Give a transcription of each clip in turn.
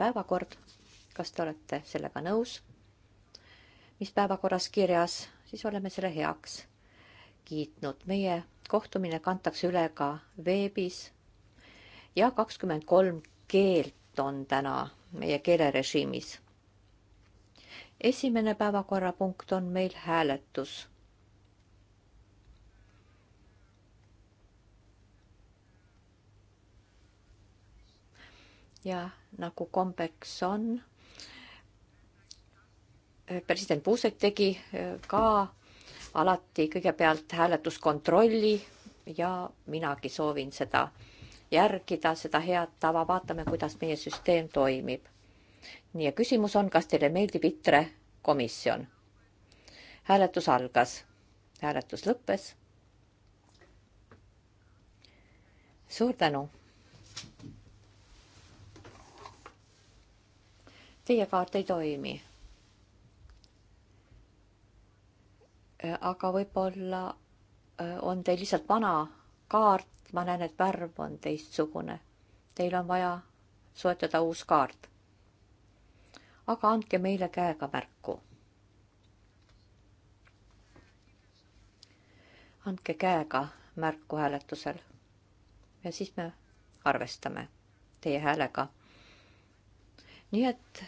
päevakord. kas te olete sellega nõus? mis päevakorras kirjas, siis oleme selle heaks kiitnud. meie kohtumine kantakse üle ka veebis ja kakskümmend kolm keelt on täna meie keelerežiimis. esimene päevakorrapunkt on meil hääletus ja nagu kombeks on, äh, president Puusek tegi äh, ka alati kõigepealt hääletuskontrolli ja minagi soovin seda järgida, seda head tava, vaatame, kuidas meie süsteem toimib. nii ja küsimus on, kas teile meeldib ITRE komisjon? hääletus algas, hääletus lõppes. suur tänu teie kaart ei toimi. Äh, aga võib-olla äh, on teil lihtsalt vana kaart, ma näen, et värv on teistsugune. Teil on vaja soetada uus kaart. aga andke meile käega märku. andke käega märku hääletusel. ja siis me arvestame teie häälega. nii et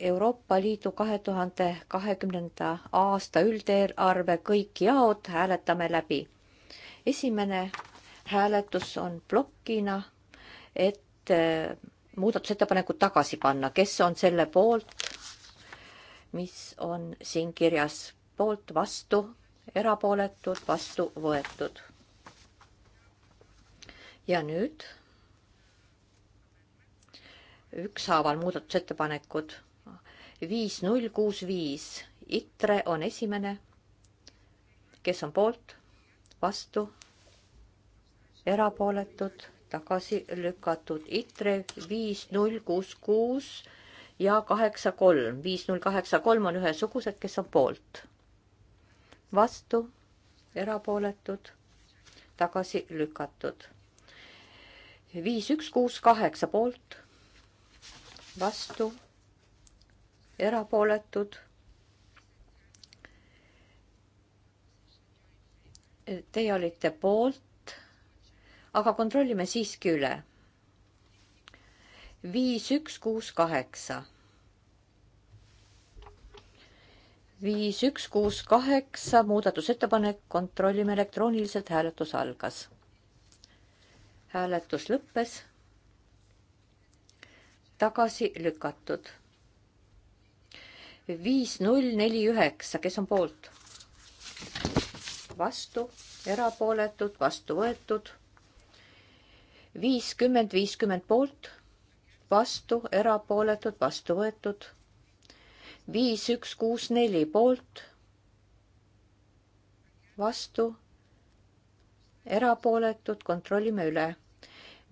Euroopa Liidu kahe tuhande kahekümnenda aasta üldeelarve kõik jaod hääletame läbi. esimene hääletus on plokina, et äh, muudatusettepanekud tagasi panna, kes on selle poolt, mis on siin kirjas, poolt, vastu, erapooletud, vastu võetud. ja nüüd ükshaaval muudatusettepanekud. viis, null, kuus, viis. ITRE on esimene. kes on poolt? vastu? erapooletud? tagasi lükatud. ITRE viis, null, kuus, kuus ja kaheksa, kolm. viis, null, kaheksa, kolm on ühesugused, kes on poolt? vastu? erapooletud? tagasi lükatud. viis, üks, kuus, kaheksa poolt vastu, erapooletud. Teie olite poolt, aga kontrollime siiski üle. viis, üks, kuus, kaheksa. viis, üks, kuus, kaheksa muudatusettepanek, kontrollime elektrooniliselt, hääletus algas hääletus lõppes tagasi lükatud. viis, null, neli, üheksa, kes on poolt? vastu, erapooletud, vastu võetud. viiskümmend, viiskümmend poolt, vastu, erapooletud, vastu võetud. viis, üks, kuus, neli poolt, vastu, erapooletud, kontrollime üle.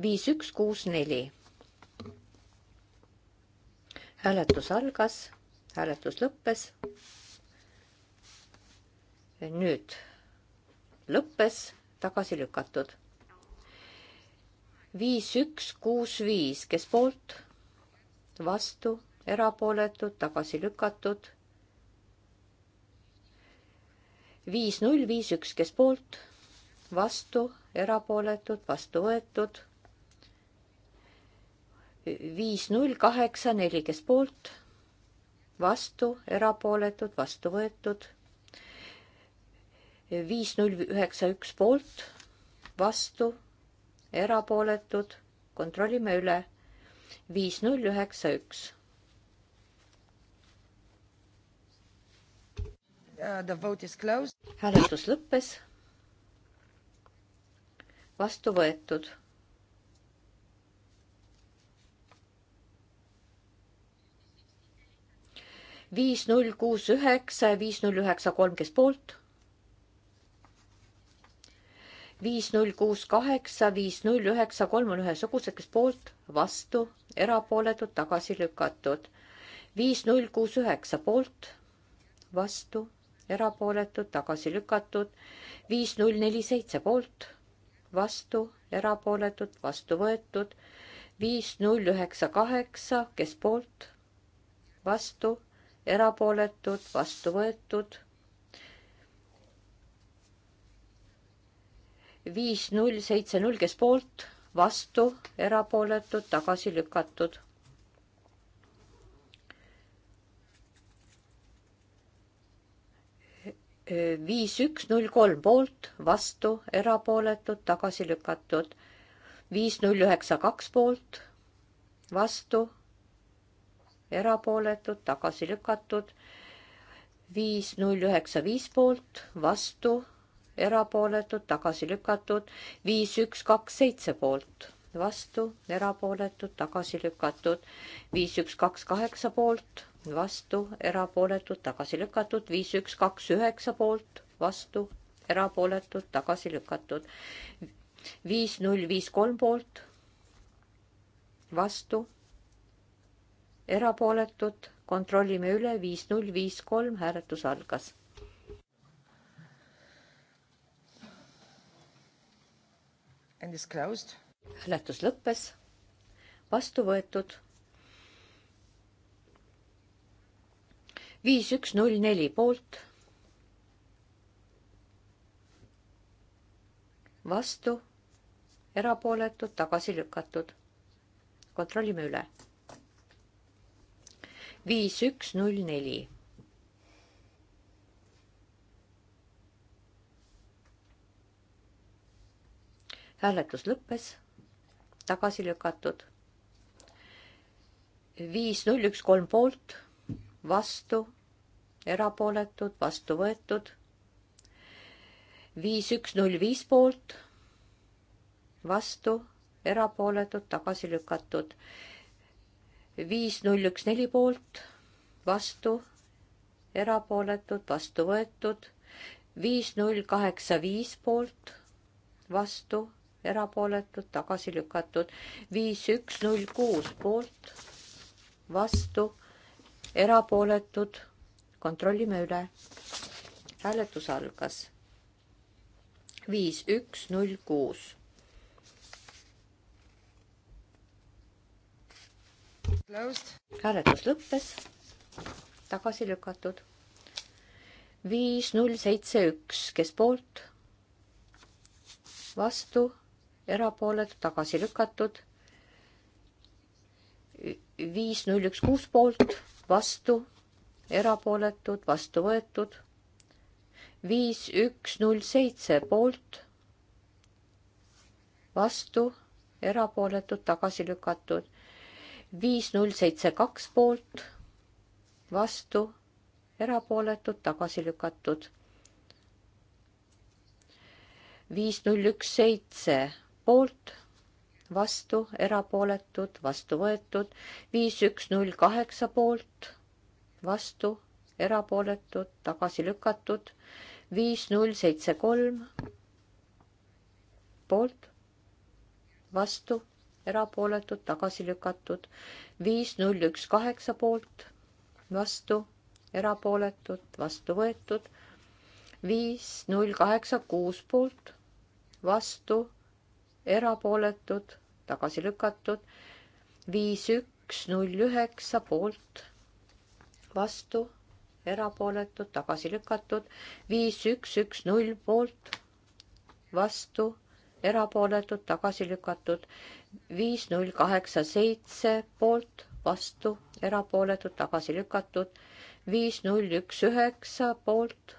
viis, üks, kuus, neli hääletus algas, hääletus lõppes. nüüd lõppes, tagasi lükatud. viis, üks, kuus, viis, kes poolt, vastu, erapooletud, tagasi lükatud. viis, null, viis, üks, kes poolt, vastu, erapooletud, vastu võetud viis null kaheksa neli, kes poolt, vastu, erapooletud, vastu võetud. viis null üheksa üks poolt, vastu, erapooletud, kontrollime üle. viis null üheksa üks. Uh, the vote is closed. hääletus lõppes. vastu võetud viis null kuus üheksa ja viis null üheksa kolm, kes poolt? viis null kuus kaheksa, viis null üheksa kolm on ühesugused, kes poolt, vastu, erapooletud, tagasi lükatud. viis null kuus üheksa poolt, vastu, erapooletud, tagasi lükatud. viis null neli seitse poolt, vastu, erapooletud, vastu võetud. viis null üheksa kaheksa, kes poolt, vastu, erapooletud, vastu võetud. viis, null, seitse, null, kes poolt, vastu, erapooletud, tagasi lükatud. viis, üks, null, kolm poolt, vastu, erapooletud, tagasi lükatud. viis, null, üheksa, kaks poolt, vastu erapooletud, tagasi lükatud. viis, null, üheksa, viis poolt, vastu, erapooletud, tagasi lükatud. viis, üks, kaks, seitse poolt, vastu, erapooletud, tagasi lükatud. viis, üks, kaks, kaheksa poolt, vastu, erapooletud, tagasi lükatud. viis, üks, kaks, üheksa poolt, vastu, erapooletud, tagasi lükatud. viis, null, viis, kolm poolt, vastu erapooletud, kontrollime üle, viis null viis kolm, hääletus algas. hääletus lõppes, vastu võetud. viis üks null neli poolt. vastu, erapooletud, tagasi lükatud. kontrollime üle viis, üks, null, neli. hääletus lõppes, tagasi lükatud. viis, null, üks, kolm poolt, vastu, erapooletud, vastu võetud. viis, üks, null, viis poolt, vastu, erapooletud, tagasi lükatud viis null üks neli poolt, vastu, erapooletud, vastu võetud, viis null kaheksa viis poolt, vastu, erapooletud, tagasi lükatud, viis üks null kuus poolt, vastu, erapooletud, kontrollime üle. hääletus algas. viis üks null kuus hääletus lõppes, tagasi lükatud. viis, null, seitse, üks, kes poolt, vastu, erapooletu, tagasi lükatud. viis, null, üks, kuus poolt, vastu, erapooletud, vastu võetud. viis, üks, null, seitse poolt, vastu erapooletud tagasi lükatud viis null seitse kaks poolt, vastu, erapooletud, tagasi lükatud. viis null üks seitse poolt, vastu, erapooletud, vastu võetud, viis üks null kaheksa poolt, vastu, erapooletud, tagasi lükatud, viis null seitse kolm poolt, vastu erapooletud, tagasi lükatud. viis, null, üks, kaheksa poolt, vastu, erapooletud, vastu võetud. viis, null, kaheksa, kuus poolt, vastu, erapooletud, tagasi lükatud. viis, üks, null, üheksa poolt, vastu, erapooletud, tagasi lükatud. viis, üks, üks, null poolt, vastu erapooletud, tagasi lükatud, viis, null, kaheksa, seitse poolt, vastu, erapooletud, tagasi lükatud. viis, null, üks, üheksa poolt,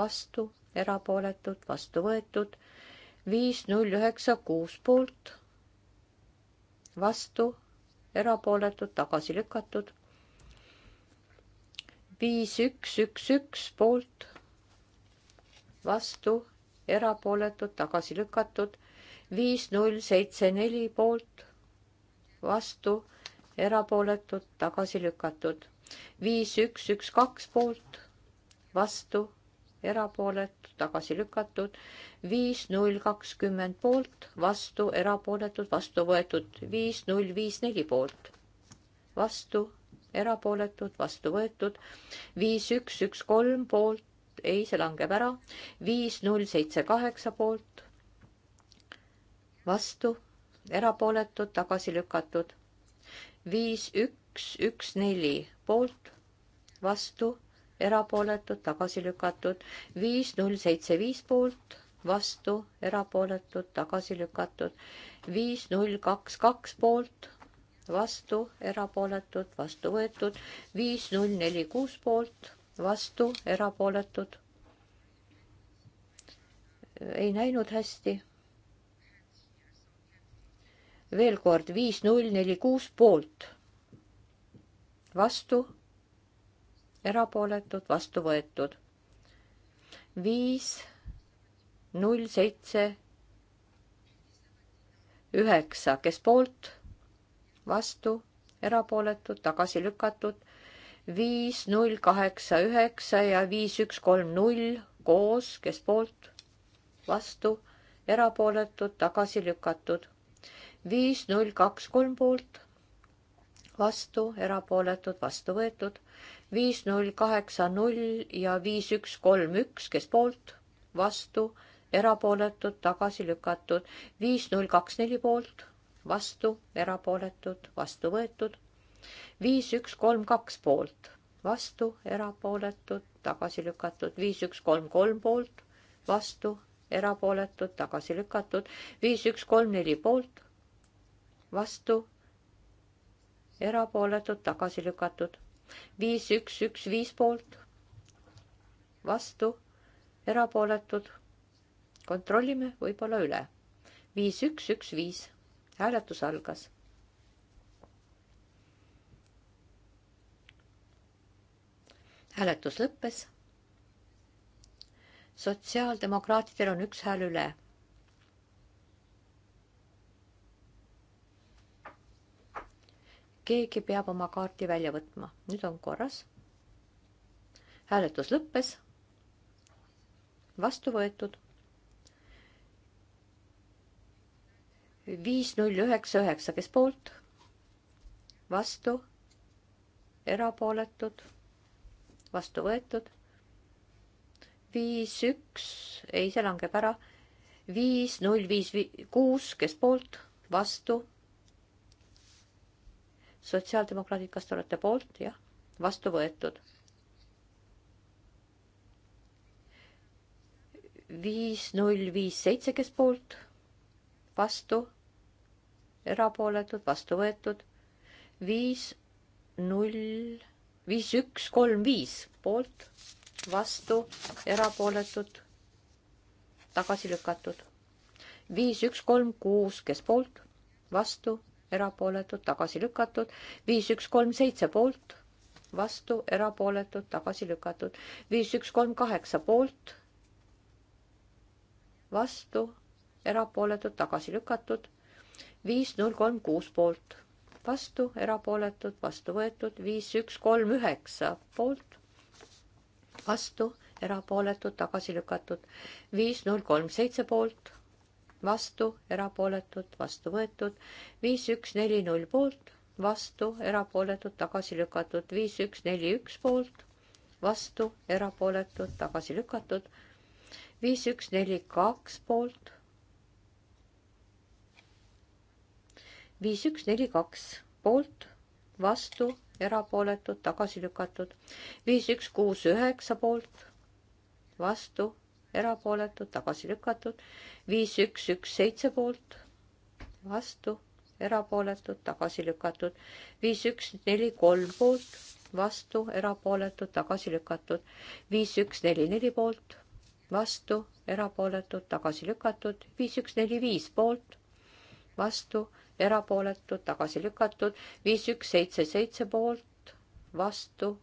vastu, erapooletud, vastu võetud. viis, null, üheksa, kuus poolt, vastu, erapooletud, tagasi lükatud. viis, üks, üks, üks poolt, vastu, erapooletud, tagasi lükatud viis, null, seitse, neli poolt, vastu, erapooletud, tagasi lükatud. viis, üks, üks, kaks poolt, vastu, erapooletud, tagasi lükatud. viis, null, kakskümmend poolt, vastu, erapooletud, vastu võetud. viis, null, viis, neli poolt, vastu, erapooletud, vastu võetud. viis, üks, üks, kolm poolt, ei, see langeb ära. viis, null, seitse, kaheksa poolt vastu, erapooletud, tagasi lükatud. viis, üks, üks, neli poolt, vastu, erapooletud, tagasi lükatud. viis, null, seitse, viis poolt, vastu, erapooletud, tagasi lükatud. viis, null, kaks, kaks poolt, vastu, erapooletud, vastu võetud. viis, null, neli, kuus poolt, vastu, erapooletud. ei näinud hästi veel kord viis null neli kuus poolt, vastu, erapooletud, vastu võetud. viis null seitse üheksa, kes poolt, vastu, erapooletud, tagasi lükatud, viis null kaheksa üheksa ja viis üks kolm null koos, kes poolt, vastu, erapooletud, tagasi lükatud viis, null, kaks, kolm poolt, vastu, erapooletud, vastu võetud, viis, null, kaheksa, null ja viis, üks, kolm, üks, kes poolt, vastu, erapooletud, tagasi lükatud, viis, null, kaks, neli poolt, vastu, erapooletud, vastu võetud, viis, üks, kolm, kaks poolt, vastu, erapooletud, tagasi lükatud, viis, üks, kolm, kolm poolt, vastu, erapooletud, tagasi lükatud, viis, üks, kolm, neli poolt, vastu, erapooletud, tagasi lükatud. viis, üks, üks, viis poolt, vastu, erapooletud. kontrollime võib-olla üle. viis, üks, üks, viis. hääletus algas. hääletus lõppes. sotsiaaldemokraatidel on üks hääl üle keegi peab oma kaarti välja võtma. nüüd on korras. hääletus lõppes. vastu võetud. viis null üheksa üheksa, kes poolt? vastu? erapooletud? vastu võetud? viis üks, ei, see langeb ära. viis null viis kuus, kes poolt? vastu? sotsiaaldemokraadid, kas te olete poolt? jah, vastu võetud. viis, null, viis, seitse, kes poolt? vastu? erapooletud, vastu võetud. viis, null, viis, üks, kolm, viis poolt, vastu, erapooletud, tagasi lükatud. viis, üks, kolm, kuus, kes poolt? vastu erapooletud, tagasi lükatud, viis, üks, kolm, seitse poolt, vastu, erapooletud, tagasi lükatud, viis, üks, kolm, kaheksa poolt, vastu, erapooletud, tagasi lükatud, viis, null, kolm, kuus poolt, vastu, erapooletud, vastu võetud, viis, üks, kolm, üheksa poolt, vastu, erapooletud, tagasi lükatud, viis, null, kolm, seitse poolt vastu, erapooletud, vastu võetud, viis, üks, neli, null poolt, vastu, erapooletud, tagasi lükatud, viis, üks, neli, üks poolt, vastu, erapooletud, tagasi lükatud, viis, üks, neli, kaks poolt, viis, üks, neli, kaks poolt, vastu, erapooletud, tagasi lükatud, viis, üks, kuus, üheksa poolt, vastu, erapooletud, tagasi lükatud, viis, üks, üks, seitse poolt, vastu, erapooletud, tagasi lükatud, viis, üks, neli, kolm poolt, vastu, erapooletud, tagasi lükatud, viis, üks, neli, neli poolt, vastu, erapooletud, tagasi lükatud, viis, üks, neli, viis poolt, vastu, erapooletud, tagasi lükatud, viis, üks, seitse, seitse poolt, vastu,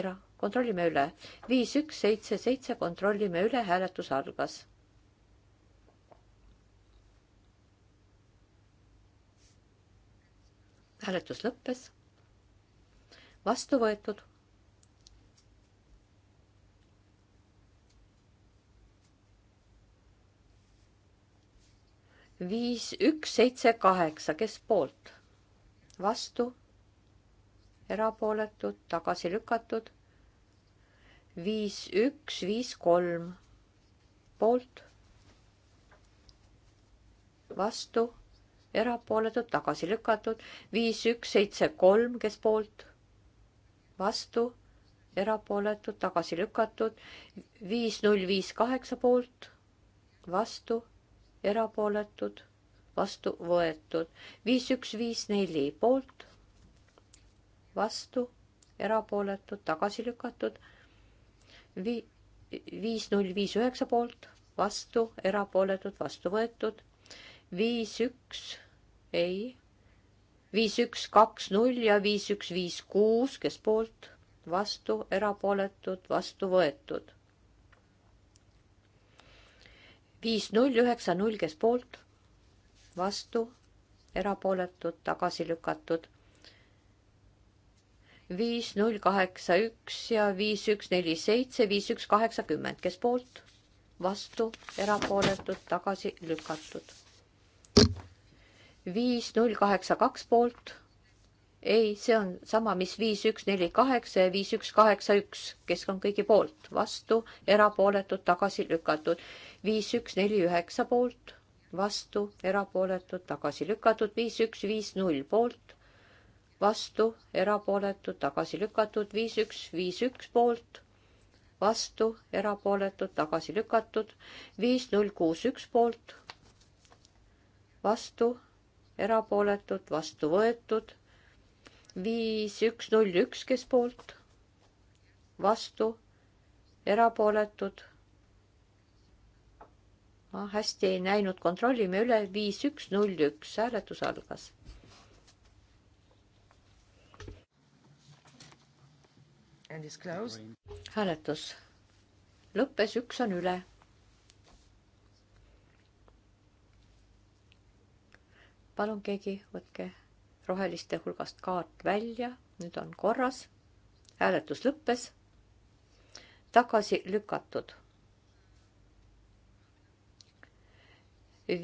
era-, kontrollime üle. viis, üks, seitse, seitse, kontrollime üle, hääletus algas. hääletus lõppes. vastu võetud. viis, üks, seitse, kaheksa, kes poolt? vastu? erapooletud, tagasi lükatud viis, üks, viis, kolm poolt, vastu, erapooletud, tagasi lükatud, viis, üks, seitse, kolm, kes poolt, vastu, erapooletud, tagasi lükatud, viis, null, viis, kaheksa poolt, vastu, erapooletud, vastu võetud, viis, üks, viis, neli poolt, vastu, erapooletud, tagasi lükatud Vi-, viis null viis üheksa poolt, vastu, erapooletud, vastu võetud. viis üks, ei, viis üks kaks null ja viis üks viis kuus, kes poolt, vastu, erapooletud, vastu võetud. viis null üheksa null, kes poolt, vastu, erapooletud, tagasi lükatud viis, null, kaheksa, üks ja viis, üks, neli, seitse, viis, üks, kaheksakümmend, kes poolt, vastu, erapooletud, tagasi lükatud. viis, null, kaheksa, kaks poolt. ei, see on sama, mis viis, üks, neli, kaheksa ja viis, üks, kaheksa, üks, kes on kõigi poolt, vastu, erapooletud, tagasi lükatud. viis, üks, neli, üheksa poolt, vastu, erapooletud, tagasi lükatud, viis, üks, viis, null poolt vastu, erapooletud, tagasi lükatud, viis, üks, viis, üks poolt, vastu, erapooletud, tagasi lükatud, viis, null, kuus, üks poolt, vastu, erapooletud, vastu võetud, viis, üks, null, üks, kes poolt, vastu, erapooletud ma ah, hästi ei näinud, kontrollime üle, viis, üks, null, üks, hääletus algas. hääletus lõppes, üks on üle. palun keegi, võtke roheliste hulgast kaart välja, nüüd on korras. hääletus lõppes. tagasi lükatud.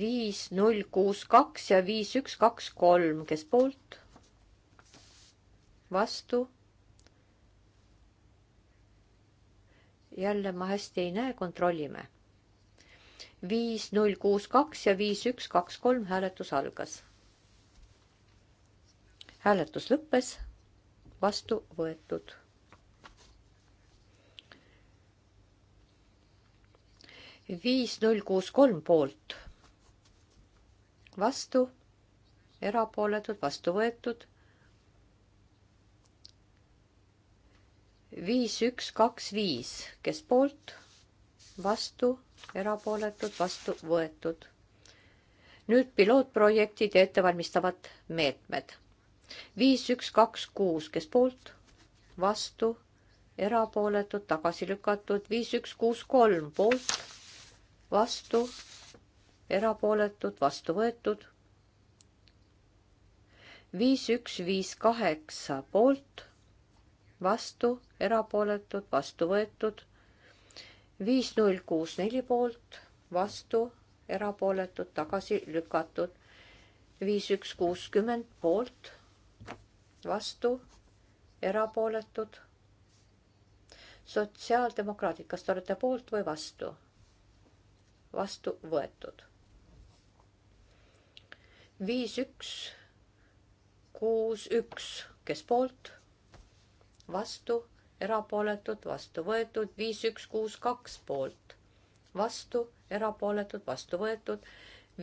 viis, null, kuus, kaks ja viis, üks, kaks, kolm, kes poolt? vastu jälle ma hästi ei näe, kontrollime. viis, null, kuus, kaks ja viis, üks, kaks, kolm hääletus algas. hääletus lõppes, vastu võetud. viis, null, kuus, kolm poolt, vastu, erapooletud, vastu võetud viis, üks, kaks, viis, kes poolt, vastu, erapooletud, vastu võetud. nüüd pilootprojektid ja ettevalmistavad meetmed. viis, üks, kaks, kuus, kes poolt, vastu, erapooletud, tagasi lükatud, viis, üks, kuus, kolm poolt, vastu, erapooletud, vastu võetud viis, üks, viis, kaheksa poolt, vastu, erapooletud, vastu võetud. viis, null, kuus, neli poolt, vastu, erapooletud, tagasi lükatud. viis, üks, kuuskümmend poolt, vastu, erapooletud. sotsiaaldemokraadid, kas te olete poolt või vastu? vastu võetud. viis, üks, kuus, üks, kes poolt vastu, erapooletud, vastu võetud, viis, üks, kuus, kaks poolt, vastu, erapooletud, vastu võetud,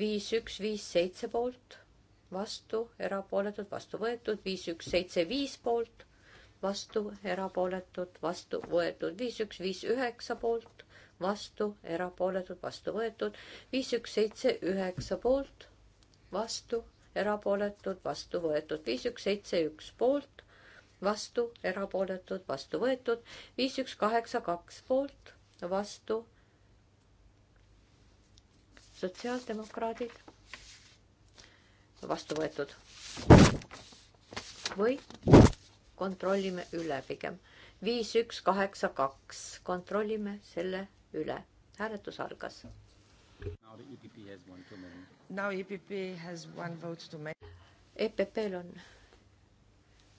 viis, üks, viis, seitse poolt, vastu, erapooletud, vastu võetud, viis, üks, seitse, viis poolt, vastu, erapooletud, vastu võetud, viis, üks, viis, üheksa poolt vastu, erapooletud, vastu võetud, viis, üks, seitse, üheksa poolt, vastu, erapooletud, vastu võetud, viis, üks, seitse, üks poolt, vastu, erapooletud, vastu võetud, viis, üks, kaheksa, kaks poolt, vastu. sotsiaaldemokraadid, vastu võetud. või kontrollime üle pigem, viis, üks, kaheksa, kaks, kontrollime selle üle, hääletus algas. Now EPP e has one too many. EPP-l e on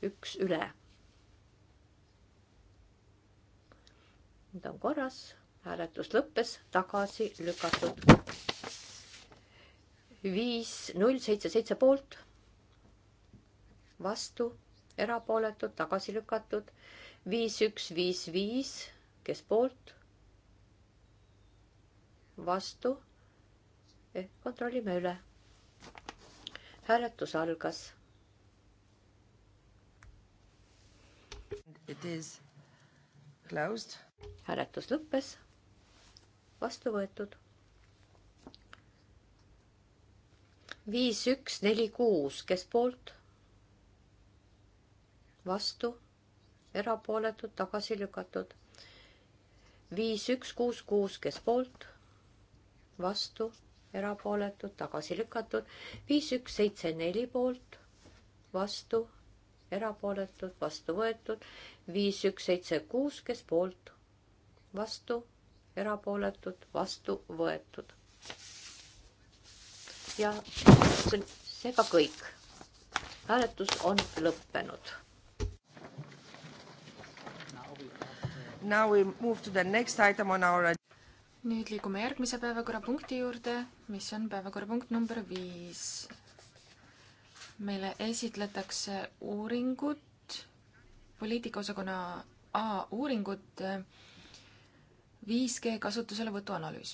üks üle. nüüd on korras, hääletus lõppes, tagasi lükatud. viis, null, seitse, seitse poolt, vastu, erapooletud, tagasi lükatud. viis, üks, viis, viis, kes poolt, vastu, ehk kontrollime üle. hääletus algas It is closed. hääletus lõppes. vastu võetud. viis, üks, neli, kuus, kes poolt? vastu, erapooletud, tagasi lükatud. viis, üks, kuus, kuus, kes poolt? vastu, erapooletud, tagasi lükatud. viis, üks, seitse, neli poolt, vastu erapooletud, vastu võetud, viis, üks, seitse, kuus, kes poolt, vastu, erapooletud, vastu võetud. ja seega kõik. hääletus on lõppenud. Now we move to the next item on our nüüd liigume järgmise päevakorrapunkti juurde, mis on päevakorrapunkt number viis meile esitletakse uuringut, poliitikaosakonna A uuringut 5G kasutuselevõtu analüüs.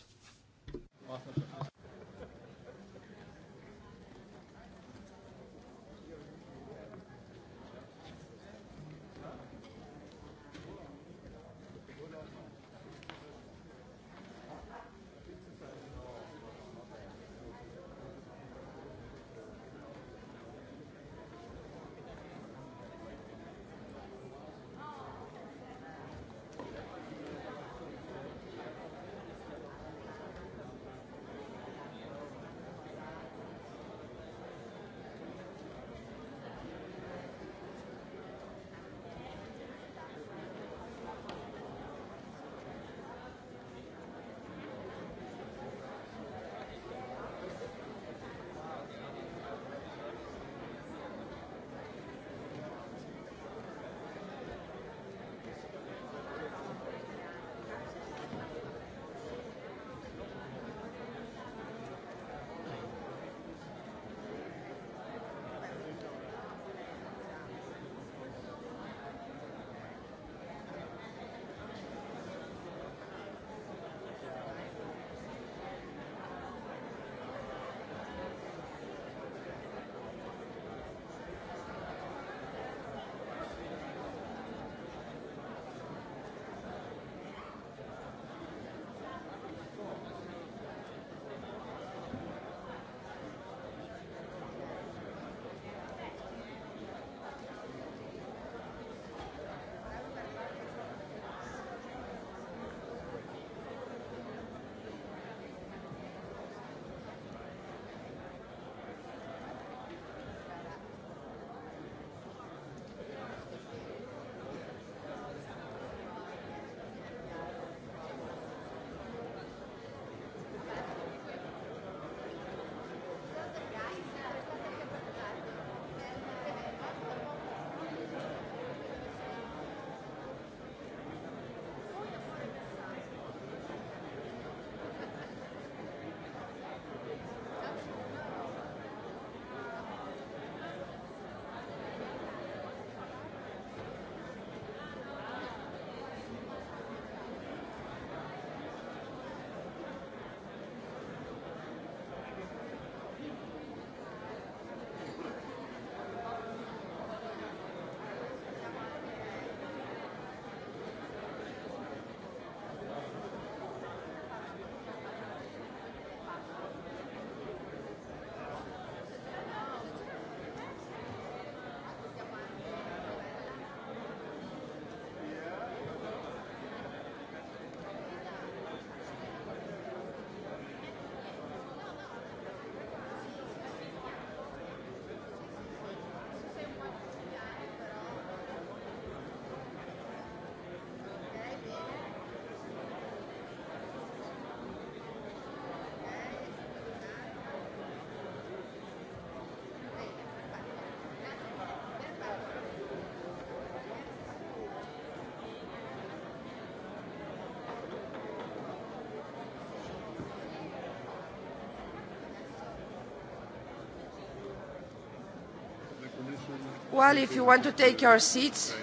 Well, if you want to take your seats,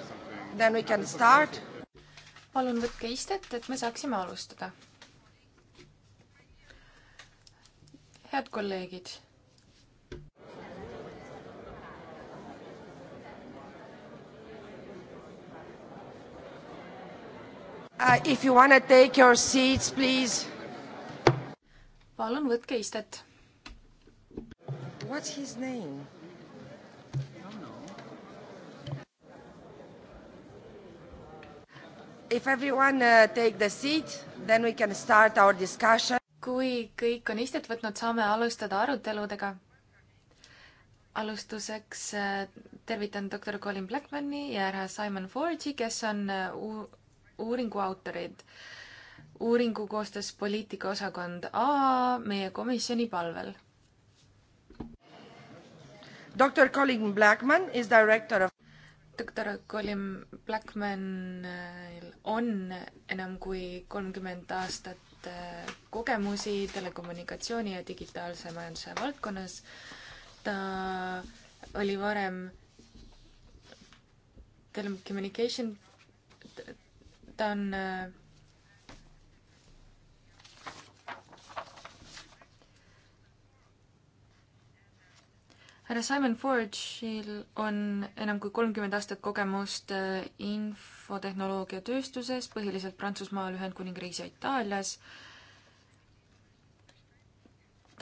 then we can start. palun võtke istet, et me saaksime alustada. head kolleegid. Uh, if you want to take your seats, please. palun võtke istet. What's his name? If everyone uh, take the seat, then we can start our discussion. kui kõik on istet võtnud, saame alustada aruteludega. alustuseks äh, tervitan doktor Colin Blackmani ja härra Simon Forge'i, kes on äh, uuringu autorid. uuringu koostas poliitikaosakond A meie komisjoni palvel. doktor Colin Blackman is director of doktor Colin Blackmanil on enam kui kolmkümmend aastat äh, kogemusi telekommunikatsiooni ja digitaalse majanduse valdkonnas. ta oli varem telecommunication, ta on äh, härra Simon Forge'il on enam kui kolmkümmend aastat kogemust äh, infotehnoloogiatööstuses, põhiliselt Prantsusmaal, Ühendkuningriigis ja Itaalias.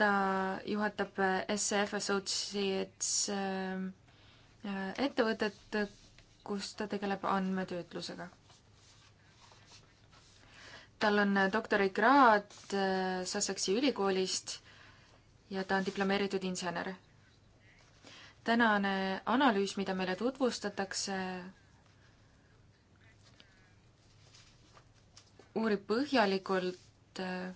ta juhatab äh, SF Associates äh, ettevõtet, kus ta tegeleb andmetöötlusega tal on doktorikraad Sussexi ülikoolist ja ta on diplomeeritud insener tänane analüüs, mida meile tutvustatakse, uurib põhjalikult äh,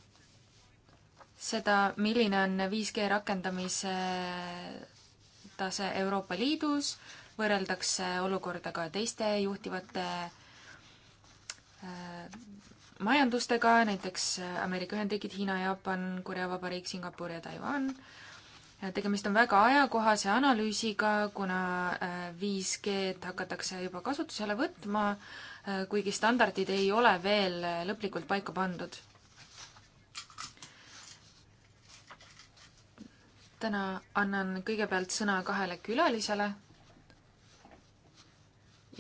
seda, milline on 5G rakendamise tase Euroopa Liidus, võrreldakse olukorda ka teiste juhtivate äh, majandustega, näiteks Ameerika Ühendriigid, Hiina, Jaapan, Korea Vabariik, Singapur ja Taiwan tegemist on väga ajakohase analüüsiga, kuna 5G-d äh, hakatakse juba kasutusele võtma, äh, kuigi standardid ei ole veel äh, lõplikult paika pandud. täna annan kõigepealt sõna kahele külalisele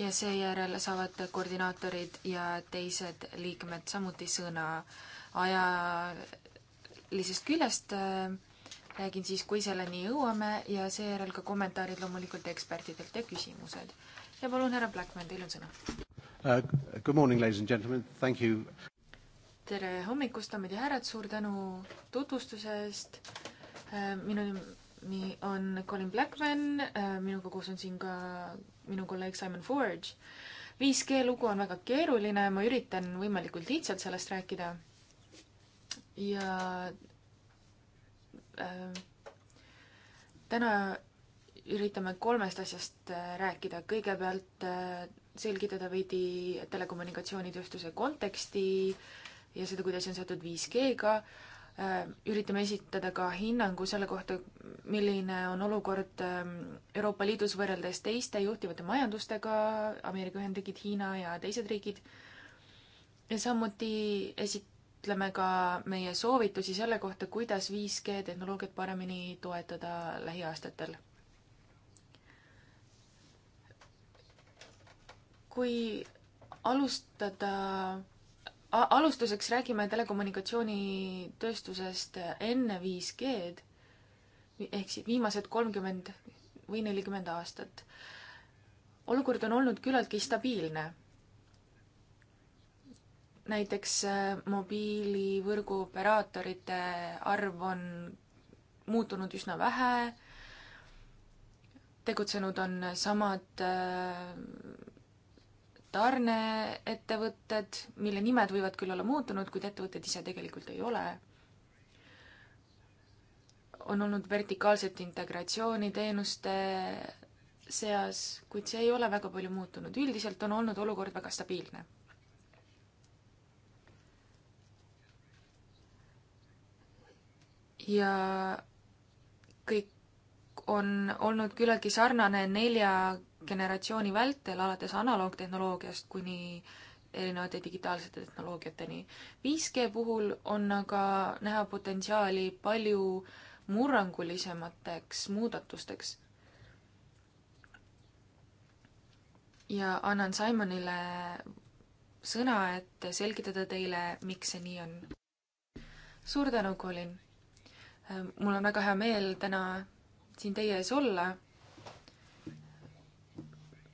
ja seejärel saavad koordinaatorid ja teised liikmed samuti sõna ajalisest küljest äh, räägin siis, kui selleni jõuame ja seejärel ka kommentaarid loomulikult ekspertidelt ja küsimused. ja palun, härra Blackman, teil on sõna uh,. Good morning, ladies and gentlemen, thank you. tere hommikust, daamid ja härrad, suur tänu tutvustuse eest. Uh, minu nimi on Colin Blackman, uh, minuga koos on siin ka minu kolleeg Simon Forge. 5G lugu on väga keeruline, ma üritan võimalikult lihtsalt sellest rääkida ja Äh, täna üritame kolmest asjast äh, rääkida. kõigepealt äh, selgitada veidi telekommunikatsioonitööstuse konteksti ja seda, kuidas see on seotud 5G-ga. üritame esitada ka hinnangu selle kohta, milline on olukord ähm, Euroopa Liidus võrreldes teiste juhtivate majandustega, Ameerika Ühendriigid, Hiina ja teised riigid. ja samuti esit-, ütleme ka meie soovitusi selle kohta, kuidas 5G tehnoloogiat paremini toetada lähiaastatel. kui alustada, alustuseks räägime telekommunikatsioonitööstusest enne 5G-d ehk siis viimased kolmkümmend või nelikümmend aastat. olukord on olnud küllaltki stabiilne näiteks äh, mobiilivõrguoperaatorite arv on muutunud üsna vähe, tegutsenud on samad äh, tarneettevõtted, mille nimed võivad küll olla muutunud, kuid ettevõtted ise tegelikult ei ole. on olnud vertikaalset integratsiooni teenuste seas, kuid see ei ole väga palju muutunud, üldiselt on olnud olukord väga stabiilne ja kõik on olnud küllaltki sarnane nelja generatsiooni vältel, alates analoogtehnoloogiast kuni erinevate digitaalsete tehnoloogiateni. 5G puhul on aga näha potentsiaali palju murrangulisemateks muudatusteks. ja annan Simonile sõna, et selgitada teile, miks see nii on. suur tänu, Colin Äh, mul on väga hea meel täna siin teie ees olla.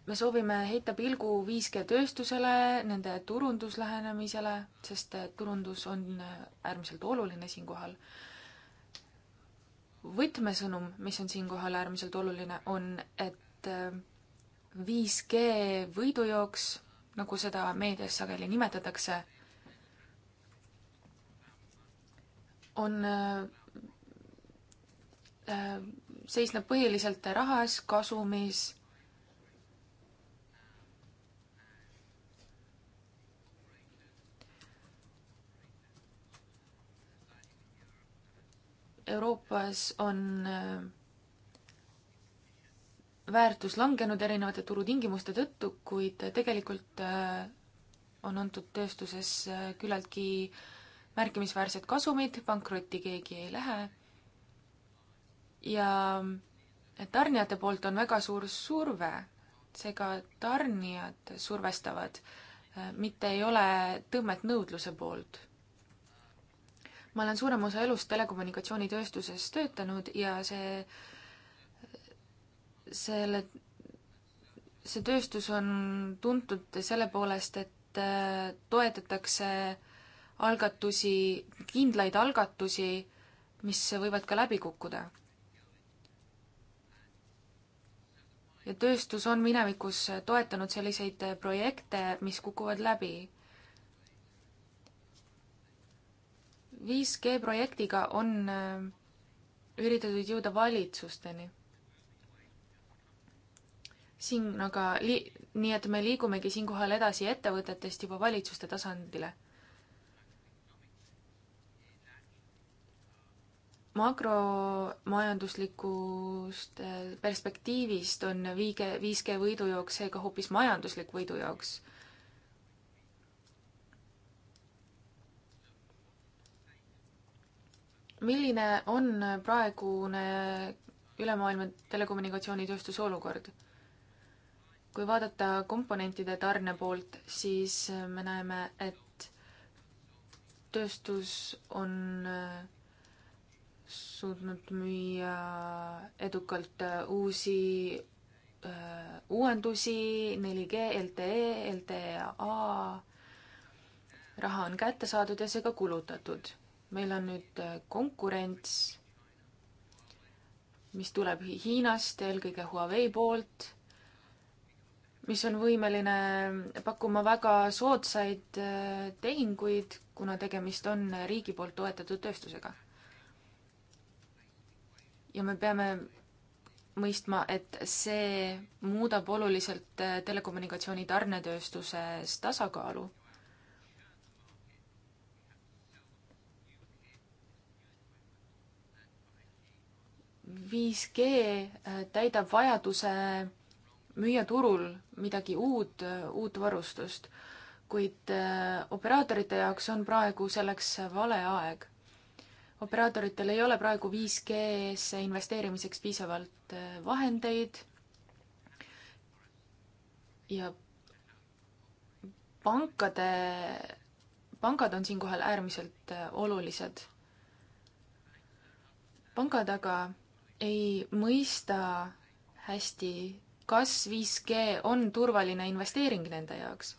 me soovime heita pilgu 5G tööstusele, nende turunduslähenemisele, sest äh, turundus on äh, äärmiselt oluline siinkohal. võtmesõnum, mis on siinkohal äärmiselt oluline, on, et 5G võidujooks, nagu seda meedias sageli nimetatakse, on Äh, seisneb põhiliselt rahas, kasumis Euroopas on äh, väärtus langenud erinevate turutingimuste tõttu, kuid tegelikult äh, on antud tööstuses küllaltki märkimisväärsed kasumid, pankrotti keegi ei lähe ja tarnijate poolt on väga suur surve, seega tarnijad survestavad, mitte ei ole tõmmet nõudluse poolt. ma olen suurema osa elust telekommunikatsioonitööstuses töötanud ja see, selle, see tööstus on tuntud selle poolest, et äh, toetatakse algatusi, kindlaid algatusi, mis võivad ka läbi kukkuda ja tööstus on minevikus toetanud selliseid projekte, mis kukuvad läbi. 5G projektiga on äh, üritatud jõuda valitsusteni. siin aga li-, nii et me liigumegi siinkohal edasi ettevõtetest juba valitsuste tasandile makromajanduslikust perspektiivist on viige, 5G võidujooks seega hoopis majanduslik võidujooks. milline on praegune ülemaailmne telekommunikatsioonitööstuse olukord? kui vaadata komponentide tarne poolt, siis me näeme, et tööstus on äh, suutnud müüa edukalt äh, uusi äh, uuendusi, 4G, LTE, LTA, e raha on kätte saadud ja see ka kulutatud. meil on nüüd äh, konkurents, mis tuleb Hiinast, eelkõige Huawei poolt, mis on võimeline pakkuma väga soodsaid tehinguid, kuna tegemist on riigi poolt toetatud tööstusega ja me peame mõistma, et see muudab oluliselt äh, telekommunikatsiooni tarnetööstuses tasakaalu. viis G äh, täidab vajaduse müüa turul midagi uut, äh, uut varustust, kuid operaatorite jaoks on praegu selleks vale aeg operaatoritel ei ole praegu 5G-sse investeerimiseks piisavalt äh, vahendeid ja pankade, pangad on siinkohal äärmiselt äh, olulised. pangad aga ei mõista hästi, kas 5G on turvaline investeering nende jaoks.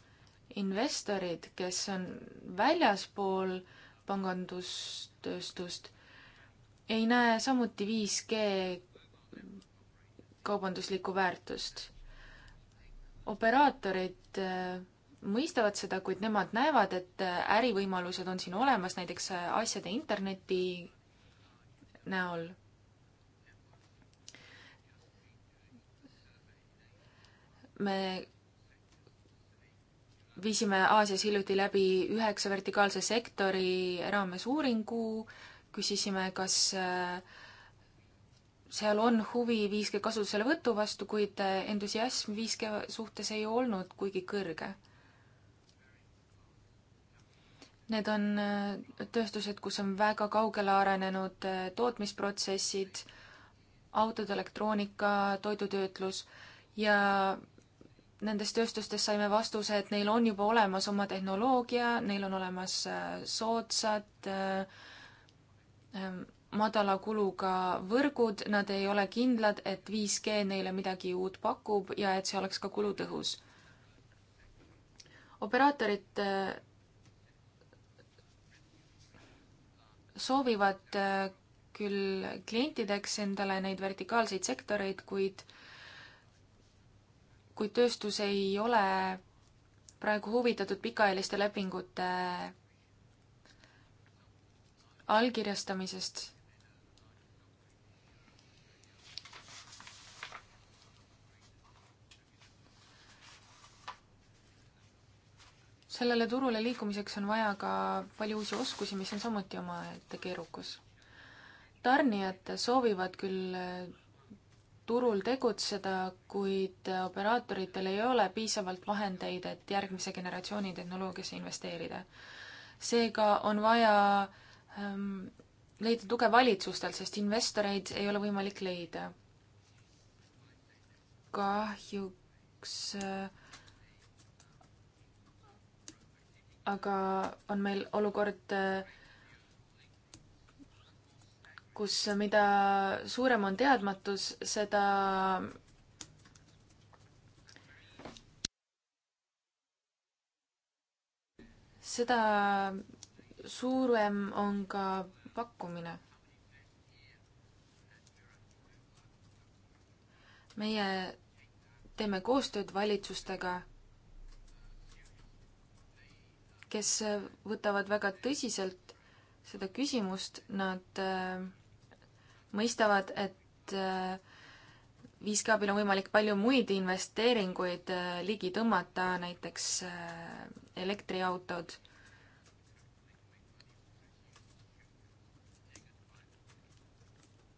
investorid, kes on väljaspool pangandust, tööstust. ei näe samuti 5G kaubanduslikku väärtust. operaatorid äh, mõistavad seda, kuid nemad näevad, et äh, ärivõimalused on siin olemas, näiteks äh, asjade interneti näol. me viisime Aasias hiljuti läbi üheksa vertikaalse sektori raames uuringu, küsisime, kas äh, seal on huvi 5G kasutuselevõtu vastu, kuid äh, entusiasm 5G suhtes ei olnud kuigi kõrge. Need on äh, tööstused, kus on väga kaugele arenenud tootmisprotsessid, autode elektroonika, toidutöötlus ja nendes tööstustes saime vastuse, et neil on juba olemas oma tehnoloogia, neil on olemas äh, soodsad äh, ähm, madala kuluga võrgud, nad ei ole kindlad, et 5G neile midagi uut pakub ja et see oleks ka kulutõhus. operaatorid äh, soovivad küll klientideks endale neid vertikaalseid sektoreid, kuid kui tööstus ei ole praegu huvitatud pikaajaliste lepingute allkirjastamisest, sellele turule liikumiseks on vaja ka palju uusi oskusi, mis on samuti omaette keerukus. tarnijad soovivad küll turul tegutseda, kuid operaatoritel ei ole piisavalt vahendeid, et järgmise generatsiooni tehnoloogiasse investeerida. seega on vaja ähm, leida tuge valitsustelt, sest investoreid ei ole võimalik leida. kahjuks äh, aga on meil olukord äh, kus, mida suurem on teadmatus, seda seda suurem on ka pakkumine. meie teeme koostööd valitsustega, kes võtavad väga tõsiselt seda küsimust, nad äh, mõistavad, et 5G äh, abil on võimalik palju muid investeeringuid äh, ligi tõmmata, näiteks äh, elektriautod.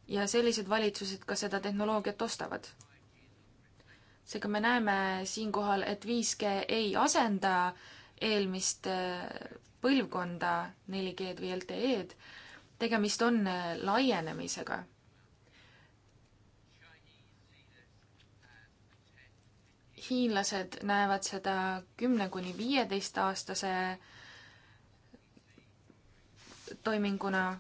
ja sellised valitsused ka seda tehnoloogiat ostavad seega me näeme siinkohal, et 5G ei asenda eelmist põlvkonda 4G-d või LTE-d, tegemist on äh, laienemisega. hiinlased näevad seda kümne kuni viieteist aastase toiminguna.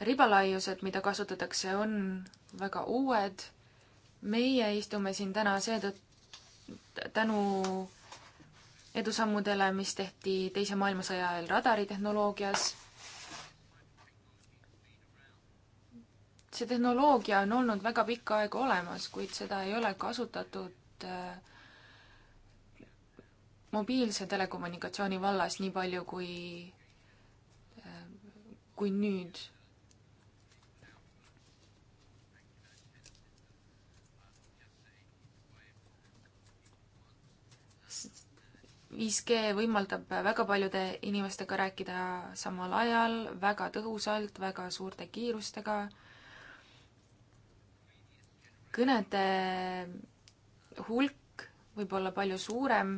ribalaiused, mida kasutatakse, on väga uued. meie istume siin täna seetõttu, tänu edusammudele, mis tehti Teise maailmasõja ajal radaritehnoloogias see tehnoloogia on olnud väga pikka aega olemas, kuid seda ei ole kasutatud äh, mobiilse telekommunikatsiooni vallas nii palju kui, äh, kui nüüd. viis G võimaldab väga paljude inimestega rääkida samal ajal, väga tõhusalt, väga suurte kiirustega kõnede hulk võib olla palju suurem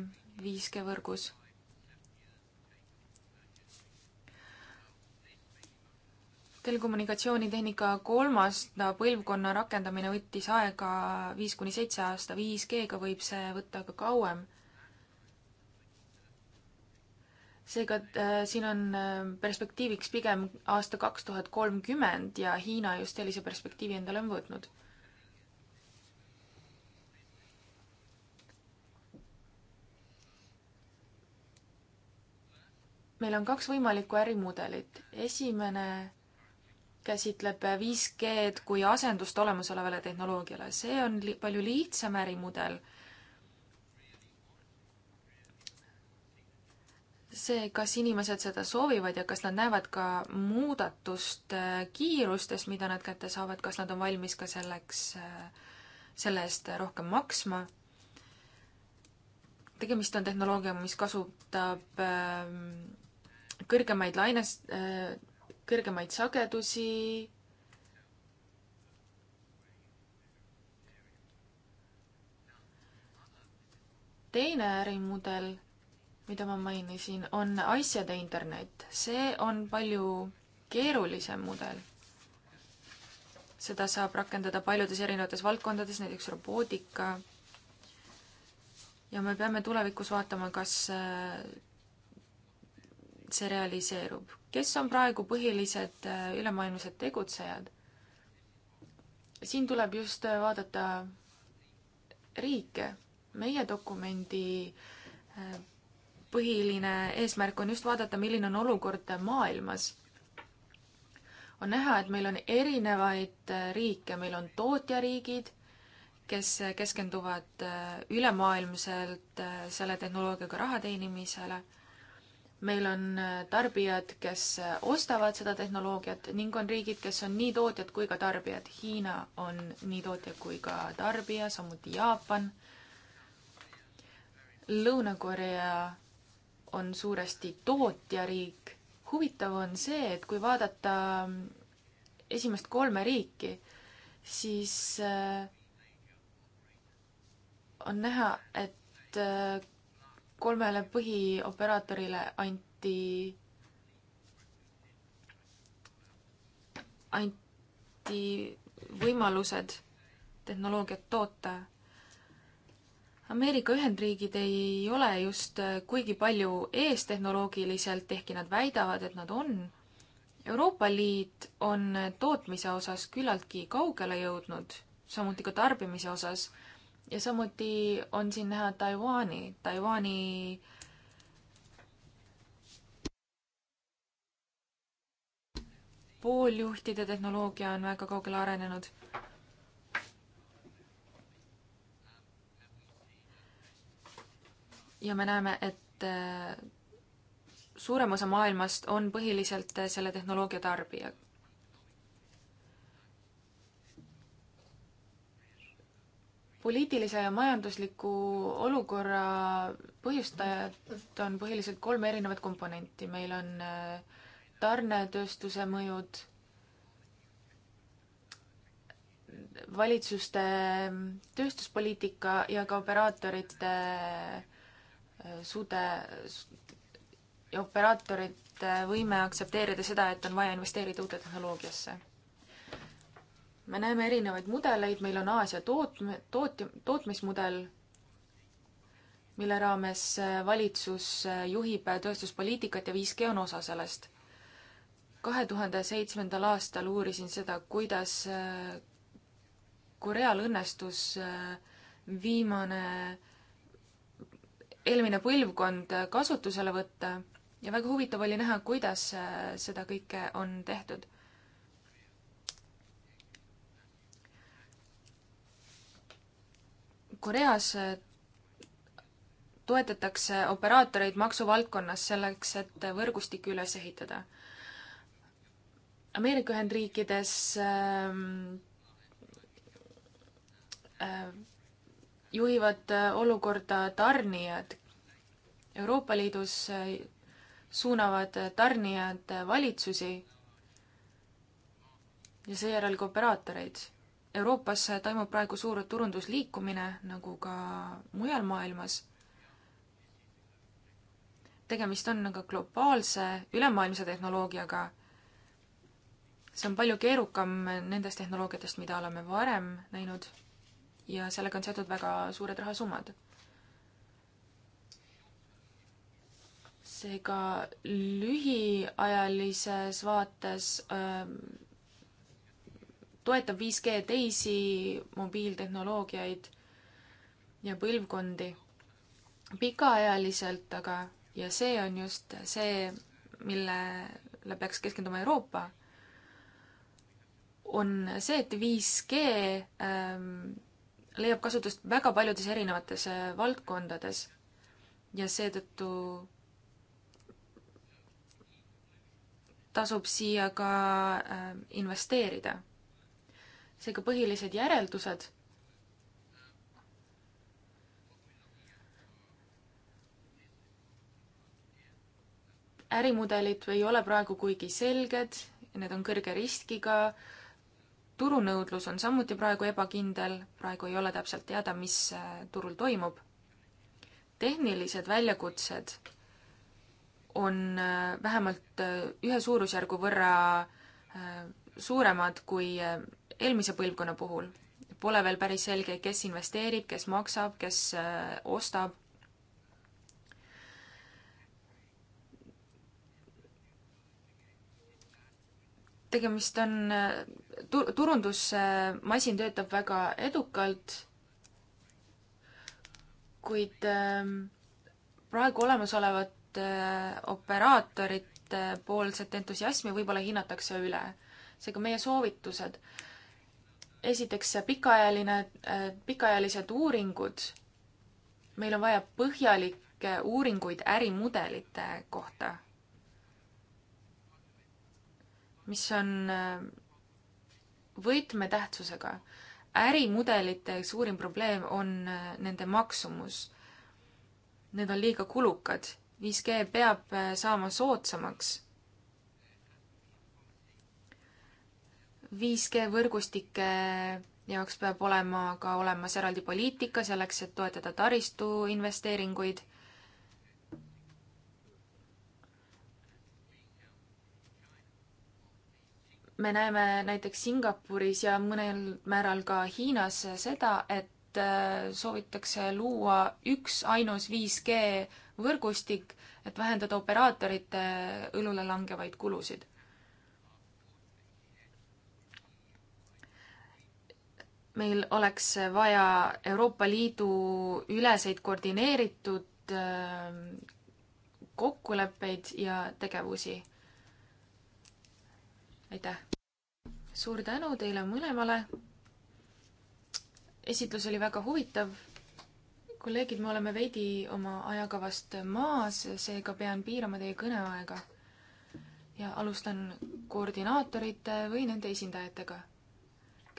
5G võrgus. telekommunikatsioonitehnika kolmanda põlvkonna rakendamine võttis aega viis kuni seitse aasta, 5G-ga võib see võtta ka kauem seega äh, siin on äh, perspektiiviks pigem aasta kaks tuhat kolmkümmend ja Hiina just sellise perspektiivi endale on võtnud. meil on kaks võimalikku ärimudelit. esimene käsitleb 5G-d kui asendust olemasolevale tehnoloogiale. see on li palju lihtsam ärimudel. see, kas inimesed seda soovivad ja kas nad näevad ka muudatust äh, kiirustes, mida nad kätte saavad, kas nad on valmis ka selleks, äh, selle eest rohkem maksma tegemist on tehnoloogiaga, mis kasutab ähm, kõrgemaid laines, äh, kõrgemaid sagedusi. teine ärimudel, mida ma mainisin, on asjade internet. see on palju keerulisem mudel. seda saab rakendada paljudes erinevates valdkondades, näiteks robootika. ja me peame tulevikus vaatama, kas äh, see realiseerub? kes on praegu põhilised äh, ülemaailmsed tegutsejad? siin tuleb just äh, vaadata riike. meie dokumendi äh, põhiline eesmärk on just vaadata, milline on olukord maailmas. on näha, et meil on erinevaid riike, meil on tootjariigid, kes keskenduvad ülemaailmselt selle tehnoloogiaga raha teenimisele meil on äh, tarbijad, kes äh, ostavad seda tehnoloogiat ning on riigid, kes on nii tootjad kui ka tarbijad. Hiina on nii tootja kui ka tarbija, samuti Jaapan. Lõuna-Korea on suuresti tootjariik. huvitav on see, et kui vaadata mm, esimest kolme riiki, siis äh, on näha, et kolmele põhioperaatorile anti, anti võimalused tehnoloogiat toota. Ameerika Ühendriigid ei ole just kuigi palju ees tehnoloogiliselt, ehkki nad väidavad, et nad on. Euroopa Liit on tootmise osas küllaltki kaugele jõudnud, samuti ka tarbimise osas ja samuti on siin näha Taiwani, Taiwani pooljuhtide tehnoloogia on väga kaugele arenenud. ja me näeme, et äh, suurem osa maailmast on põhiliselt äh, selle tehnoloogia tarbijad poliitilise ja majandusliku olukorra põhjustajad on põhiliselt kolm erinevat komponenti. meil on äh, tarnetööstuse mõjud, valitsuste äh, tööstuspoliitika ja ka operaatorite äh, suude ja operaatorite võime aktsepteerida seda, et on vaja investeerida uude tehnoloogiasse me näeme erinevaid mudeleid, meil on Aasia toot-, toot-, tootmismudel, mille raames äh, valitsus äh, juhib äh, tööstuspoliitikat ja 5G on osa sellest. kahe tuhande seitsmendal aastal uurisin seda, kuidas Koreal õnnestus viimane, eelmine põlvkond kasutusele võtta ja väga huvitav oli näha, kuidas seda kõike on tehtud Koreas äh, toetatakse operaatoreid maksuvaldkonnas selleks, et võrgustik üles ehitada. Ameerika Ühendriikides ähm, äh, juhivad äh, olukorda tarnijad. Euroopa Liidus suunavad tarnijad valitsusi ja seejärel ka operaatoreid Euroopas toimub praegu suur turundusliikumine, nagu ka mujal maailmas. tegemist on aga nagu globaalse ülemaailmse tehnoloogiaga. see on palju keerukam nendest tehnoloogiatest, mida oleme varem näinud ja sellega on seotud väga suured rahasummad. seega lühiajalises vaates öö, ähm, toetab 5G teisi mobiiltehnoloogiaid ja põlvkondi pikaajaliselt, aga, ja see on just see, millele peaks keskenduma Euroopa, on see, et 5G ähm, leiab kasutust väga paljudes erinevates äh, valdkondades ja seetõttu tasub siia ka äh, investeerida seega põhilised järeldused ärimudelid ei ole praegu kuigi selged, need on kõrge riskiga, turunõudlus on samuti praegu ebakindel, praegu ei ole täpselt teada, mis äh, turul toimub. tehnilised väljakutsed on äh, vähemalt äh, ühe suurusjärgu võrra suuremad kui eelmise põlvkonna puhul pole veel päris selge, kes investeerib, kes maksab, kes äh, ostab. tegemist on, äh, turundusmasin äh, töötab väga edukalt, kuid ähm, praegu olemasolevat operaatorite poolset entusiasmi võib-olla hinnatakse üle. seega meie soovitused äh, esiteks pikaajaline, äh, pikaajalised uuringud. meil on vaja põhjalikke uuringuid ärimudelite kohta, mis on äh, võtmetähtsusega. ärimudelite suurim probleem on äh, nende maksumus. Need on liiga kulukad. 5G peab saama soodsamaks 5G võrgustike jaoks peab olema ka olemas eraldi poliitika selleks, et toetada taristu investeeringuid. me näeme näiteks Singapuris ja mõnel määral ka Hiinas seda, et äh, soovitakse luua üks ainus 5G võrgustik, et vähendada operaatorite õlule langevaid kulusid meil oleks vaja Euroopa Liidu üleseid koordineeritud ähm, kokkuleppeid ja tegevusi. aitäh! suur tänu teile mõlemale. esitlus oli väga huvitav. kolleegid, me oleme veidi oma ajakavast maas, seega pean piirama teie kõneaega. ja alustan koordinaatorite või nende esindajatega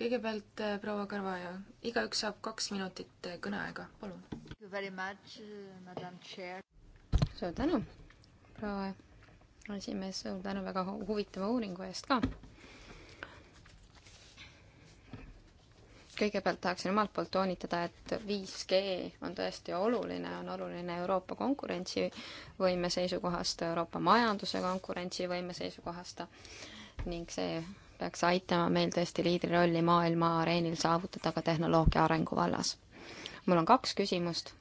kõigepealt äh, proua Carvaja, igaüks saab kaks minutit äh, kõneaega, palun. Uh, suur tänu, proua esimees, suur tänu väga huvitava uuringu eest ka. kõigepealt tahaksin omalt poolt toonitada, et 5G on tõesti oluline, on oluline Euroopa konkurentsivõime seisukohast, Euroopa majanduse konkurentsivõime seisukohast ning see peaks aitama meil tõesti liidrirolli maailma areenil saavutada ka tehnoloogia arengu vallas. mul on kaks küsimust.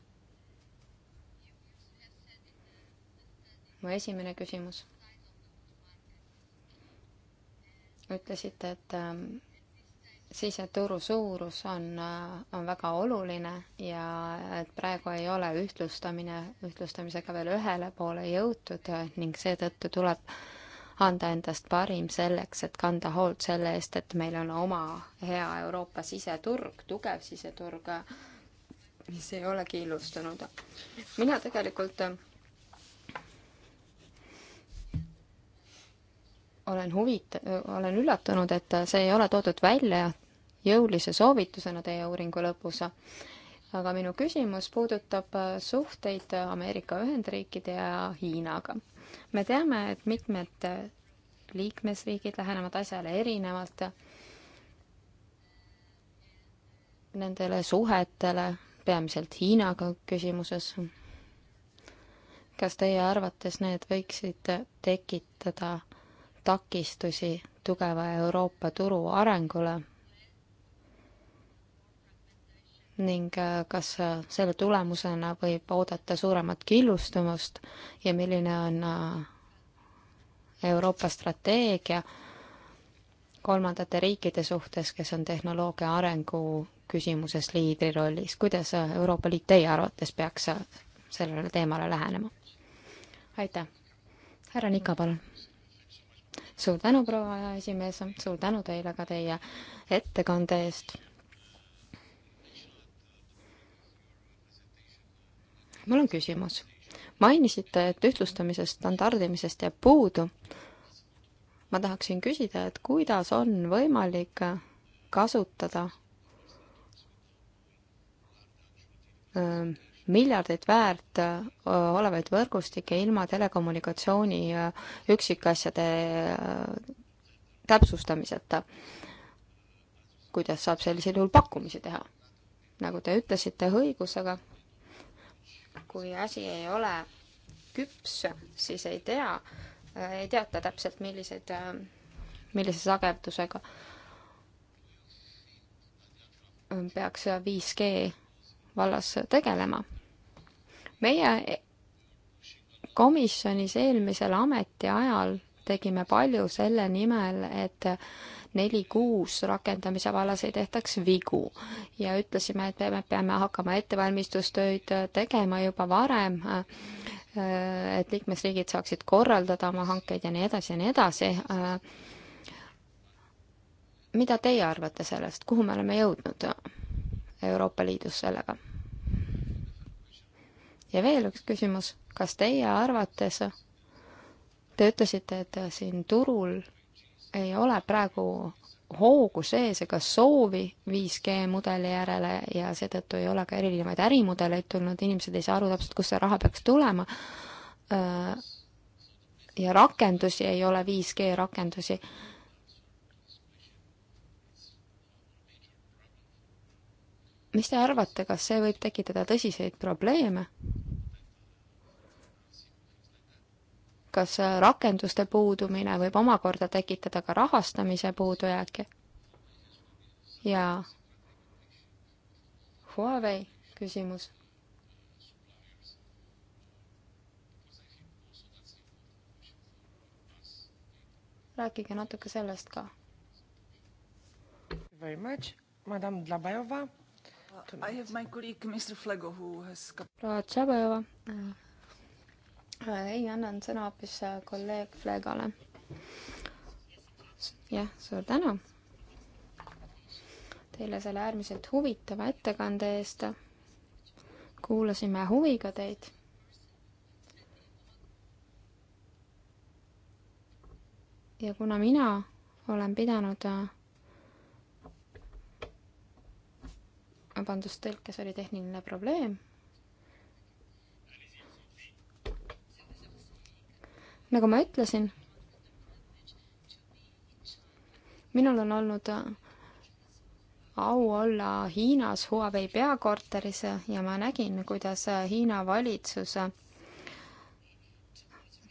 mu esimene küsimus. ütlesite, et ähm, siseturu suurus on, äh, on väga oluline ja et praegu ei ole ühtlustamine, ühtlustamisega veel ühele poole jõutud äh, ning seetõttu tuleb anda endast parim selleks, et kanda hoolt selle eest, et meil on oma hea Euroopa siseturg, tugev siseturg, mis ei ole killustunud. mina tegelikult äh, olen huvit-, olen üllatunud, et see ei ole toodud välja jõulise soovitusena teie uuringu lõpus. aga minu küsimus puudutab äh, suhteid Ameerika Ühendriikide ja Hiinaga me teame, et mitmed liikmesriigid lähenevad asjale erinevalt nendele suhetele, peamiselt Hiinaga küsimuses. kas teie arvates need võiksid tekitada takistusi tugeva Euroopa turu arengule ning äh, kas äh, selle tulemusena võib oodata suuremat killustumust ja milline on äh, Euroopa strateegia kolmandate riikide suhtes, kes on tehnoloogia arengu küsimuses liidrirollis, kuidas Euroopa Liit teie arvates peaks sellele teemale lähenema? aitäh. härra Nika, palun. suur tänu, proua esimees, suur tänu teile ka teie ettekande eest mul on küsimus. mainisite, et ühtlustamisest, standardimisest jääb puudu. ma tahaksin küsida, et kuidas on võimalik kasutada miljardit väärt olevaid võrgustikke ilma telekommunikatsiooni üksikasjade täpsustamiseta. kuidas saab sellisel juhul pakkumisi teha? nagu te ütlesite õigusega, kui asi ei ole küps, siis ei tea, ei teata täpselt, millised, millise sagedusega peaks 5G vallas tegelema. meie komisjonis eelmisel ametiajal tegime palju selle nimel, et neli kuus rakendamise vallas ei tehtaks vigu. ja ütlesime, et me peame hakkama ettevalmistustöid tegema juba varem, et liikmesriigid saaksid korraldada oma hankeid ja nii edasi ja nii edasi. mida teie arvate sellest, kuhu me oleme jõudnud Euroopa Liidus sellega? ja veel üks küsimus, kas teie arvates Te ütlesite, et siin turul ei ole praegu hoogu sees ega soovi 5G mudeli järele ja seetõttu ei ole ka erinevaid ärimudeleid tulnud, inimesed ei saa aru täpselt, kust see raha peaks tulema. ja rakendusi ei ole 5G rakendusi. mis te arvate, kas see võib tekitada tõsiseid probleeme? kas äh, rakenduste puudumine võib omakorda tekitada ka rahastamise puudujääki. ja Huawei küsimus. rääkige natuke sellest ka. Very much, madam Dlabajova. I have my colleague Mr Flego who has. proua Tšabajova Äh, ei, annan sõna hoopis äh, kolleeg Flegale. jah, suur tänu teile selle äärmiselt huvitava ettekande eest. kuulasime huviga teid ja kuna mina olen pidanud äh, vabandust, tõlkes oli tehniline probleem nagu ma ütlesin, minul on olnud äh, au olla Hiinas Huawei peakorteris ja ma nägin, kuidas äh, Hiina valitsus äh,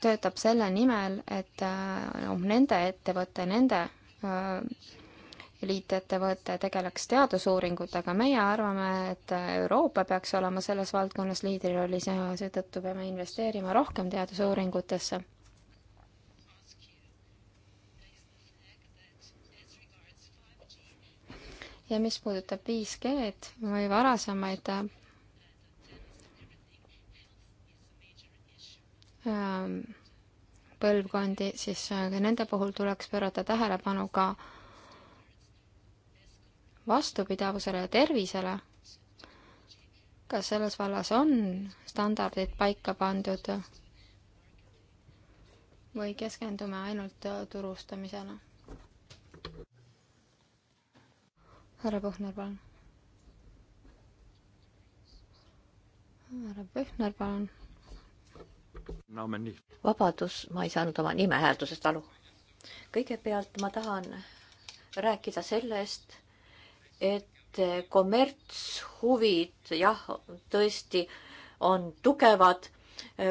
töötab selle nimel, et noh, nende ettevõte, nende liitettevõte tegeleks teadusuuringutega, meie arvame, et Euroopa peaks olema selles valdkonnas liidrirollis ja seetõttu peame investeerima rohkem teadusuuringutesse ja mis puudutab 5G-d või varasemaid ähm, põlvkondi, siis äh, nende puhul tuleks pöörata tähelepanu ka vastupidavusele ja tervisele. kas selles vallas on standardid paika pandud või keskendume ainult äh, turustamisele? härra Põhner, palun. härra Põhner, palun no,. vabadus, ma ei saanud oma nime hääldusest aru. kõigepealt ma tahan rääkida sellest, et kommertshuvid jah, tõesti on tugevad.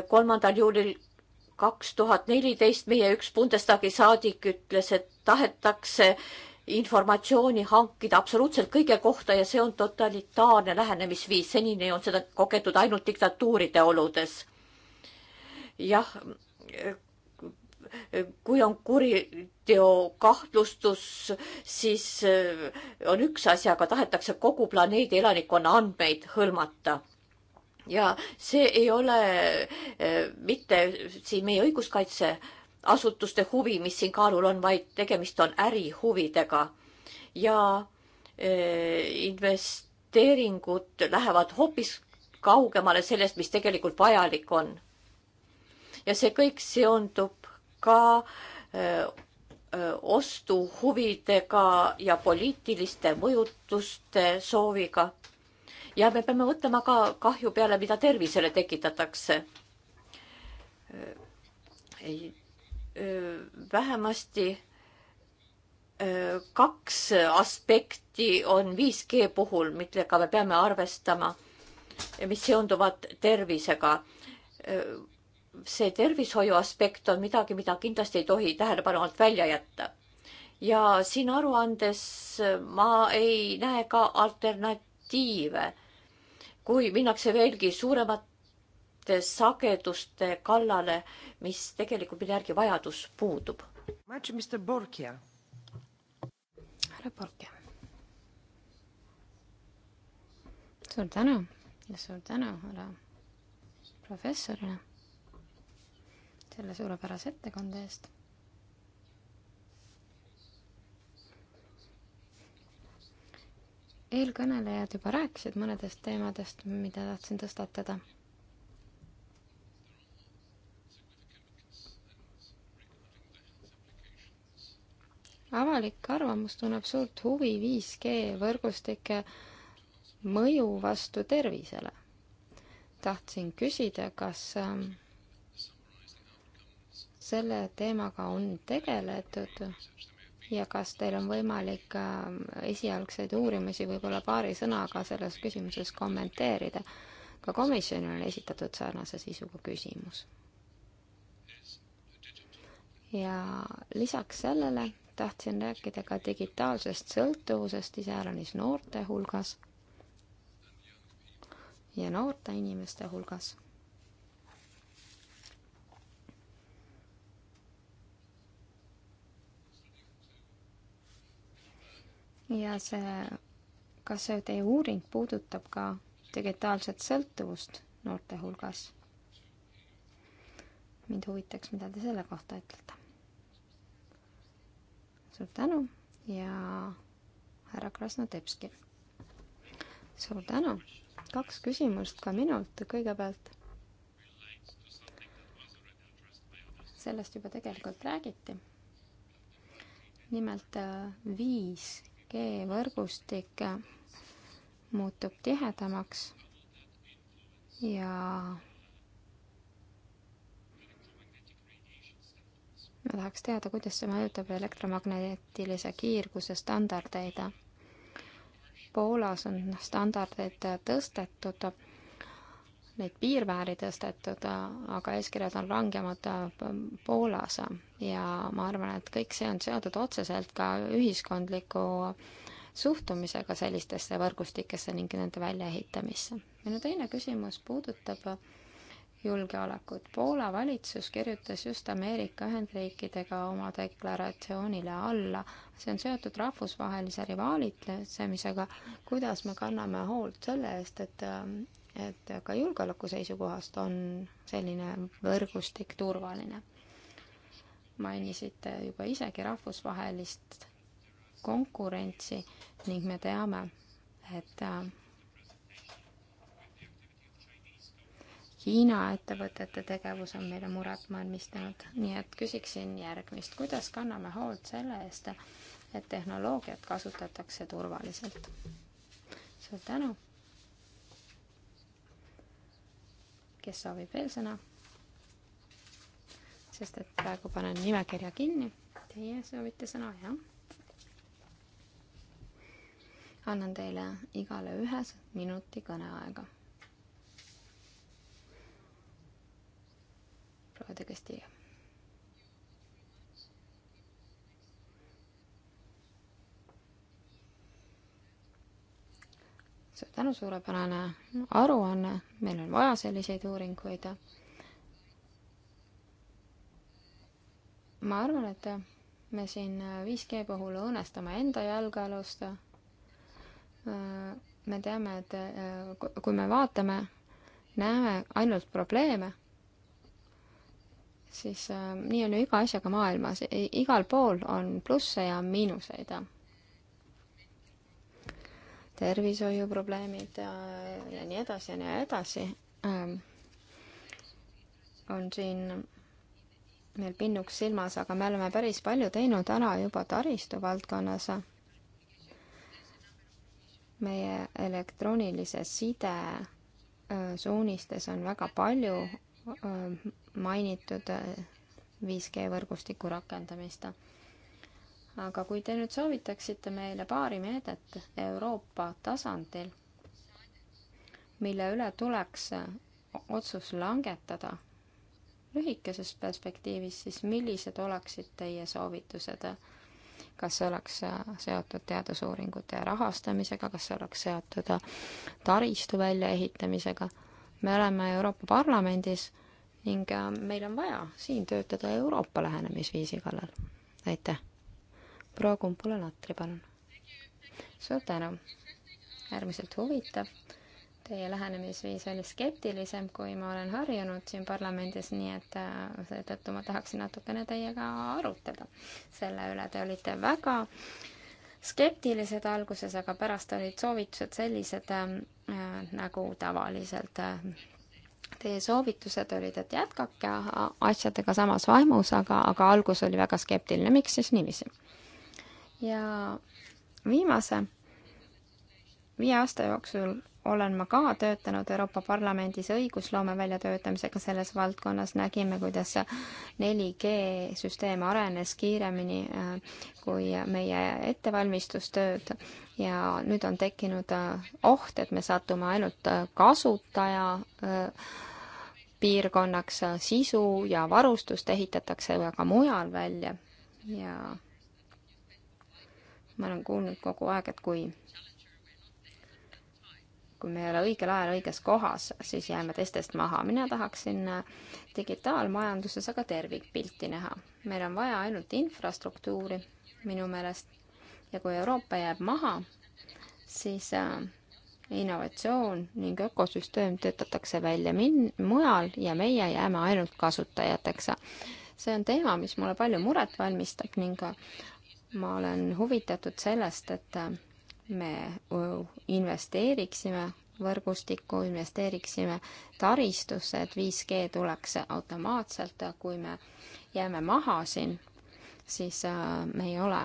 kolmandal juulil kaks tuhat neliteist meie üks Bundestagi saadik ütles, et tahetakse informatsiooni hankida absoluutselt kõige kohta ja see on totalitaarne lähenemisviis. senini on seda kogetud ainult diktatuuride oludes. jah, kui on kuriteo kahtlustus, siis eh, on üks asi, aga tahetakse kogu planeedi elanikkonna andmeid hõlmata ja see ei ole eh, mitte siin meie õiguskaitse asutuste huvi, mis siin kaalul on, vaid tegemist on ärihuvidega ja e, investeeringud lähevad hoopis kaugemale sellest, mis tegelikult vajalik on. ja see kõik seondub ka öö, e, e, ostuhuvidega ja poliitiliste mõjutuste sooviga. ja me peame mõtlema ka kahju peale, mida tervisele tekitatakse vähemasti kaks aspekti on 5G puhul, millega me peame arvestama, mis seonduvad tervisega. see tervishoiu aspekt on midagi, mida kindlasti ei tohi tähelepanu alt välja jätta. ja siin aruandes ma ei näe ka alternatiive, kui minnakse veelgi suuremat uute sageduste kallale, mis tegelikult, mille järgi vajadus puudub. härra Borgia. suur tänu ja suur tänu härra professorile selle suurepärase ettekande eest eelkõnelejad juba rääkisid mõnedest teemadest, mida tahtsin tõstatada avalik arvamus tunneb suurt huvi 5G võrgustike mõju vastu tervisele. tahtsin küsida, kas ähm, selle teemaga on tegeletud ja kas teil on võimalik ähm, esialgseid uurimusi võib-olla paari sõnaga selles küsimuses kommenteerida. ka komisjonile on esitatud sarnase sisuga küsimus. ja lisaks sellele tahtsin rääkida ka digitaalsest sõltuvusest iseäranis noorte hulgas ja noorte inimeste hulgas. ja see, kas see teie uuring puudutab ka digitaalset sõltuvust noorte hulgas? mind huvitaks, mida te selle kohta ütlete suur tänu ja härra Krasnodebski. suur tänu. kaks küsimust ka minult kõigepealt. sellest juba tegelikult räägiti. nimelt 5G äh, võrgustik äh, muutub tihedamaks ja ma tahaks teada, kuidas see mõjutab elektromagnetilise kiirguse standardeid. Poolas on standardeid tõstetud, neid piirmääri tõstetud, aga eeskirjad on rangemad Poolas ja ma arvan, et kõik see on seotud otseselt ka ühiskondliku suhtumisega sellistesse võrgustikesse ning nende väljaehitamisse. minu teine küsimus puudutab julgeolekut. Poola valitsus kirjutas just Ameerika Ühendriikidega oma deklaratsioonile alla. see on seotud rahvusvahelise rivaalitsemisega, kuidas me kanname hoolt selle eest, et, et ka julgeoleku seisukohast on selline võrgustik turvaline. mainisite juba isegi rahvusvahelist konkurentsi ning me teame, et Hiina ettevõtete tegevus on meile muret valmistanud, nii et küsiksin järgmist, kuidas kanname hoolt selle eest, et tehnoloogiat kasutatakse turvaliselt? suur tänu! kes soovib veel sõna? sest et praegu panen nimekirja kinni. Teie soovite sõna, jah? annan teile igale ühes minuti kõneaega proua de Castillo. suur tänu, suurepärane aruanne, meil on vaja selliseid uuringuid. ma arvan, et me siin 5G puhul õõnestame enda jalgealust. me teame, et kui me vaatame, näeme ainult probleeme siis äh, nii on ju iga asjaga maailmas, igal pool on plusse ja miinuseid. tervishoiuprobleemid ja, ja nii edasi ja nii edasi ähm, on siin meil pinnuks silmas, aga me oleme päris palju teinud ära juba taristu valdkonnas. meie elektroonilise side äh, suunistes on väga palju mainitud 5G äh, võrgustiku rakendamist. aga kui te nüüd soovitaksite meile paari meedet Euroopa tasandil, mille üle tuleks äh, otsus langetada lühikeses perspektiivis, siis millised oleksid teie soovitused? kas see oleks äh, seotud teadusuuringute rahastamisega, kas see oleks seotud taristu väljaehitamisega? me oleme Euroopa Parlamendis ning äh, meil on vaja siin töötada Euroopa lähenemisviisi kallal. aitäh! proua Kumpula-Natri, palun! suur tänu! äärmiselt huvitav. Teie lähenemisviis oli skeptilisem, kui ma olen harjunud siin parlamendis, nii et äh, seetõttu ma tahaksin natukene teiega arutleda selle üle. Te olite väga skeptilised alguses, aga pärast olid soovitused sellised äh, nagu tavaliselt äh, Teie soovitused olid, et jätkake asjadega samas vaimus, aga, aga algus oli väga skeptiline, miks siis niiviisi? ja viimase viie aasta jooksul olen ma ka töötanud Euroopa Parlamendis õigusloome väljatöötamisega selles valdkonnas, nägime, kuidas 4G süsteem arenes kiiremini äh, kui meie ettevalmistustööd ja nüüd on tekkinud äh, oht, et me satume ainult äh, kasutaja piirkonnaks, sisu ja varustust ehitatakse ju aga mujal välja ja ma olen kuulnud kogu aeg, et kui kui me ei ole õigel ajal õiges kohas, siis jääme teistest maha. mina tahaksin äh, digitaalmajanduses aga tervikpilti näha. meil on vaja ainult infrastruktuuri minu meelest ja kui Euroopa jääb maha, siis äh, innovatsioon ning ökosüsteem töötatakse välja min-, mujal ja meie jääme ainult kasutajateks. see on teema, mis mulle palju muret valmistab ning äh, ma olen huvitatud sellest, et me investeeriksime võrgustikku, investeeriksime taristusse, et 5G tuleks automaatselt, kui me jääme maha siin, siis me ei ole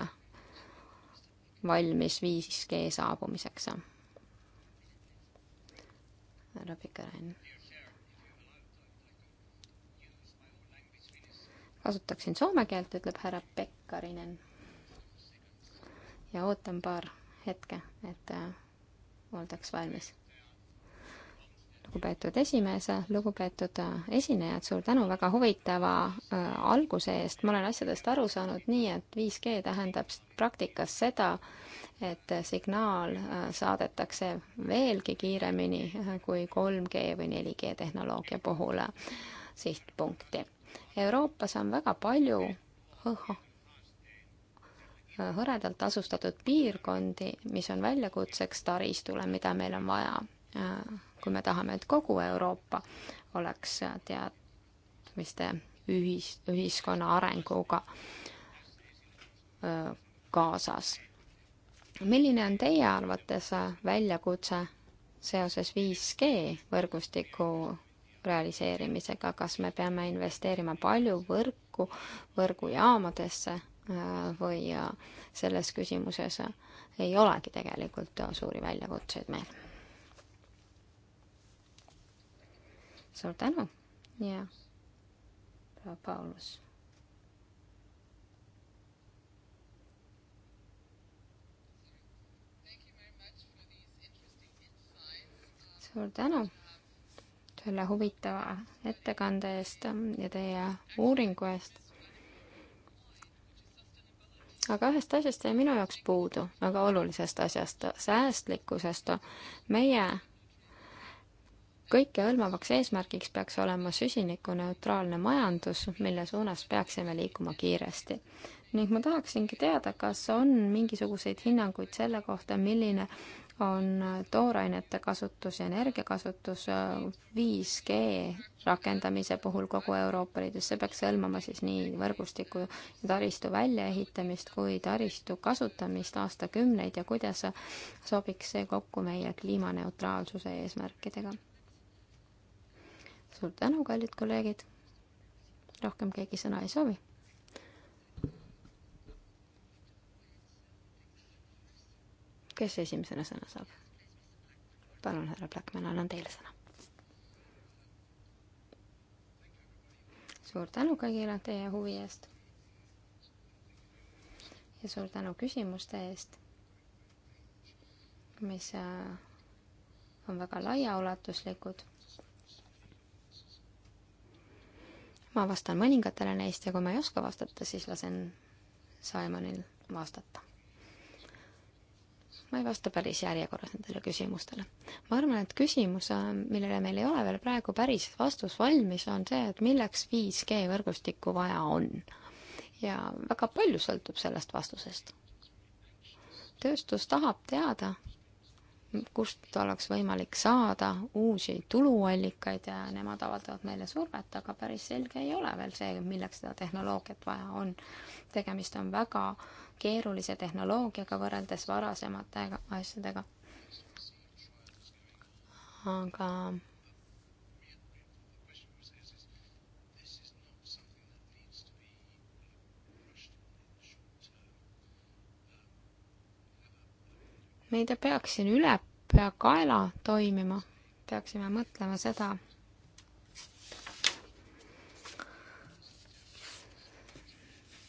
valmis 5G saabumiseks. härra Pikerain. kasutaksin soome keelt, ütleb härra Pekkarinen. ja ootan paar hetke, et äh, oldaks valmis. lugupeetud esimees, lugupeetud äh, esinejad, suur tänu väga huvitava äh, alguse eest, ma olen asjadest aru saanud nii, et 5G tähendab praktikas seda, et signaal saadetakse veelgi kiiremini kui 3G või 4G tehnoloogia puhul sihtpunkti. Euroopas on väga palju Äh, hõredalt asustatud piirkondi, mis on väljakutseks taristule, mida meil on vaja. Äh, kui me tahame, et kogu Euroopa oleks äh, teadmiste ühis, ühiskonna arenguga kaasas. milline on teie arvates väljakutse seoses 5G võrgustiku realiseerimisega, kas me peame investeerima palju võrku, võrgujaamadesse Äh, või äh, selles küsimuses äh, ei olegi tegelikult suuri väljakutseid meil. suur tänu ja proua Paulus. suur tänu selle huvitava ettekande eest ähm, ja teie uuringu eest aga ühest asjast jäi minu jaoks puudu, väga olulisest asjast, säästlikkusest. meie kõikehõlmavaks eesmärgiks peaks olema süsinikuneutraalne majandus, mille suunas peaksime liikuma kiiresti. ning ma tahaksingi teada, kas on mingisuguseid hinnanguid selle kohta, milline on toorainete kasutus ja energiakasutus 5G rakendamise puhul kogu Euroopa Liidus. see peaks hõlmama siis nii võrgustiku ja taristu väljaehitamist kui taristu kasutamist aastakümneid ja kuidas sobiks see kokku meie kliimaneutraalsuse eesmärkidega. suur tänu, kallid kolleegid. rohkem keegi sõna ei soovi kes esimesena sõna saab? palun, härra Blackman, annan teile sõna. suur tänu kõigile teie huvi eest. ja suur tänu küsimuste eest, mis äh, on väga laiaulatuslikud. ma vastan mõningatele neist ja kui ma ei oska vastata, siis lasen Simonil vastata ma ei vasta päris järjekorras nendele küsimustele. ma arvan, et küsimus, äh, millele meil ei ole veel praegu päris vastus valmis, on see, et milleks 5G võrgustikku vaja on. ja väga palju sõltub sellest vastusest. tööstus tahab teada, kust oleks võimalik saada uusi tuluallikaid ja nemad avaldavad meile survet, aga päris selge ei ole veel see, milleks seda tehnoloogiat vaja on. tegemist on väga keerulise tehnoloogiaga võrreldes varasemate asjadega. aga me ei peaks siin ülepeakaela toimima, peaksime mõtlema seda,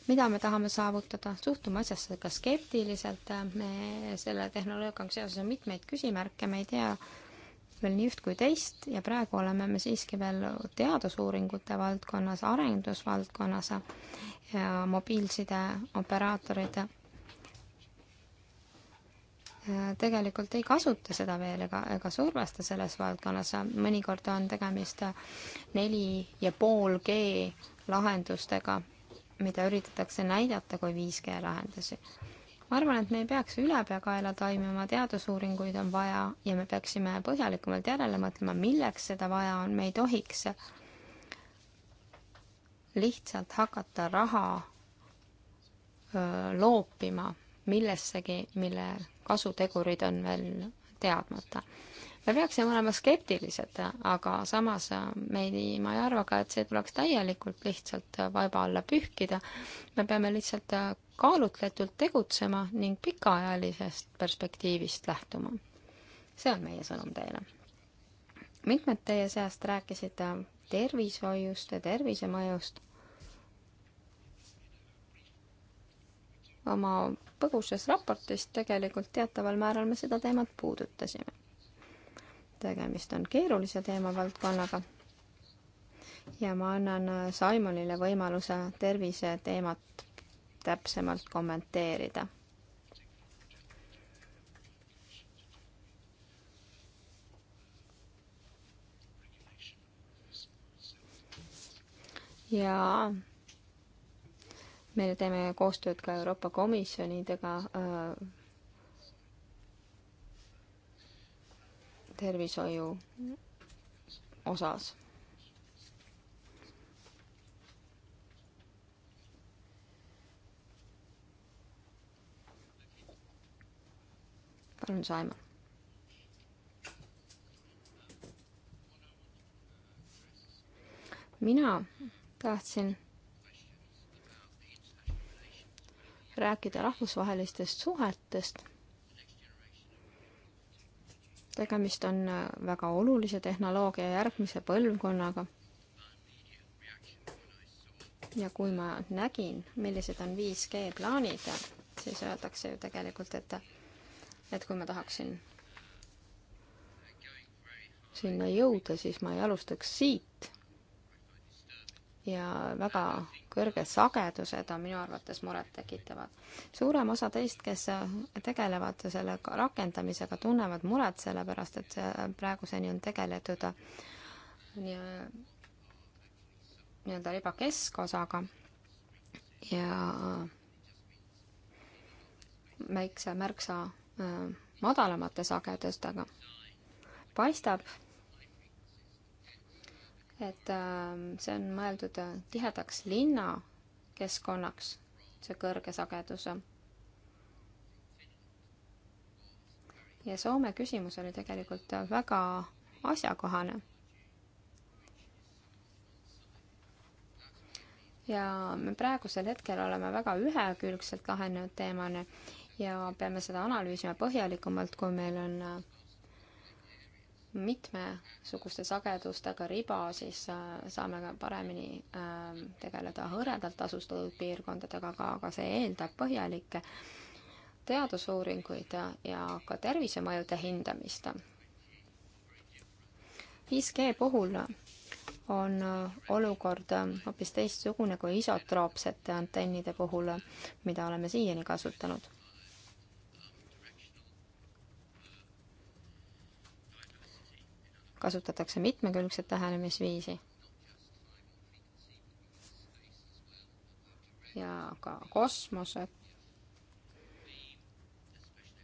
mida me tahame saavutada, suhtume asjasse ka skeptiliselt, me selle tehnoloogiaga seoses on mitmeid küsimärke, me ei tea veel nii üht kui teist ja praegu oleme me siiski veel teadusuuringute valdkonnas, arendusvaldkonnas ja mobiilsideoperaatorid Äh, tegelikult ei kasuta seda veel ega, ega survesta selles valdkonnas. mõnikord on tegemist neli ja pool G lahendustega, mida üritatakse näidata kui 5G lahendusi. ma arvan, et me ei peaks ülepeakaela toimima, teadusuuringuid on vaja ja me peaksime põhjalikumalt järele mõtlema, milleks seda vaja on, me ei tohiks lihtsalt hakata raha öö, loopima millessegi, mille kasutegurid on veel teadmata. me peaksime olema skeptilised, aga samas me ei, ma ei arva ka, et see tuleks täielikult lihtsalt vaiba alla pühkida. me peame lihtsalt kaalutletult tegutsema ning pikaajalisest perspektiivist lähtuma. see on meie sõnum teile. mitmed teie seast rääkisid tervishoiust ja tervisemõjust oma põgusas raportis tegelikult teataval määral me seda teemat puudutasime. tegemist on keerulise teemavaldkonnaga ja ma annan äh, Simonile võimaluse terviseteemat täpsemalt kommenteerida. jaa me teeme koostööd ka Euroopa Komisjonidega äh, tervishoiu osas. palun, Saimon. mina tahtsin rääkida rahvusvahelistest suhetest. tegemist on äh, väga olulise tehnoloogia järgmise põlvkonnaga. ja kui ma nägin, millised on 5G plaanid, siis öeldakse ju tegelikult, et, et kui ma tahaksin sinna jõuda, siis ma ei alustaks siit ja väga kõrge sagedusega minu arvates muret tekitavad. suurem osa teist, kes tegelevad selle rakendamisega, tunnevad muret, sellepärast et praeguseni on tegeletud nii-öelda riba keskosaga ja väikse märksa äh, madalamate sagedustega. paistab et ähm, see on mõeldud äh, tihedaks linnakeskkonnaks, see kõrge sagedus. ja Soome küsimus oli tegelikult äh, väga asjakohane. ja me praegusel hetkel oleme väga ühekülgselt lahenenud teemana ja peame seda analüüsima põhjalikumalt, kui meil on äh, mitmesuguste sagedustega riba, siis äh, saame ka paremini ähm, tegeleda hõredalt asustatud piirkondadega, aga, aga see eeldab põhjalikke teadusuuringuid ja, ja ka tervisemõjude hindamist. 5G puhul on äh, olukord äh, hoopis teistsugune kui isotroopsete antennide puhul, mida oleme siiani kasutanud kasutatakse mitmekülgset lähenemisviisi. ja ka kosmose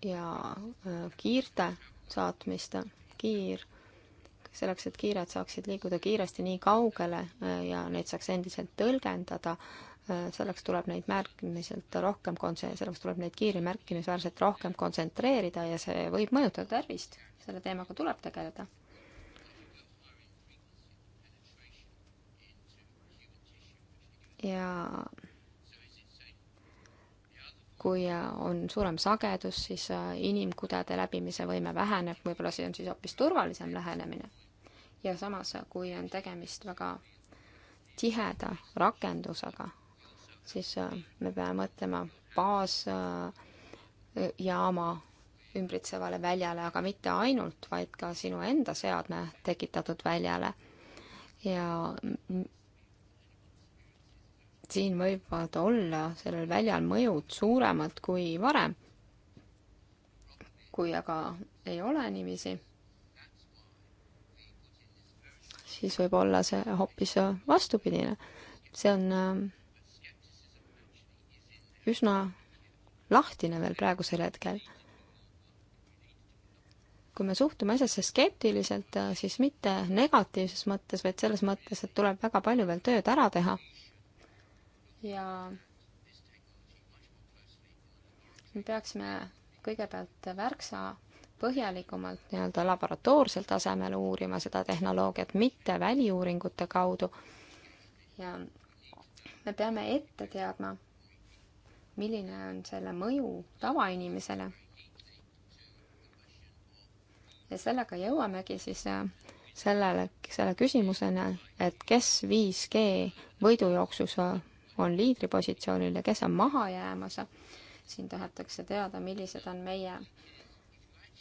ja äh, kiirte saatmist, kiir, selleks, et kiired saaksid liikuda kiiresti nii kaugele äh, ja neid saaks endiselt tõlgendada, äh, selleks tuleb neid märkimiselt rohkem konse-, selleks tuleb neid kiiri märkimisväärselt rohkem kontsentreerida ja see võib mõjutada tervist. selle teemaga tuleb tegeleda. ja kui on suurem sagedus, siis äh, inimkudede läbimise võime väheneb, võib-olla see on siis hoopis turvalisem lähenemine. ja samas, äh, kui on tegemist väga tiheda rakendusega, siis äh, me peame mõtlema baasjaama ümbritsevale väljale, aga mitte ainult, vaid ka sinu enda seadme tekitatud väljale. ja siin võivad olla sellel väljal mõjud suuremad kui varem. kui aga ei ole niiviisi, siis võib olla see hoopis vastupidine. see on äh, üsna lahtine veel praegusel hetkel. kui me suhtume asjasse skeptiliselt, äh, siis mitte negatiivses mõttes, vaid selles mõttes, et tuleb väga palju veel tööd ära teha ja me peaksime kõigepealt värksa põhjalikumalt nii-öelda laboratoorsel tasemel uurima seda tehnoloogiat, mitte väliuuringute kaudu. ja me peame ette teadma, milline on selle mõju tavainimesele. ja sellega jõuamegi siis äh, sellele, selle küsimusena, et kes 5G võidujooksus äh, on liidripositsioonil ja kes on maha jäämas. siin tahetakse teada, millised on meie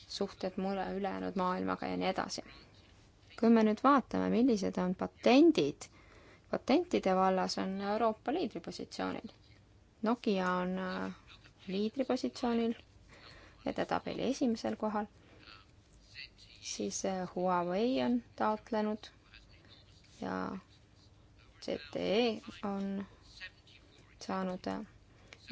suhted mure ülejäänud maailmaga ja nii edasi. kui me nüüd vaatame, millised on patendid, patentide vallas on Euroopa liidripositsioonil. Nokia on äh, liidripositsioonil, edetabeli esimesel kohal, siis äh, Huawei on taotlenud ja ZTE on saanud äh,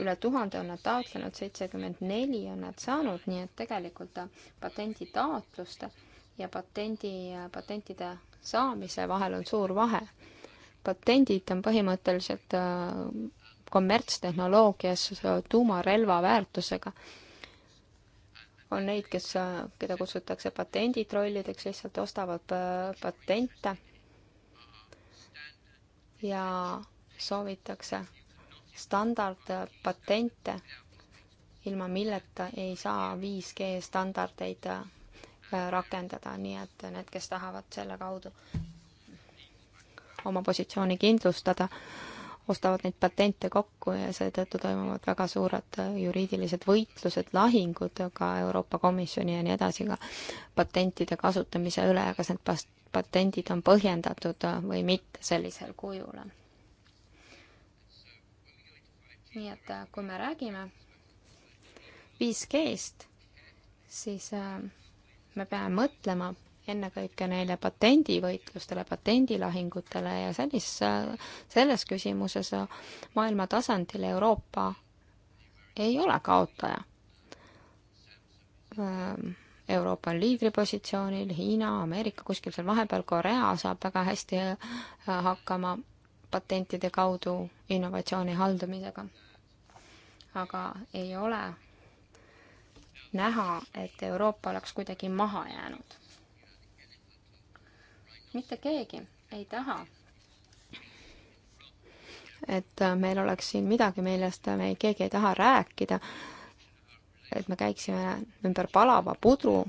üle tuhande on nad taotlenud, seitsekümmend neli on nad saanud, nii et tegelikult äh, patenditaotluste ja patendi, äh, patentide saamise vahel on suur vahe. patendid on põhimõtteliselt kommertstehnoloogias tuumarelva väärtusega. on neid, kes, keda kutsutakse patenditrollideks, lihtsalt ostavad patente ja soovitakse standardpatente, ilma milleta ei saa 5G standardeid äh, rakendada, nii et need, kes tahavad selle kaudu oma positsiooni kindlustada, ostavad neid patente kokku ja seetõttu toimuvad väga suured äh, juriidilised võitlused, lahingud ka Euroopa Komisjoni ja nii edasi ka patentide kasutamise üle, kas need patendid on põhjendatud äh, või mitte sellisel kujul nii et äh, kui me räägime 5G-st, siis äh, me peame mõtlema ennekõike neile patendivõitlustele, patendilahingutele ja sellis, selles küsimuses äh, maailma tasandil Euroopa ei ole kaotaja. Ähm, Euroopa on liidripositsioonil, Hiina, Ameerika, kuskil seal vahepeal, Korea saab väga hästi hakkama patentide kaudu innovatsiooni haldamisega aga ei ole näha, et Euroopa oleks kuidagi maha jäänud. mitte keegi ei taha, et meil oleks siin midagi, millest me ei, keegi ei taha rääkida, et me käiksime ümber palava pudru,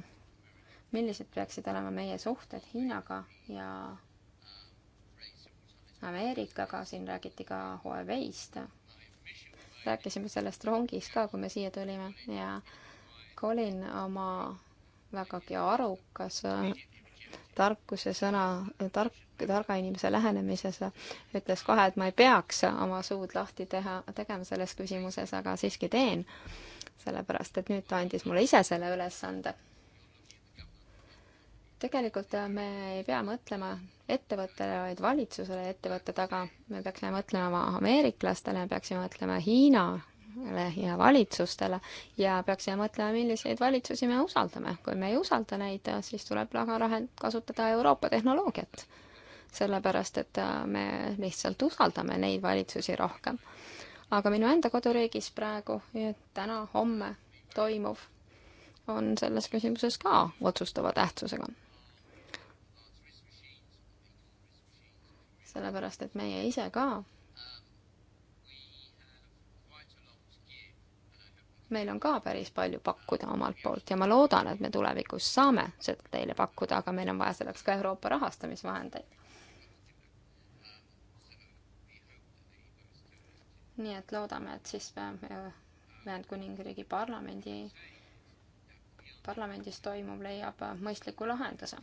millised peaksid olema meie suhted Hiinaga ja Ameerikaga, siin räägiti ka Huawei'st rääkisime sellest rongis ka, kui me siia tulime ja Colin oma vägagi arukas tarkuse sõna, tark, targa inimese lähenemises ütles kohe, et ma ei peaks oma suud lahti teha, tegema selles küsimuses, aga siiski teen. sellepärast, et nüüd ta andis mulle ise selle ülesande tegelikult äh, me ei pea mõtlema ettevõttele, vaid valitsusele ettevõtte taga. me peaksime mõtlema ameeriklastele, peaksime mõtlema Hiinale ja valitsustele ja peaksime mõtlema, milliseid valitsusi me usaldame. kui me ei usalda neid, äh, siis tuleb lagarahend kasutada Euroopa tehnoloogiat. sellepärast, et äh, me lihtsalt usaldame neid valitsusi rohkem. aga minu enda koduriigis praegu, täna, homme toimuv on selles küsimuses ka otsustava tähtsusega sellepärast et meie ise ka meil on ka päris palju pakkuda omalt poolt ja ma loodan, et me tulevikus saame seda teile pakkuda, aga meil on vaja selleks ka Euroopa rahastamisvahendeid. nii et loodame, et siis Ühendkuningriigi parlamendi, parlamendis toimuv leiab mõistliku lahenduse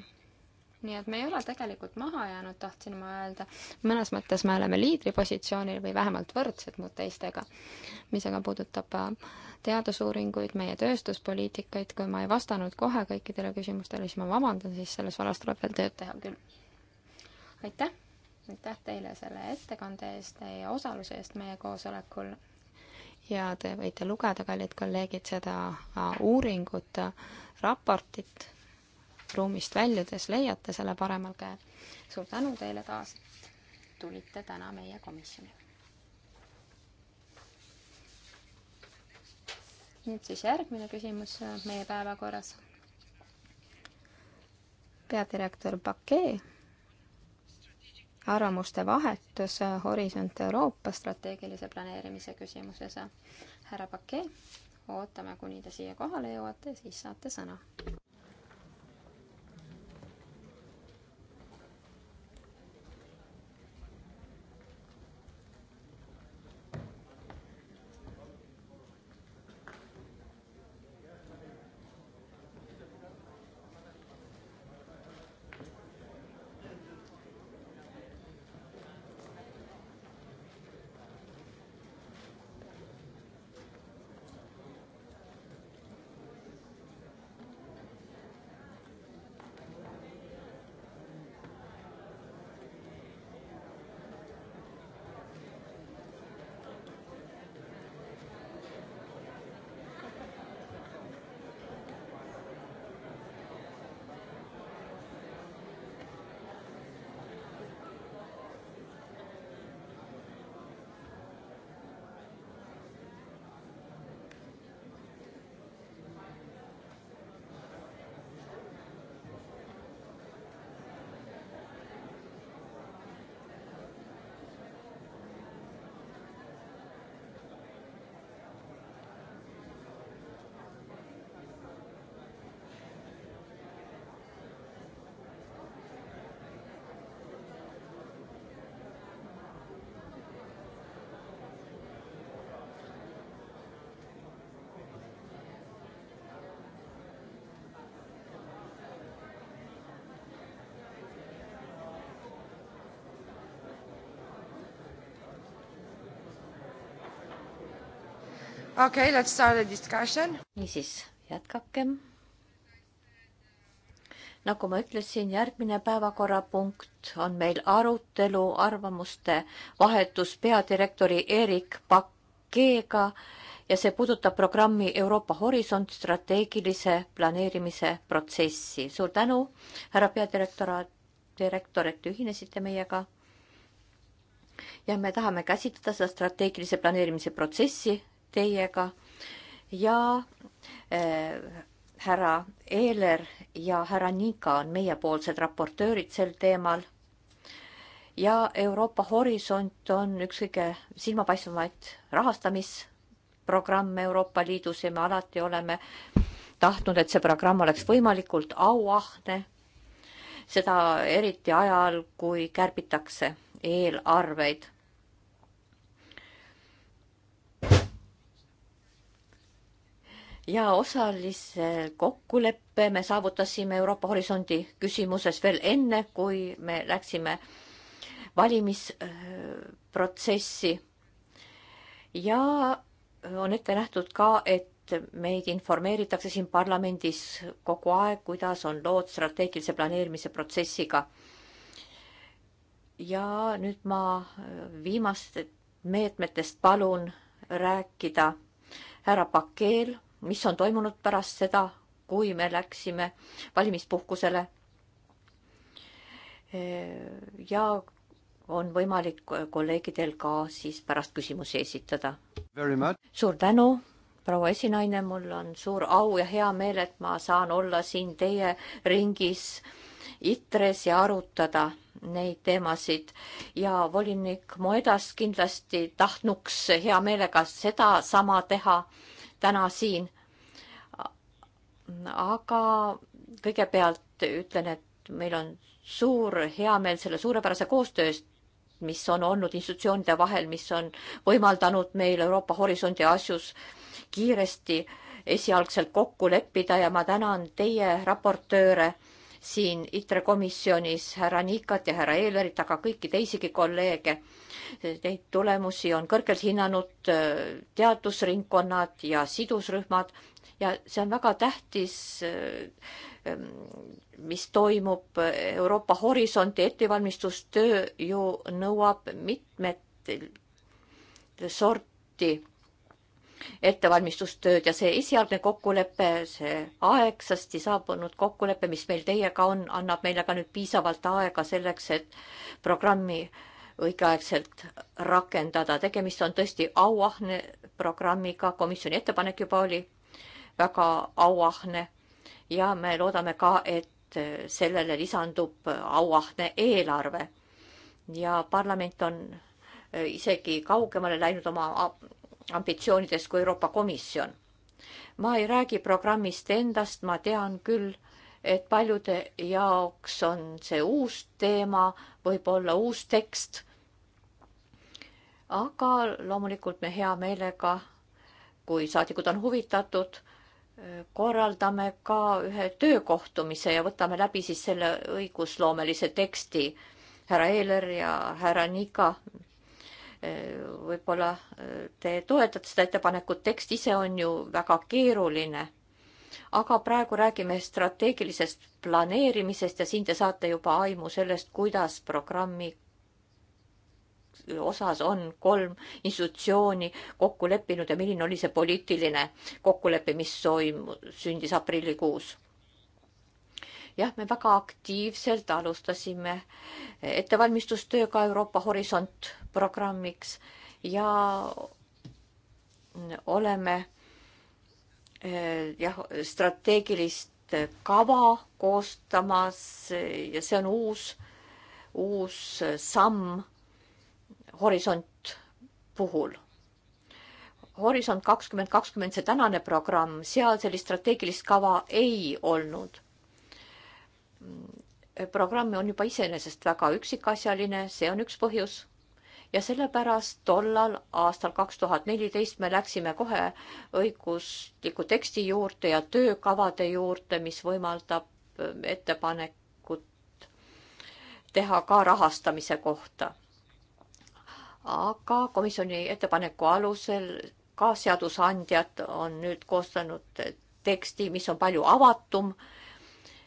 nii et me ei ole tegelikult maha jäänud, tahtsin ma öelda. mõnes mõttes me oleme liidripositsioonil või vähemalt võrdsed muud teistega. mis aga puudutab äh, teadusuuringuid, meie tööstuspoliitikaid, kui ma ei vastanud kohe kõikidele küsimustele, siis ma vabandan, siis selles vallas tuleb veel tööd teha küll. aitäh! aitäh teile selle ettekande eest, teie osaluse eest meie koosolekul ja te võite lugeda, kallid kolleegid, seda äh, uuringut, äh, raportit ruumist väljudes leiate selle paremal käel. suur tänu teile taas, et tulite täna meie komisjoni. nüüd siis järgmine küsimus meie päevakorras. peadirektor Pakee arvamuste vahetus Horisont Euroopa strateegilise planeerimise küsimuses. härra Pakee, ootame, kuni te siia kohale jõuate, siis saate sõna. okay, let's start the discussion. niisiis, jätkakem. nagu ma ütlesin, järgmine päevakorrapunkt on meil arutelu arvamuste vahetus peadirektori Erik Pakkeega ja see puudutab programmi Euroopa Horisont strateegilise planeerimise protsessi. suur tänu, härra peadirektor, direktor, et ühinesite meiega. ja me tahame käsitleda seda strateegilise planeerimise protsessi teiega ja äh, härra Eeler ja härra Niika on meiepoolsed raportöörid sel teemal. ja Euroopa Horisont on üks kõige silmapaistvamaid rahastamisprogramme Euroopa Liidus ja me alati oleme tahtnud, et see programm oleks võimalikult auahne. seda eriti ajal, kui kärbitakse eelarveid ja osalise kokkuleppe me saavutasime Euroopa Horisondi küsimuses veel enne, kui me läksime valimisprotsessi. ja on ette nähtud ka, et meid informeeritakse siin parlamendis kogu aeg, kuidas on lood strateegilise planeerimise protsessiga. ja nüüd ma viimastest meetmetest palun rääkida härra Pakeel mis on toimunud pärast seda, kui me läksime valimispuhkusele. ja on võimalik kolleegidel ka siis pärast küsimusi esitada. suur tänu, proua esinaine, mul on suur au ja hea meel, et ma saan olla siin teie ringis ITRES ja arutada neid teemasid ja volinik Moedas kindlasti tahtnuks hea meelega sedasama teha täna siin. aga kõigepealt ütlen, et meil on suur heameel selle suurepärase koostöö eest, mis on olnud institutsioonide vahel, mis on võimaldanud meil Euroopa Horisondi asjus kiiresti esialgselt kokku leppida ja ma tänan teie raportööre siin ITRE komisjonis härra Nikat ja härra Eelerit, aga kõiki teisigi kolleege. Neid tulemusi on kõrgelt hinnanud äh, teadusringkonnad ja sidusrühmad ja see on väga tähtis, äh, ähm, mis toimub äh, Euroopa Horisondi ettevalmistustöö ju nõuab mitmet sorti ettevalmistustööd ja see esialgne kokkulepe, see aegsasti saabunud kokkulepe, mis meil teiega on, annab meile ka nüüd piisavalt aega selleks, et programmi õigeaegselt rakendada. tegemist on tõesti auahne programmiga, komisjoni ettepanek juba oli väga auahne ja me loodame ka, et sellele lisandub auahne eelarve. ja parlament on isegi kaugemale läinud oma ambitsioonidest kui Euroopa Komisjon. ma ei räägi programmist endast, ma tean küll, et paljude jaoks on see uus teema, võib-olla uus tekst. aga loomulikult me hea meelega, kui saadikud on huvitatud, korraldame ka ühe töökohtumise ja võtame läbi siis selle õigusloomelise teksti härra Eeler ja härra Nika võib-olla äh, te toetate seda ettepanekut, tekst ise on ju väga keeruline. aga praegu räägime strateegilisest planeerimisest ja siin te saate juba aimu sellest, kuidas programmi osas on kolm institutsiooni kokku leppinud ja milline oli see poliitiline kokkulepe, mis soim-, sündis aprillikuus jah, me väga aktiivselt alustasime ettevalmistustööga Euroopa Horisont programmiks ja oleme eh, jah, strateegilist kava koostamas ja see on uus, uus samm Horisont puhul. Horisont kakskümmend kakskümmend, see tänane programm, seal sellist strateegilist kava ei olnud programm on juba iseenesest väga üksikasjaline, see on üks põhjus. ja sellepärast tollal aastal kaks tuhat neliteist me läksime kohe õigusliku teksti juurde ja töökavade juurde, mis võimaldab äh, ettepanekut teha ka rahastamise kohta. aga komisjoni ettepaneku alusel ka seadusandjad on nüüd koostanud teksti, mis on palju avatum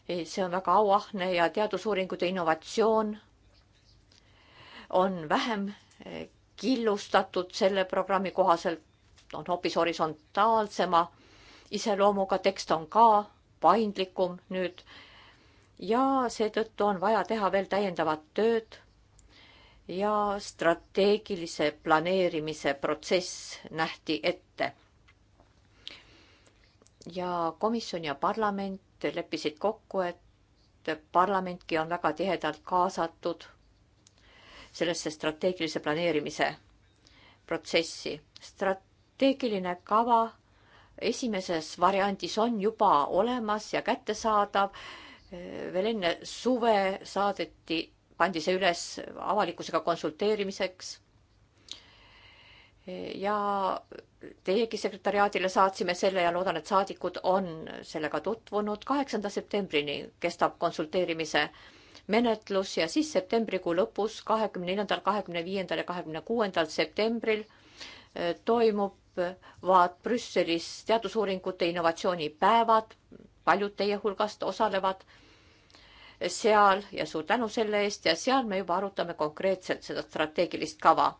see on väga auahne ja teadusuuringud ja innovatsioon on vähem eh, killustatud selle programmi kohaselt, on hoopis horisontaalsema iseloomuga, tekst on ka paindlikum nüüd ja seetõttu on vaja teha veel täiendavat tööd ja strateegilise planeerimise protsess nähti ette. ja komisjon ja parlament leppisid kokku, et parlamentki on väga tihedalt kaasatud sellesse strateegilise planeerimise protsessi. strateegiline kava esimeses variandis on juba olemas ja kättesaadav. veel enne suve saadeti, pandi see üles avalikkusega konsulteerimiseks ja teiegi sekretäriaadile saatsime selle ja loodan, et saadikud on sellega tutvunud. kaheksanda septembrini kestab konsulteerimise menetlus ja siis septembrikuu lõpus, kahekümne neljandal, kahekümne viiendal ja kahekümne kuuendal septembril eh, toimub vaat Brüsselis teadusuuringute innovatsioonipäevad, paljud teie hulgast osalevad seal ja suur tänu selle eest ja seal me juba arutame konkreetselt seda strateegilist kava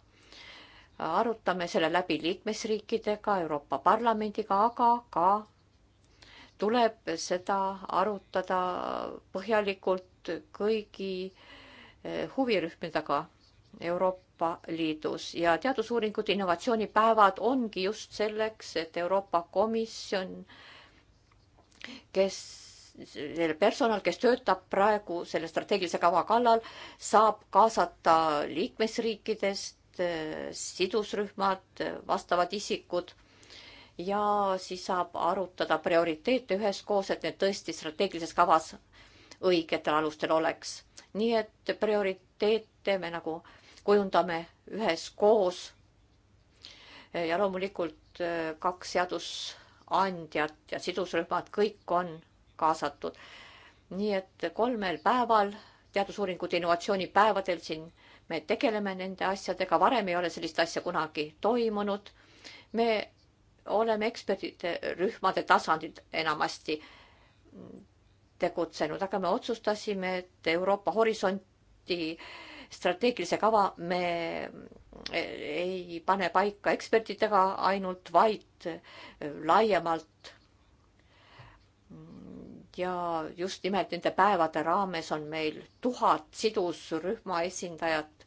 arutame selle läbi liikmesriikidega, Euroopa Parlamendiga, aga ka tuleb seda arutada põhjalikult kõigi eh, huvirühmadega Euroopa Liidus ja teadusuuringute innovatsioonipäevad ongi just selleks, et Euroopa Komisjon, kes, personal, kes töötab praegu selle strateegilise kava kallal, saab kaasata liikmesriikidest Eh, sidusrühmad, eh, vastavad isikud ja siis saab arutada prioriteete üheskoos, et need tõesti strateegilises kavas õigetel alustel oleks. nii et prioriteete me nagu kujundame üheskoos. Eh, ja loomulikult kaks seadusandjat ja sidusrühmad, kõik on kaasatud. nii et kolmel päeval, teadusuuringute innovatsioonipäevadel siin me tegeleme nende asjadega, varem ei ole sellist asja kunagi toimunud. me oleme ekspertide rühmade tasandil enamasti tegutsenud, aga me otsustasime, et Euroopa Horisonti strateegilise kava me ei pane paika ekspertidega ainult, vaid laiemalt ja just nimelt nende päevade raames on meil tuhat sidusrühma esindajat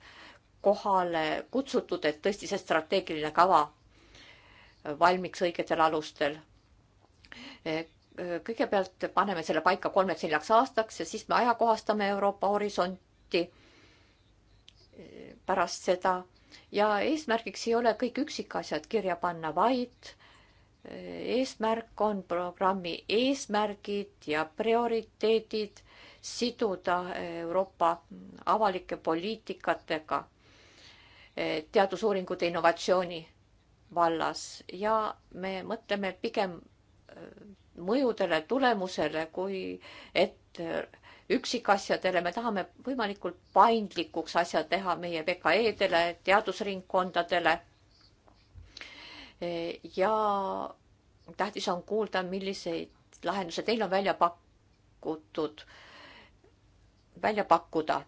kohale kutsutud, et tõesti see strateegiline kava valmiks õigetel alustel. Eh, eh, kõigepealt paneme selle paika kolmeks-neljaks aastaks ja siis me ajakohastame Euroopa horisonti eh, pärast seda ja eesmärgiks ei ole kõik üksikasjad kirja panna, vaid eesmärk on programmi eesmärgid ja prioriteedid siduda eh, Euroopa avalike poliitikatega eh, teadusuuringute innovatsiooni vallas ja me mõtleme pigem eh, mõjudele, tulemusele, kui et üksikasjadele, me tahame võimalikult paindlikuks asja teha meie VKE-dele, teadusringkondadele ja tähtis on kuulda, milliseid lahendusi teil on välja pakutud, välja pakkuda.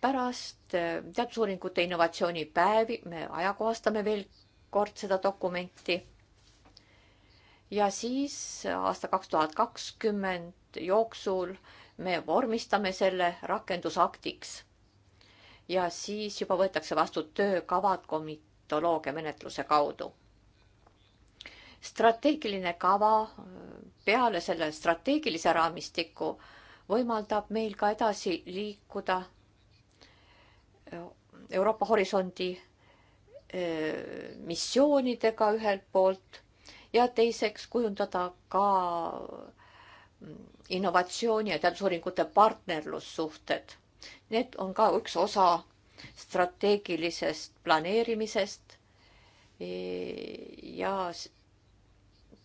pärast äh, teadusuuringute innovatsioonipäevi me ajakohastame veel kord seda dokumenti. ja siis aasta kaks tuhat kakskümmend jooksul me vormistame selle rakendusaktiks ja siis juba võetakse vastu töökavad komitoloogia menetluse kaudu. strateegiline kava äh, peale selle strateegilise raamistiku võimaldab meil ka edasi liikuda äh, Euroopa Horisondi äh, missioonidega ühelt poolt ja teiseks kujundada ka mm, innovatsiooni ja teadusuuringute partnerlussuhted Need on ka üks osa strateegilisest planeerimisest. E, ja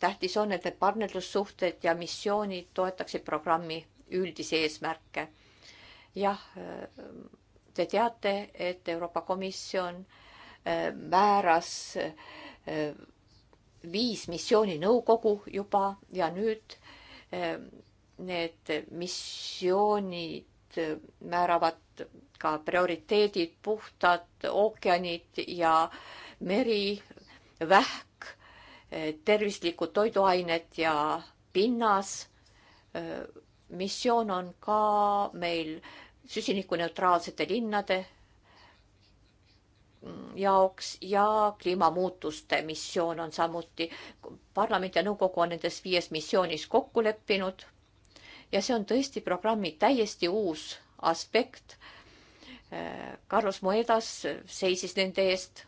tähtis on, et need partnerlussuhted ja missioonid toetaksid programmi üldisi eesmärke. jah, e, te teate, et Euroopa Komisjon e, määras viis missiooninõukogu juba ja nüüd need missioonid määravad ka prioriteedid, puhtad ookeanid ja meri, vähk, tervislikud toiduained ja pinnas. missioon on ka meil süsinikuneutraalsete linnade jaoks ja kliimamuutuste missioon on samuti, parlament ja nõukogu on nendes viies missioonis kokku leppinud ja see on tõesti programmi täiesti uus aspekt. Äh, Carlos Moedas seisis nende eest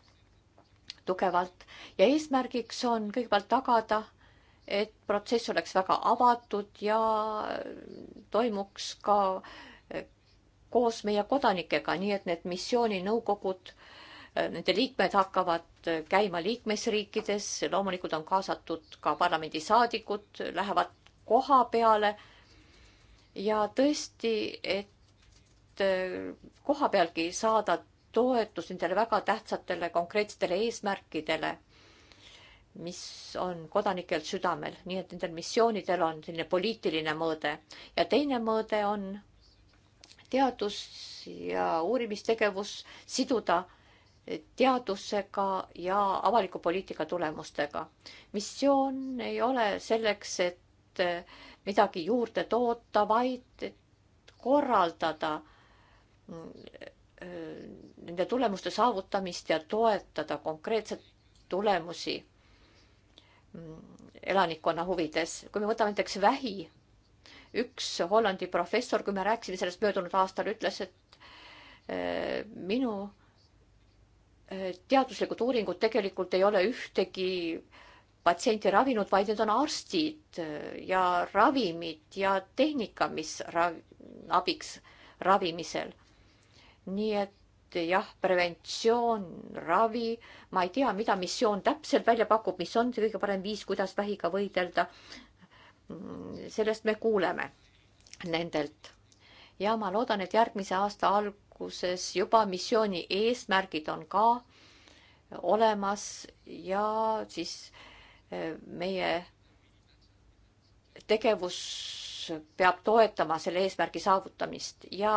tugevalt ja eesmärgiks on kõigepealt tagada, et protsess oleks väga avatud ja toimuks ka äh, koos meie kodanikega, nii et need missiooninõukogud, äh, nende liikmed hakkavad käima liikmesriikides, loomulikult on kaasatud ka parlamendisaadikud, lähevad koha peale ja tõesti, et äh, koha pealgi saada toetus nendele väga tähtsatele konkreetsetele eesmärkidele, mis on kodanikel südamel, nii et nendel missioonidel on selline poliitiline mõõde ja teine mõõde on teadus ja uurimistegevus siduda äh, teadusega ja avaliku poliitika tulemustega. missioon ei ole selleks, et mitte eh, midagi juurde toota, vaid korraldada eh, nende tulemuste saavutamist ja toetada konkreetset tulemusi mm, elanikkonna huvides. kui me võtame näiteks vähi, üks Hollandi professor, kui me rääkisime sellest möödunud aastal, ütles, et eh, minu teaduslikud uuringud tegelikult ei ole ühtegi äh, patsienti ravinud, vaid need on arstid äh, ja ravimid ja tehnika, mis rav, abiks ravimisel. nii et jah, preventsioon, ravi, ma ei tea, mida missioon täpselt välja pakub, mis on see kõige parem viis, kuidas vähiga võidelda. Mm, sellest me kuuleme nendelt ja ma loodan, et järgmise aasta alguses juba missiooni eesmärgid on ka olemas ja siis äh, meie tegevus peab toetama selle eesmärgi saavutamist ja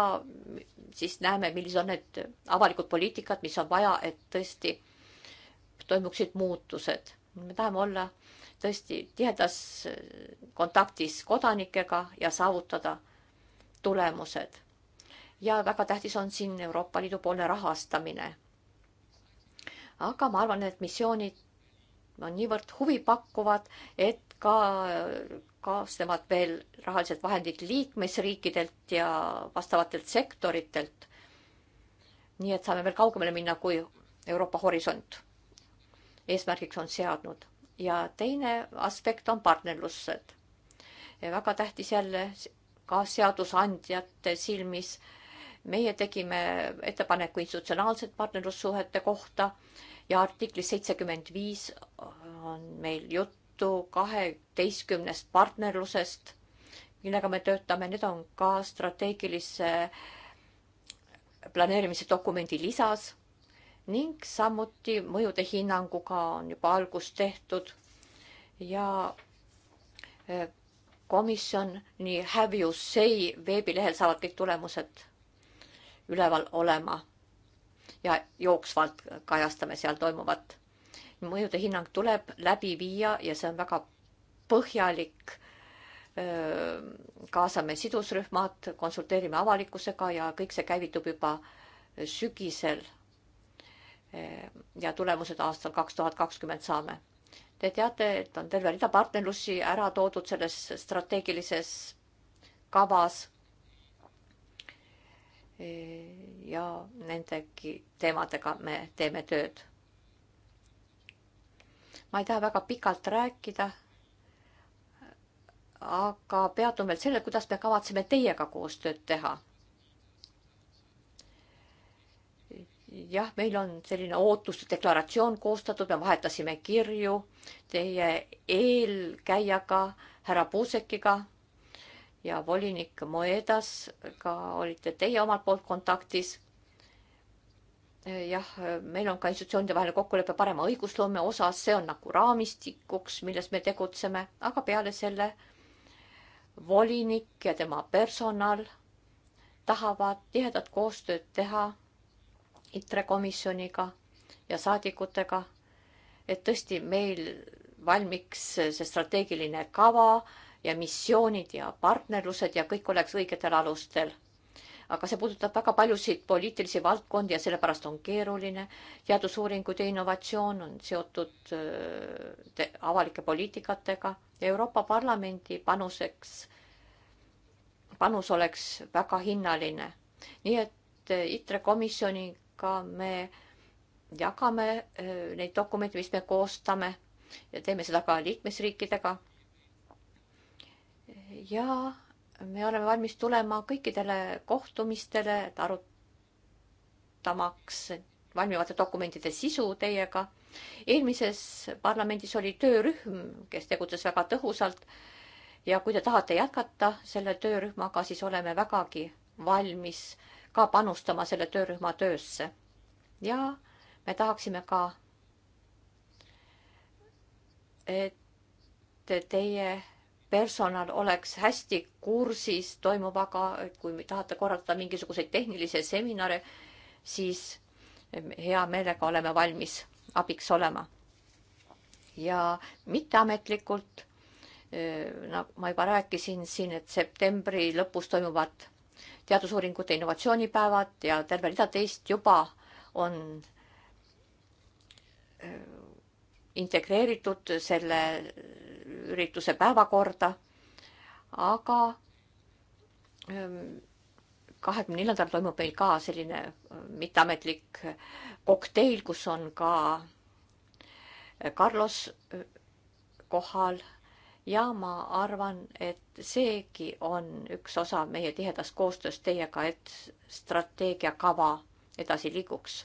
siis näeme, millised on need avalikud poliitikad, mis on vaja, et tõesti toimuksid muutused. me tahame olla tõesti tihedas kontaktis kodanikega ja saavutada tulemused. ja väga tähtis on siin Euroopa Liidu poolne rahastamine. aga ma arvan, et missioonid on niivõrd huvipakkuvad, et ka kaasnevad veel rahalised vahendid liikmesriikidelt ja vastavatelt sektoritelt. nii et saame veel kaugemale minna, kui Euroopa Horisont eesmärgiks on seadnud. ja teine aspekt on partnerlused. väga tähtis jälle ka seadusandjate silmis. meie tegime ettepaneku institutsionaalsete partnerlussuhete kohta ja artiklis seitsekümmend viis on meil juttu kaheteistkümnest partnerlusest, millega me töötame, need on ka strateegilise planeerimise dokumendi lisas ning samuti mõjude hinnanguga on juba algus tehtud ja eh, komisjoni Have You Say veebilehel saavad kõik tulemused üleval olema ja jooksvalt kajastame seal toimuvat. mõjude hinnang tuleb läbi viia ja see on väga põhjalik. kaasame sidusrühmad, konsulteerime avalikkusega ja kõik see käivitub juba sügisel. ja tulemused aastal kaks tuhat kakskümmend saame. Te teate, et on terve rida partnerlusi ära toodud selles strateegilises kavas ja nendegi teemadega me teeme tööd. ma ei taha väga pikalt rääkida, aga peatun veel sellel, kuidas me kavatseme teiega koostööd teha. jah, meil on selline ootuste deklaratsioon koostatud, me vahetasime kirju teie eelkäijaga, härra Puusekiga ja volinik Moedas, ka olite teie omalt poolt kontaktis. jah, meil on ka institutsioonide vaheline kokkulepe parema õigusloome osas, see on nagu raamistikuks, milles me tegutseme, aga peale selle volinik ja tema personal tahavad tihedat koostööd teha ITRE komisjoniga ja saadikutega, et tõesti meil valmiks see strateegiline kava ja missioonid ja partnerlused ja kõik oleks õigetel alustel. aga see puudutab väga paljusid poliitilisi valdkondi ja sellepärast on keeruline. teadusuuringud ja innovatsioon on seotud äh, avalike poliitikatega ja Euroopa Parlamendi panuseks, panus oleks väga hinnaline. nii et äh, ITRE komisjoniga me jagame äh, neid dokumente, mis me koostame ja teeme seda ka liikmesriikidega ja me oleme valmis tulema kõikidele kohtumistele, et arutamaks valmivate dokumentide sisu teiega. eelmises parlamendis oli töörühm, kes tegutses väga tõhusalt. ja kui te tahate jätkata selle töörühmaga, siis oleme vägagi valmis ka panustama selle töörühma töösse. ja me tahaksime ka, et teie personal oleks hästi kursis toimuvaga, et kui tahate korraldada mingisuguseid tehnilisi seminare, siis hea meelega oleme valmis abiks olema. ja mitteametlikult eh, nagu ma juba rääkisin siin, et septembri lõpus toimuvad teadusuuringute innovatsioonipäevad ja terve rida teist juba on eh, integreeritud selle ürituse päevakorda, aga ähm, kahekümne neljandal toimub meil ka selline äh, mitteametlik äh, kokteil, kus on ka äh, Carlos kohal ja ma arvan, et seegi on üks osa meie tihedast koostööst teiega, et strateegiakava edasi liiguks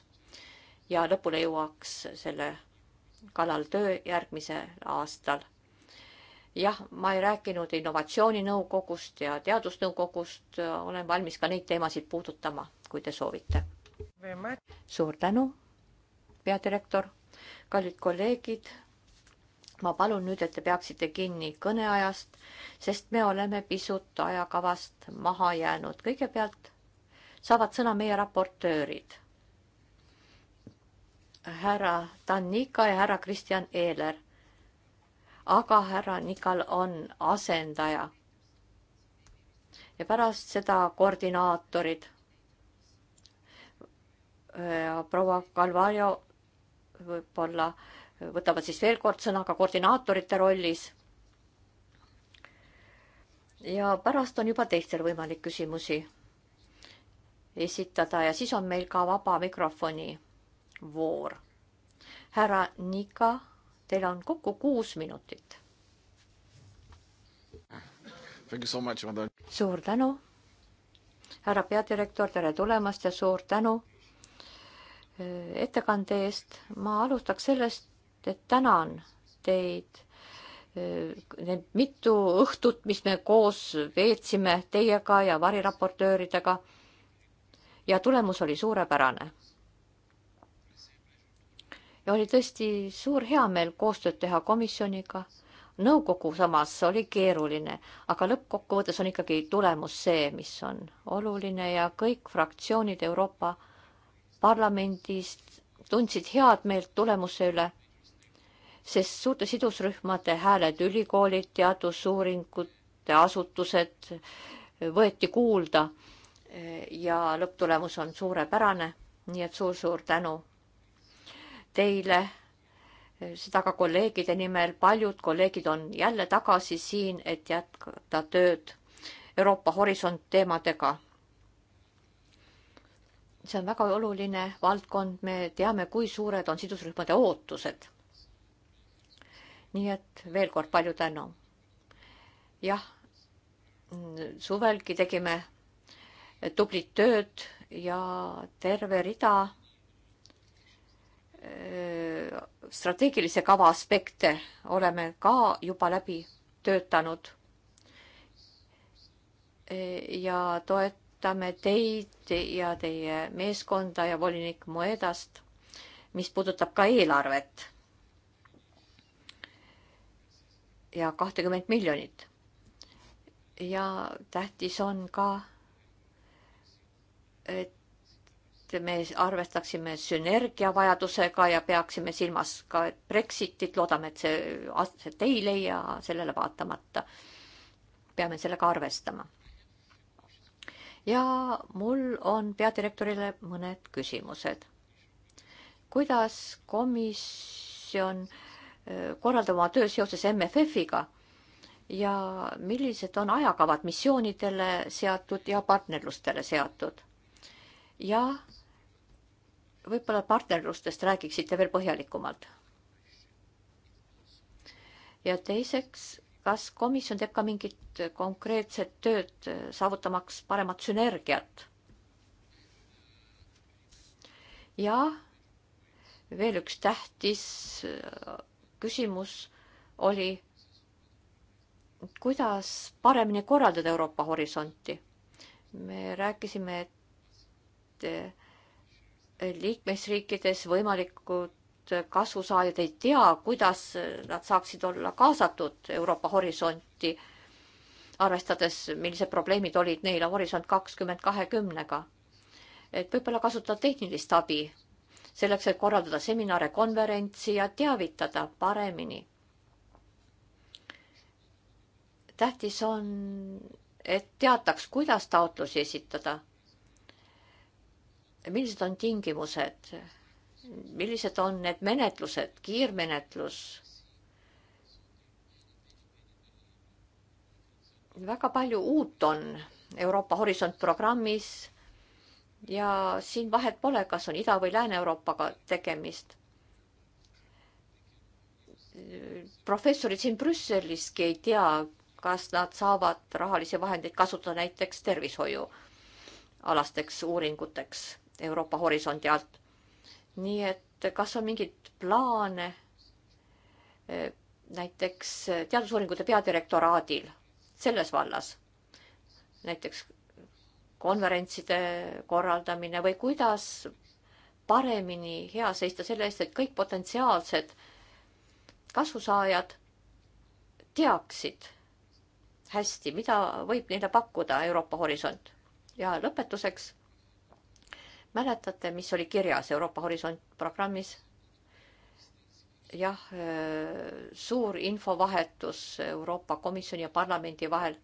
ja lõpule jõuaks selle kallal töö järgmisel aastal jah, ma ei rääkinud innovatsiooninõukogust ja teadusnõukogust, olen valmis ka neid teemasid puudutama, kui te soovite. suur tänu, peadirektor, kallid kolleegid, ma palun nüüd, et te peaksite kinni kõneajast, sest me oleme pisut ajakavast maha jäänud. kõigepealt saavad sõna meie raportöörid, härra Tannika ja härra Kristjan Eeler aga härra Nikal on asendaja. ja pärast seda koordinaatorid. proua Calvario võib-olla võtavad siis veel kord sõna ka koordinaatorite rollis. ja pärast on juba teistel võimalik küsimusi esitada ja siis on meil ka vaba mikrofoni voor. härra Nika Teil on kokku kuus minutit. suur tänu, härra peadirektor, tere tulemast ja suur tänu äh, ettekande eest. ma alustaks sellest, et tänan teid. Äh, need mitu õhtut, mis me koos veetsime teiega ja variraportööridega. ja tulemus oli suurepärane ja oli tõesti suur heameel koostööd teha komisjoniga. nõukogu samas oli keeruline, aga lõppkokkuvõttes on ikkagi tulemus see, mis on oluline ja kõik fraktsioonid Euroopa Parlamendis tundsid head meelt tulemuse üle, sest suurte sidusrühmade hääled, ülikoolid, teadusuuringute asutused võeti kuulda ja lõpptulemus on suurepärane, nii et suur-suur tänu teile seda ka kolleegide nimel. paljud kolleegid on jälle tagasi siin, et jätkata tööd Euroopa Horisont teemadega. see on väga oluline valdkond, me teame, kui suured on sidusrühmade ootused. nii et veel kord palju tänu. jah, suvelgi tegime tublit tööd ja terve rida strateegilise kava aspekte oleme ka juba läbi töötanud. ja toetame teid ja teie meeskonda ja volinik Moedast, mis puudutab ka eelarvet. ja kahtekümmet miljonit. ja tähtis on ka, et et me arvestaksime sünergiavajadusega ja peaksime silmas ka Brexitit, loodame, et see aset ei leia, sellele vaatamata peame sellega arvestama. ja mul on peadirektorile mõned küsimused. kuidas komisjon äh, korraldab oma töö seoses MFF-iga ja millised on ajakavad missioonidele seatud ja partnerlustele seatud? jah, võib-olla partnerlustest räägiksite veel põhjalikumalt? ja teiseks, kas komisjon teeb ka mingit konkreetset tööd äh, saavutamaks paremat sünergiat? ja veel üks tähtis äh, küsimus oli, kuidas paremini korraldada Euroopa horisonti. me rääkisime, et äh, liikmesriikides võimalikud kasusaajad ei tea, kuidas nad saaksid olla kaasatud Euroopa horisonti, arvestades, millised probleemid olid neil Horisont kakskümmend kahekümnega. et võib-olla kasutada tehnilist abi selleks, et korraldada seminare, konverentsi ja teavitada paremini. tähtis on, et teataks, kuidas taotlusi esitada millised on tingimused, millised on need menetlused, kiirmenetlus. väga palju uut on Euroopa Horisont programmis ja siin vahet pole, kas on Ida- või Lääne-Euroopaga tegemist. professorid siin Brüsseliski ei tea, kas nad saavad rahalisi vahendeid kasutada näiteks tervishoiualasteks uuringuteks Euroopa horisondi alt. nii et kas on mingeid plaane e, näiteks teadusuuringute peadirektoraadil selles vallas? näiteks konverentside korraldamine või kuidas paremini hea seista selle eest, et kõik potentsiaalsed kasusaajad teaksid hästi, mida võib neile pakkuda Euroopa Horisont. ja lõpetuseks mäletate, mis oli kirjas Euroopa Horisont programmis? jah, äh, suur infovahetus Euroopa Komisjoni ja parlamendi vahel.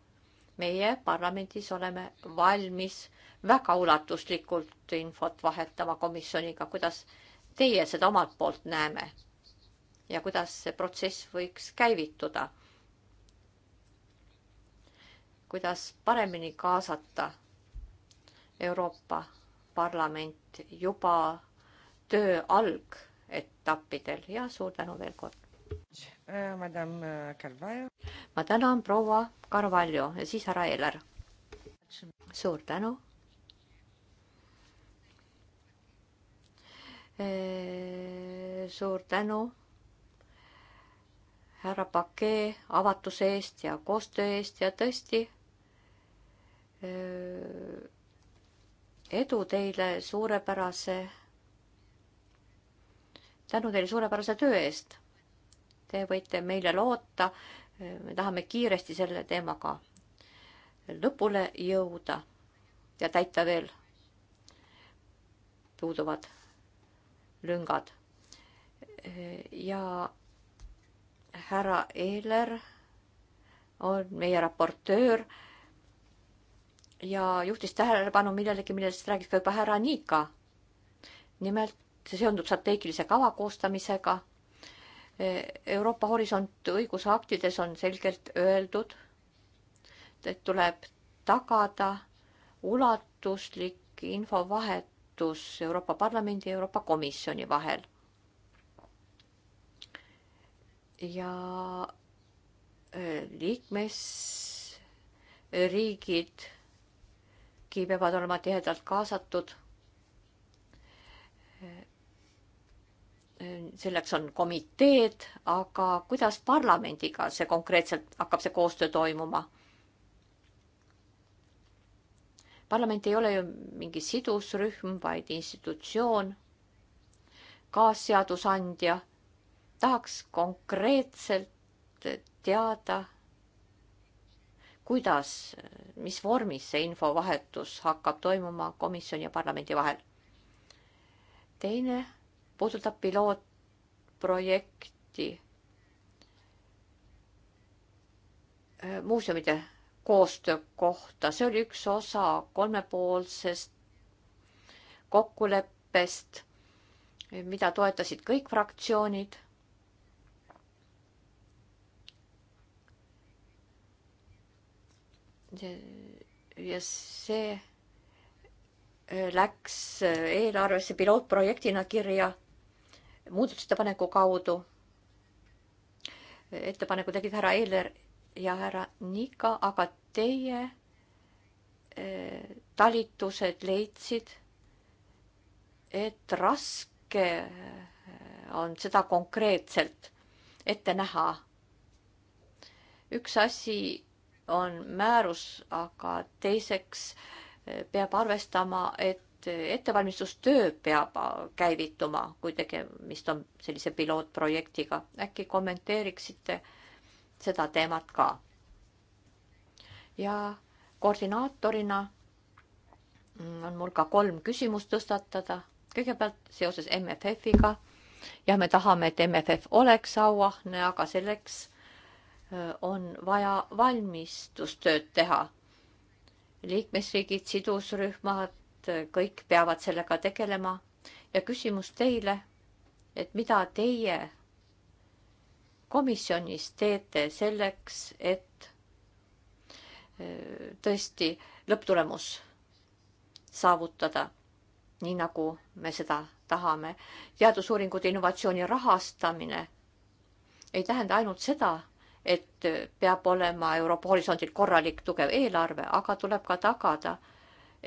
meie parlamendis oleme valmis väga ulatuslikult infot vahetama komisjoniga, kuidas teie seda omalt poolt näeme? ja kuidas see protsess võiks käivituda? kuidas paremini kaasata Euroopa parlament juba töö algetappidel ja suur tänu veel kord. Eh, eh, ma tänan proua Carvalho ja siis härra Eeler. suur tänu. Eh, suur tänu härra Pakee avatuse eest ja koostöö eest ja tõesti öö, edu teile suurepärase, tänu teile suurepärase töö eest. Te võite meile loota, me tahame kiiresti selle teemaga lõpule jõuda ja täita veel puuduvad lüngad. ja härra Eeler on meie raportöör ja juhtis tähelepanu millelegi, millest räägib ka juba härra Niika. nimelt see seondub strateegilise kava koostamisega. E, Euroopa Horisont õigusaktides on selgelt öeldud, et tuleb tagada ulatuslik infovahetus Euroopa Parlamendi ja Euroopa Komisjoni vahel. ja e, liikmesriigid äkki peavad olema tihedalt kaasatud. selleks on komiteed, aga kuidas parlamendiga see konkreetselt hakkab, see koostöö toimuma? parlament ei ole ju mingi sidusrühm, vaid institutsioon, kaasseadusandja. tahaks konkreetselt teada kuidas, mis vormis see infovahetus hakkab toimuma komisjoni ja parlamendi vahel. teine puudutab pilootprojekti äh, muuseumide koostöö kohta, see oli üks osa kolmepoolsest kokkuleppest, mida toetasid kõik fraktsioonid ja see äh, läks äh, eelarvesse pilootprojektina kirja muudatusettepaneku kaudu. Äh, ettepaneku tegid härra Eiler ja härra Nika, aga teie talitused leidsid, et raske on seda konkreetselt ette näha. üks asi on määrus, aga teiseks eh, peab arvestama, et eh, ettevalmistustöö peab ah, käivituma, kui tegemist on sellise pilootprojektiga. äkki kommenteeriksite seda teemat ka? ja koordinaatorina mm, on mul ka kolm küsimust tõstatada. kõigepealt seoses MFF-iga. jah, me tahame, et MFF oleks auahne, aga selleks on vaja valmistustööd teha. liikmesriigid, sidusrühmad, kõik peavad sellega tegelema ja küsimus teile, et mida teie komisjonis teete selleks, et e, tõesti lõpptulemus saavutada, nii nagu me seda tahame. teadusuuringute innovatsiooni rahastamine ei tähenda ainult seda, et peab olema Euroopa horisondil korralik tugev eelarve, aga tuleb ka tagada,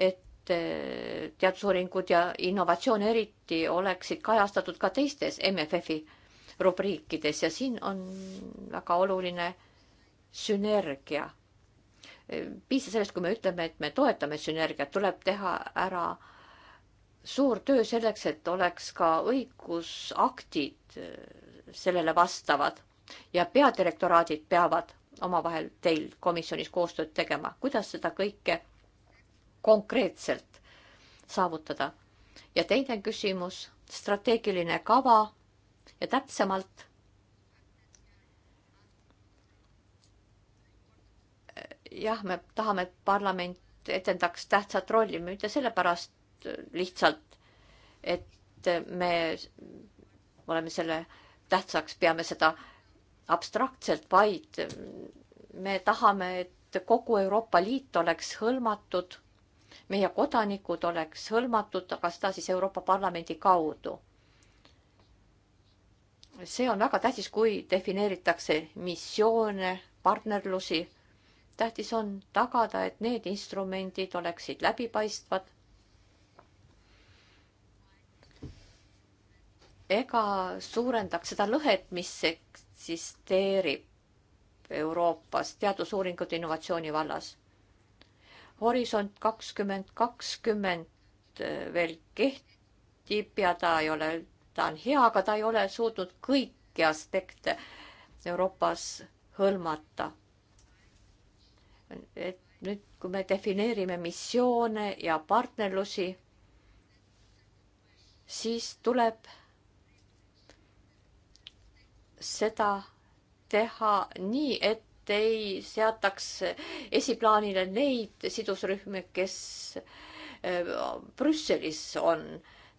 et eh, teadusuuringud ja innovatsioon eriti oleksid kajastatud ka teistes MFF-i rubriikides ja siin on väga oluline sünergia. piisa sellest, kui me ütleme, et me toetame sünergiat, tuleb teha ära suur töö selleks, et oleks ka õigusaktid eh, sellele vastavad ja peadirektoraadid peavad omavahel teil komisjonis koostööd tegema, kuidas seda kõike konkreetselt saavutada. ja teine küsimus, strateegiline kava ja täpsemalt jah, me tahame, et parlament etendaks tähtsat rolli, mitte sellepärast lihtsalt, et me oleme selle tähtsaks, peame seda äh, abstraktselt, vaid me tahame, et kogu Euroopa Liit oleks hõlmatud, meie kodanikud oleks hõlmatud, aga seda siis Euroopa Parlamendi kaudu. see on väga tähtis, kui defineeritakse missioone, partnerlusi. tähtis on tagada, et need instrumendid oleksid läbipaistvad. ega suurendaks seda lõhet, mis eks eksisteerib Euroopas teadusuuringute innovatsiooni vallas. Horisont kakskümmend kakskümmend eh, veel kehtib ja ta ei ole, ta on hea, aga ta ei ole suutnud kõiki aspekte Euroopas hõlmata. et nüüd, kui me defineerime missioone ja partnerlusi, siis tuleb seda teha nii, et ei seataks esiplaanile neid sidusrühmi, kes äh, Brüsselis on,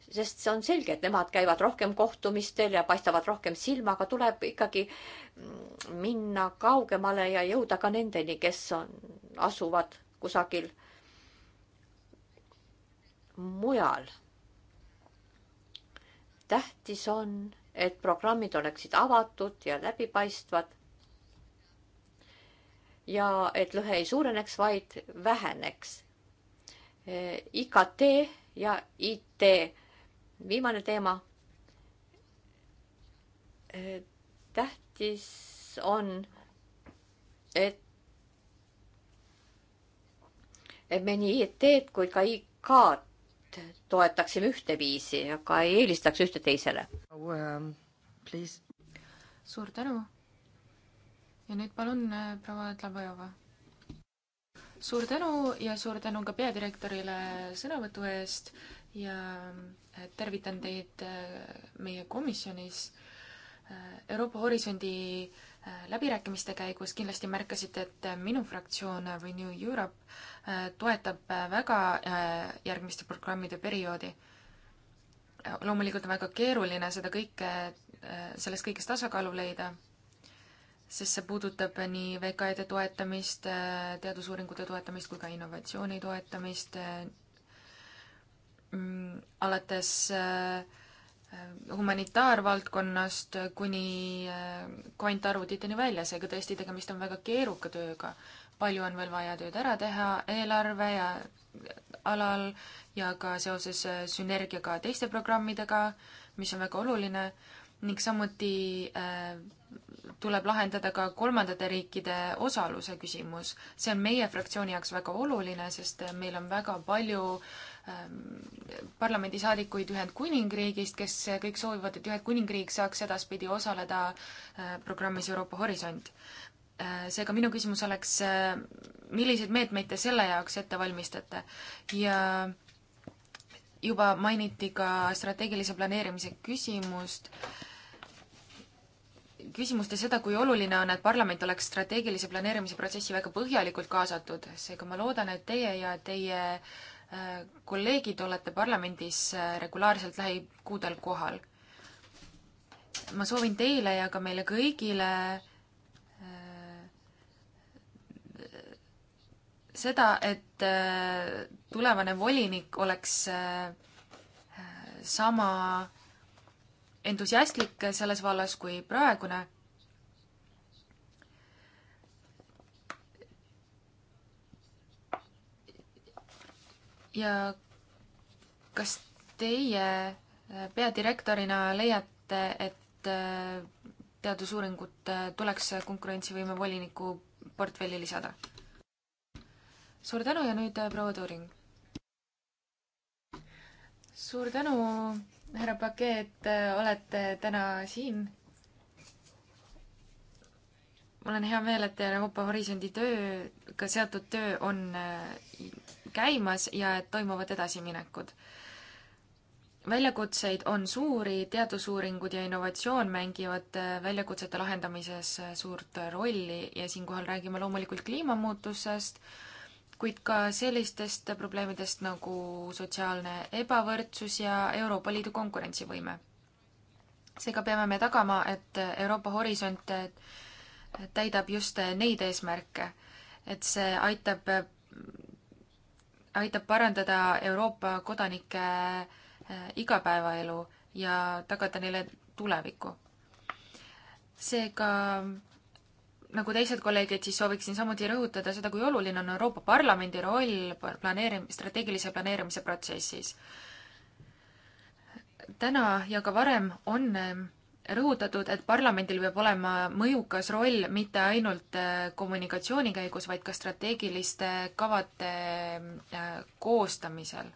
sest see on selge, et nemad käivad rohkem kohtumistel ja paistavad rohkem silma, aga tuleb ikkagi mm, minna kaugemale ja jõuda ka nendeni, kes on, asuvad kusagil mujal. tähtis on et programmid oleksid avatud ja läbipaistvad. ja et lõhe ei suureneks, vaid väheneks. E, IKT ja IT, viimane teema. E, tähtis on, et, et me nii IT-d kui ka IK-d et toetaksime ühteviisi, aga ei eelistaks ühte teisele oh,. Um, please. suur tänu. ja nüüd palun äh, proua Tlabajova. suur tänu ja suur tänu ka peadirektorile sõnavõtu eest ja äh, tervitan teid äh, meie komisjonis. Euroopa Horisondi äh, Äh, läbirääkimiste käigus kindlasti märkasite, et äh, minu fraktsioon Renew äh, Europe toetab väga järgmiste programmide perioodi. loomulikult on väga keeruline seda kõike, selles kõiges tasakaalu leida, sest see puudutab nii VKE-de toetamist, teadusuuringute toetamist kui ka innovatsiooni toetamist, mm, alates äh, humanitaarvaldkonnast kuni äh, kvantarvutiteni välja, seega tõesti tegemist on väga keeruka tööga. palju on veel vaja tööd ära teha eelarve ja alal ja ka seoses äh, sünergiaga teiste programmidega, mis on väga oluline, ning samuti äh, tuleb lahendada ka kolmandate riikide osaluse küsimus. see on meie fraktsiooni jaoks väga oluline, sest meil on väga palju ähm, parlamendisaadikuid Ühendkuningriigist, kes kõik soovivad, et Ühendkuningriik saaks edaspidi osaleda äh, programmis Euroopa Horisont. Äh, seega minu küsimus oleks, äh, milliseid meetmeid te selle jaoks ette valmistate ja juba mainiti ka strateegilise planeerimise küsimust küsimust ja seda, kui oluline on, et parlament oleks strateegilise planeerimise protsessi väga põhjalikult kaasatud, seega ma loodan, et teie ja teie äh, kolleegid olete parlamendis äh, regulaarselt lähikuudel kohal. ma soovin teile ja ka meile kõigile äh, seda, et tulevane volinik oleks sama entusiastlik selles vallas kui praegune. ja kas teie äh, peadirektorina leiate, et äh, teadusuuringut äh, tuleks konkurentsivõime voliniku portfelli lisada? suur tänu ja nüüd proua Turing. suur tänu härra Paquet, et äh, olete täna siin. mul on hea meel, et Euroopa Horisondi tööga seotud töö on äh, käimas ja et toimuvad edasiminekud väljakutseid on suuri, teadusuuringud ja innovatsioon mängivad äh, väljakutsete lahendamises suurt rolli ja siinkohal räägime loomulikult kliimamuutusest, kuid ka sellistest probleemidest nagu sotsiaalne ebavõrdsus ja Euroopa Liidu konkurentsivõime. seega peame me tagama, et Euroopa Horisont täidab just neid eesmärke, et see aitab, aitab parandada Euroopa kodanike äh, igapäevaelu ja tagada neile tulevikku. seega nagu teised kolleegid, siis sooviksin samuti rõhutada seda, kui oluline on Euroopa Parlamendi roll planeerim-, strateegilise planeerimise protsessis. täna ja ka varem on ähm, rõhutatud, et parlamendil peab olema mõjukas roll mitte ainult äh, kommunikatsiooni käigus, vaid ka strateegiliste kavade äh, koostamisel.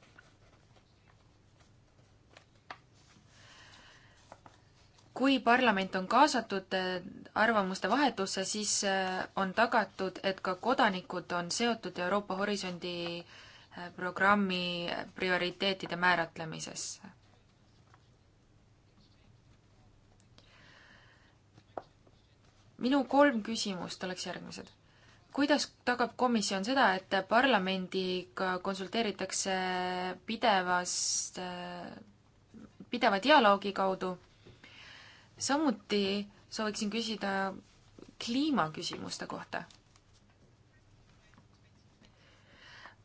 kui parlament on kaasatud äh, arvamuste vahetusse, siis äh, on tagatud, et ka kodanikud on seotud Euroopa Horisondi äh, programmi prioriteetide määratlemisesse. minu kolm küsimust oleks järgmised. kuidas tagab komisjon seda, et parlamendiga konsulteeritakse pidevas, pideva dialoogi kaudu samuti sooviksin küsida kliimaküsimuste kohta.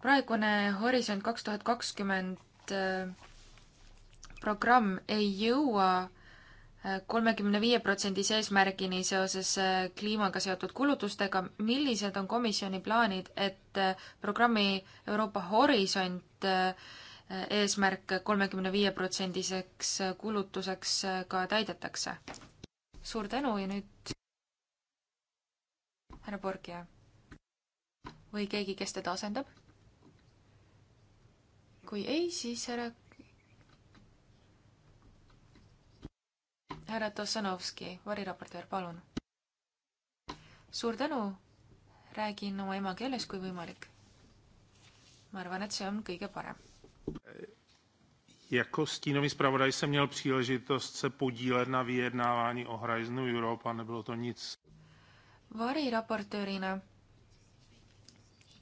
praegune Horisont kaks tuhat kakskümmend äh, programm ei jõua äh, kolmekümne viie protsendise eesmärgini seoses äh, kliimaga seotud kulutustega. millised on komisjoni plaanid, et programmi Euroopa Horisont eesmärk kolmekümne viie protsendiseks kulutuseks ka täidetakse. suur tänu ja nüüd härra Borgia või keegi, kes teda asendab. kui ei, siis härra härra Tossanovski, variraportöör, palun. suur tänu, räägin oma emakeeles, kui võimalik. ma arvan, et see on kõige parem Jako stínový zpravodaj jsem měl příležitost se podílet na vyjednávání o Horizonu Europe a nebylo to nic. variraportöörina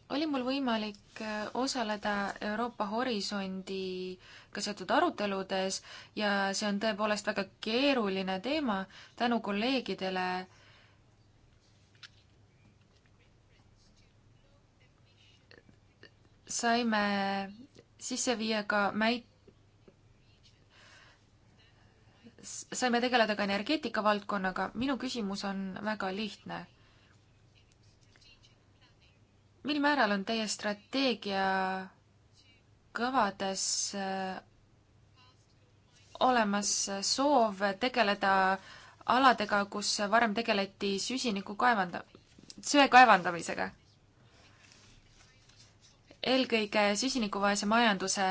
oli mul võimalik eh, osaleda Euroopa Horisondiga seotud aruteludes ja see on tõepoolest väga keeruline teema tänu kolleegidele. saime sisse viia ka mäid, saime tegeleda ka energeetika valdkonnaga. minu küsimus on väga lihtne. mil määral on teie strateegia kavades äh, olemas soov tegeleda aladega, kus varem tegeleti süsiniku kaevanda-, söe kaevandamisega? eelkõige süsinikuvaese majanduse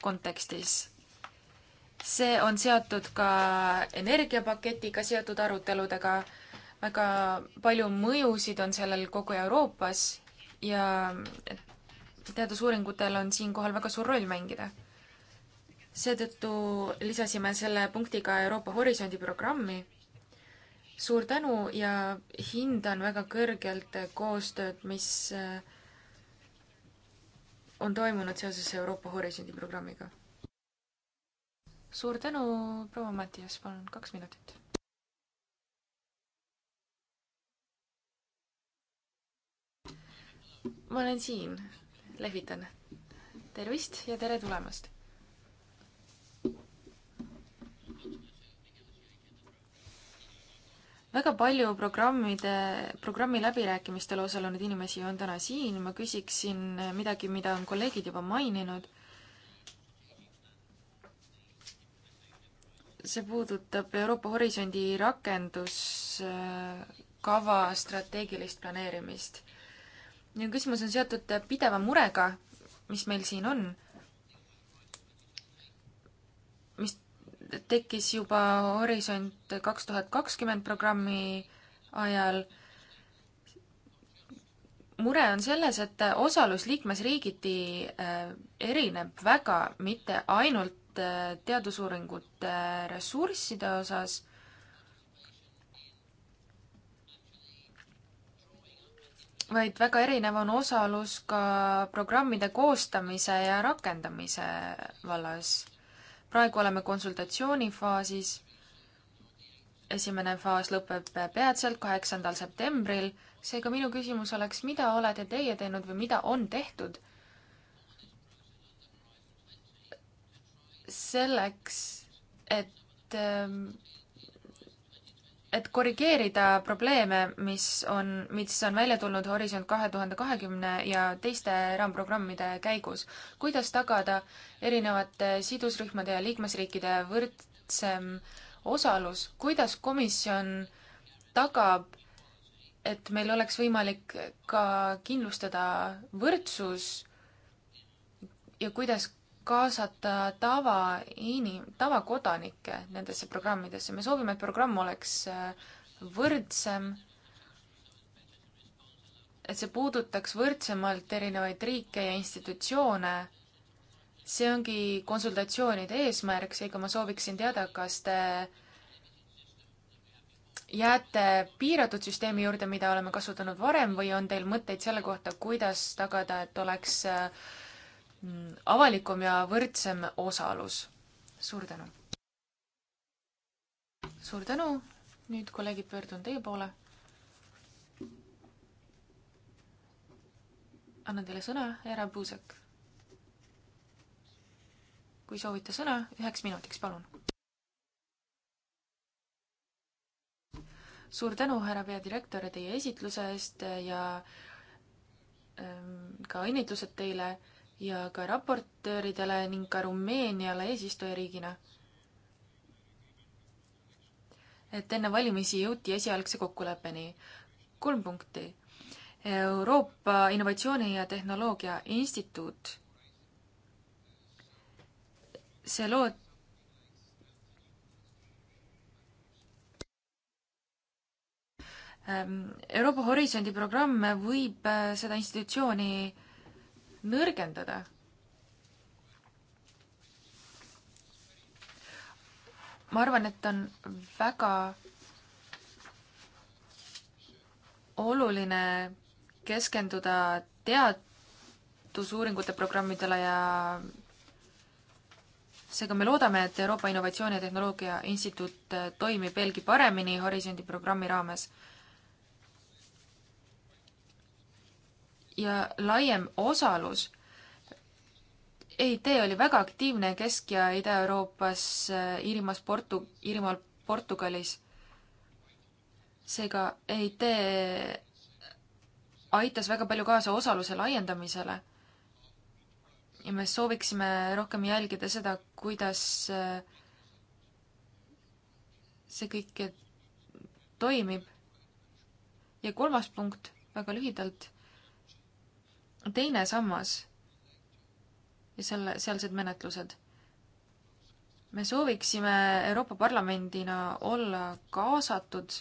kontekstis see on seotud ka energiapaketiga seotud aruteludega. väga palju mõjusid on sellel kogu Euroopas ja teadusuuringutel on siinkohal väga suur roll mängida. seetõttu lisasime selle punkti ka Euroopa Horisondi programmi. suur tänu ja hindan väga kõrgelt koostööd, mis äh, on toimunud seoses Euroopa Horisondi programmiga suur tänu, proua Mattias, palun kaks minutit. ma olen siin, lehvitan. tervist ja tere tulemast väga palju programmide, programmi läbirääkimistel osalenud inimesi on täna siin, ma küsiksin midagi, mida on kolleegid juba maininud. see puudutab Euroopa Horisondi rakenduskava strateegilist planeerimist. minu küsimus on seotud pideva murega, mis meil siin on, mis tekkis juba Horisont kaks tuhat kakskümmend programmi ajal. mure on selles, et osalus liikmesriigiti äh, erineb väga, mitte ainult Äh, teadusuuringute ressursside osas vaid väga erinev on osalus ka programmide koostamise ja rakendamise vallas. praegu oleme konsultatsioonifaasis. esimene faas lõpeb peatselt, kaheksandal septembril. seega minu küsimus oleks, mida olete teie teinud või mida on tehtud selleks, et, ähm, et korrigeerida probleeme, mis on, mis on välja tulnud Horisont kahe tuhande kahekümne ja teiste raamprogrammide käigus. kuidas tagada erinevate sidusrühmade ja liikmesriikide võrdsem osalus, kuidas komisjon tagab, et meil oleks võimalik ka kindlustada võrdsus ja kuidas kaasata tava inim-, tavakodanikke nendesse programmidesse, me soovime, et programm oleks äh, võrdsem, et see puudutaks võrdsemalt erinevaid riike ja institutsioone, see ongi konsultatsioonide eesmärk, seega ma sooviksin teada, kas te jääte piiratud süsteemi juurde, mida oleme kasutanud varem, või on teil mõtteid selle kohta, kuidas tagada, et oleks äh, avalikum ja võrdsem osalus. suur tänu! suur tänu, nüüd kolleegid, pöördun teie poole. annan teile sõna, härra Puusek. kui soovite sõna, üheks minutiks, palun. suur tänu, härra peadirektor, teie esitluse eest ja ähm, ka õnnitlused teile ja ka raportööridele ning ka Rumeeniale eesistujariigina. et enne valimisi jõuti esialgse kokkuleppeni. kolm punkti. Euroopa Innovatsiooni ja Tehnoloogia Instituut. see lood ehm, Euroopa Horisondi programm võib eh, seda institutsiooni nõrgendada. ma arvan, et on väga oluline keskenduda teadusuuringute programmidele ja seega me loodame, et Euroopa Innovatsiooni ja Tehnoloogia Instituut toimib veelgi paremini Horisondi programmi raames ja laiem osalus. EIT oli väga aktiivne Kesk- ja Ida-Euroopas, Iirimaas, Portu-, Iirimaal, Portugalis. seega EIT aitas väga palju kaasa osaluse laiendamisele. ja me sooviksime rohkem jälgida seda, kuidas äh, see kõik toimib. ja kolmas punkt väga lühidalt teine sammas ja selle, sealsed menetlused. me sooviksime Euroopa Parlamendina olla kaasatud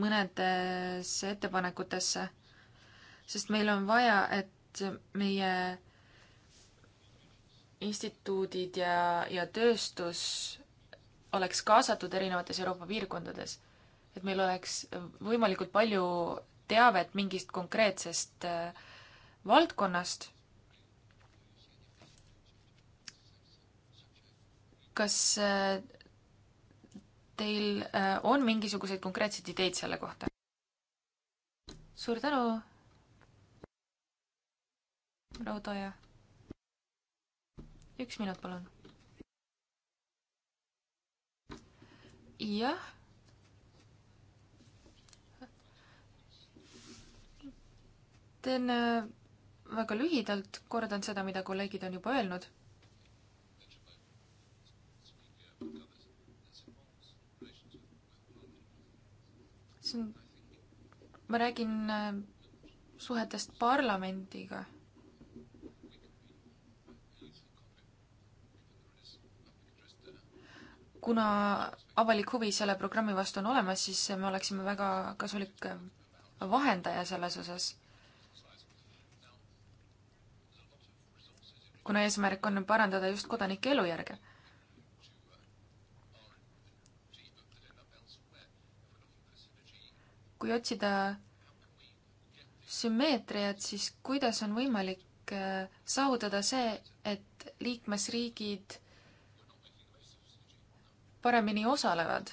mõnedesse ettepanekutesse, sest meil on vaja, et meie instituudid ja, ja tööstus oleks kaasatud erinevates Euroopa piirkondades. et meil oleks võimalikult palju teavet mingist konkreetsest äh, valdkonnast. kas äh, teil äh, on mingisuguseid konkreetseid ideid selle kohta? suur tänu, Raudoja. üks minut, palun. jah. teen äh, väga lühidalt kordan seda, mida kolleegid on juba öelnud. see on, ma räägin äh, suhetest parlamendiga. kuna avalik huvi selle programmi vastu on olemas, siis me oleksime väga kasulik äh, vahendaja selles osas kuna eesmärk on parandada just kodanike elujärge. kui otsida sümmeetriat, siis kuidas on võimalik äh, saavutada see, et liikmesriigid paremini osalevad?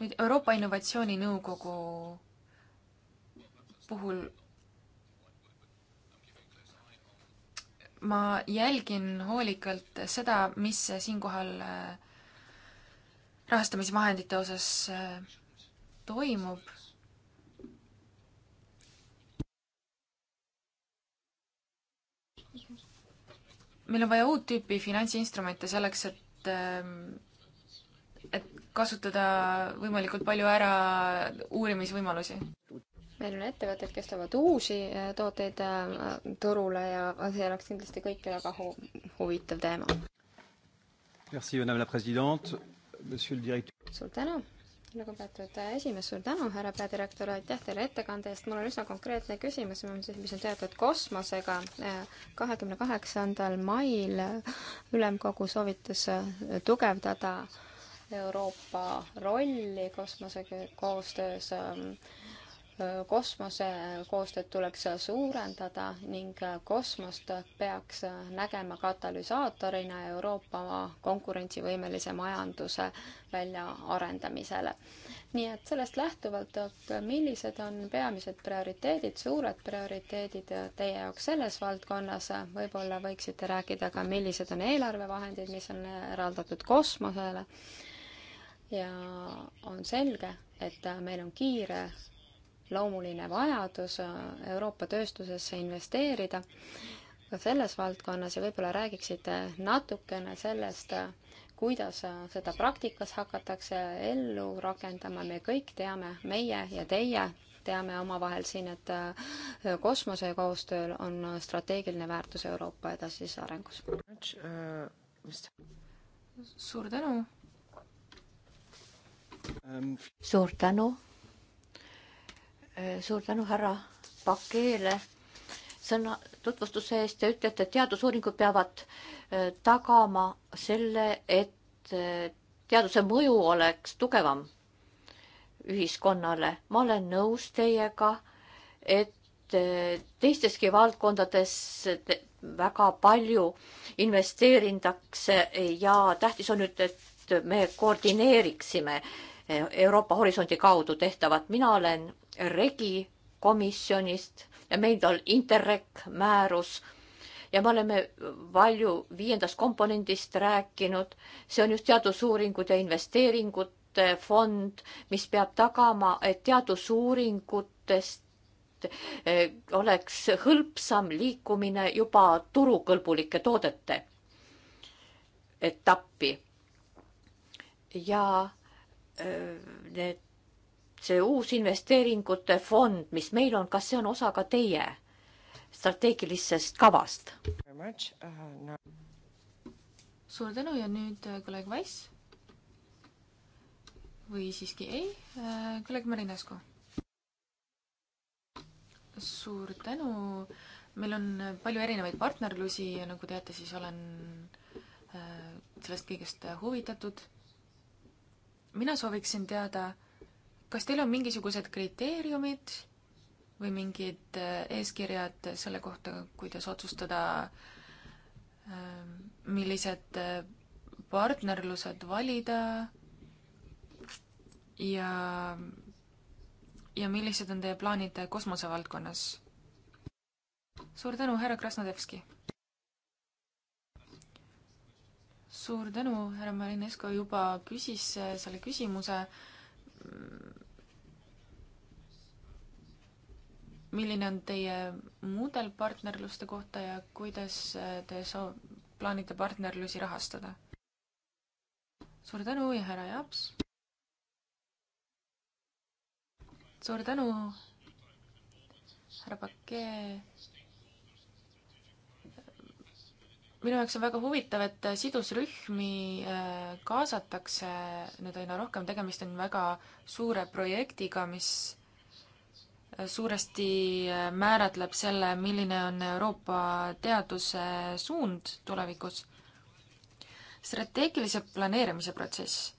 nüüd Euroopa Innovatsiooninõukogu puhul ma jälgin hoolikalt seda, mis siinkohal äh, rahastamisvahendite osas äh, toimub. meil on vaja uut tüüpi finantsinstrumente selleks, et äh, et kasutada võimalikult palju ära uurimisvõimalusi meil on ettevõtted, kes toovad uusi eh, tooteid eh, turule ja see oleks kindlasti kõikidele väga hu huvitav teema. suur tänu, lugupeetud eh, esimees, suur tänu, härra peadirektor, aitäh teile ettekande eest. mul on üsna konkreetne küsimus, mis on seotud kosmosega. kahekümne kaheksandal mail ülemkogu soovitas tugevdada Euroopa rolli kosmose koostöös ähm, kosmosekoostööd tuleks suurendada ning kosmost peaks nägema katalüsaatorina Euroopa konkurentsivõimelise majanduse väljaarendamisele. nii et sellest lähtuvalt, millised on peamised prioriteedid, suured prioriteedid teie jaoks selles valdkonnas, võib-olla võiksite rääkida ka, millised on eelarvevahendid, mis on eraldatud kosmosele ja on selge, et meil on kiire loomuline vajadus äh, Euroopa tööstusesse investeerida ka selles valdkonnas ja võib-olla räägiksite natukene sellest, äh, kuidas äh, seda praktikas hakatakse ellu rakendama, me kõik teame, meie ja teie teame omavahel siin, et kosmosekoostööl on strateegiline väärtus Euroopa edasises arengus. suur tänu! Ähm, suur tänu Äh, suur tänu härra Pakeele sõna, tutvustuse eest. Te ütlete, et teadusuuringud peavad äh, tagama selle, et äh, teaduse mõju oleks tugevam ühiskonnale. ma olen nõus teiega, et teisteski valdkondades väga palju investeeritakse ja tähtis on nüüd, et me koordineeriksime Euroopa Horisondi kaudu tehtavat. mina olen regi komisjonist ja meil on Interreg määrus ja me oleme palju viiendast komponendist rääkinud. see on just teadusuuringud ja investeeringute fond, mis peab tagama, et teadusuuringutest eh, oleks hõlpsam liikumine juba turukõlbulike toodete etappi. ja eh, need see uus investeeringute fond, mis meil on, kas see on osa ka teie strateegilisest kavast? suur tänu ja nüüd äh, kolleeg Wise. või siiski ei, äh, kolleeg Marinesko. suur tänu. meil on äh, palju erinevaid partnerlusi ja nagu teate, siis olen sellest kõigest huvitatud. mina sooviksin teada kas teil on mingisugused kriteeriumid või mingid äh, eeskirjad selle kohta, kuidas otsustada, ähm, millised äh, partnerlused valida ja, ja millised on teie plaanid kosmosevaldkonnas? suur tänu, härra Krasnodevski! suur tänu, härra Marinesko juba küsis äh, selle küsimuse mm, milline on teie mudel partnerluste kohta ja kuidas äh, te soo-, plaanite partnerlusi rahastada? suur tänu ja härra Japs! suur tänu, härra Pakee! minu jaoks on väga huvitav, et sidusrühmi äh, kaasatakse nüüd aina rohkem, tegemist on väga suure projektiga, mis suuresti äh, määratleb selle, milline on Euroopa teaduse suund tulevikus. strateegilise planeerimise protsess,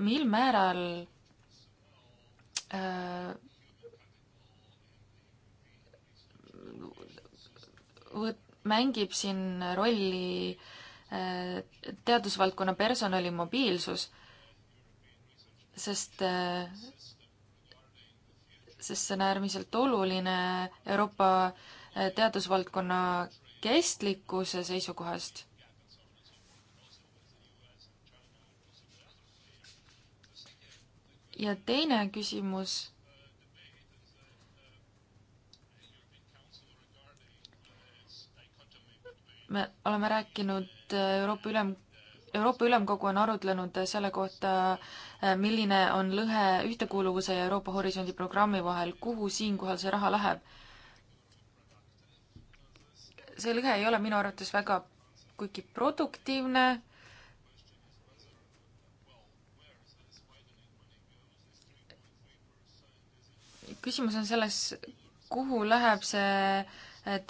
mil määral äh, võt-, mängib siin rolli äh, teadusvaldkonna personali mobiilsus, sest äh, sest see on äärmiselt oluline Euroopa eh, teadusvaldkonna kestlikkuse seisukohast. ja teine küsimus me oleme rääkinud eh, Euroopa Ülem-, Euroopa Ülemkogu on arutlenud selle kohta, äh, milline on lõhe ühtekuuluvuse ja Euroopa Horisondi programmi vahel, kuhu siinkohal see raha läheb? see lõhe ei ole minu arvates väga kuigi produktiivne. küsimus on selles, kuhu läheb see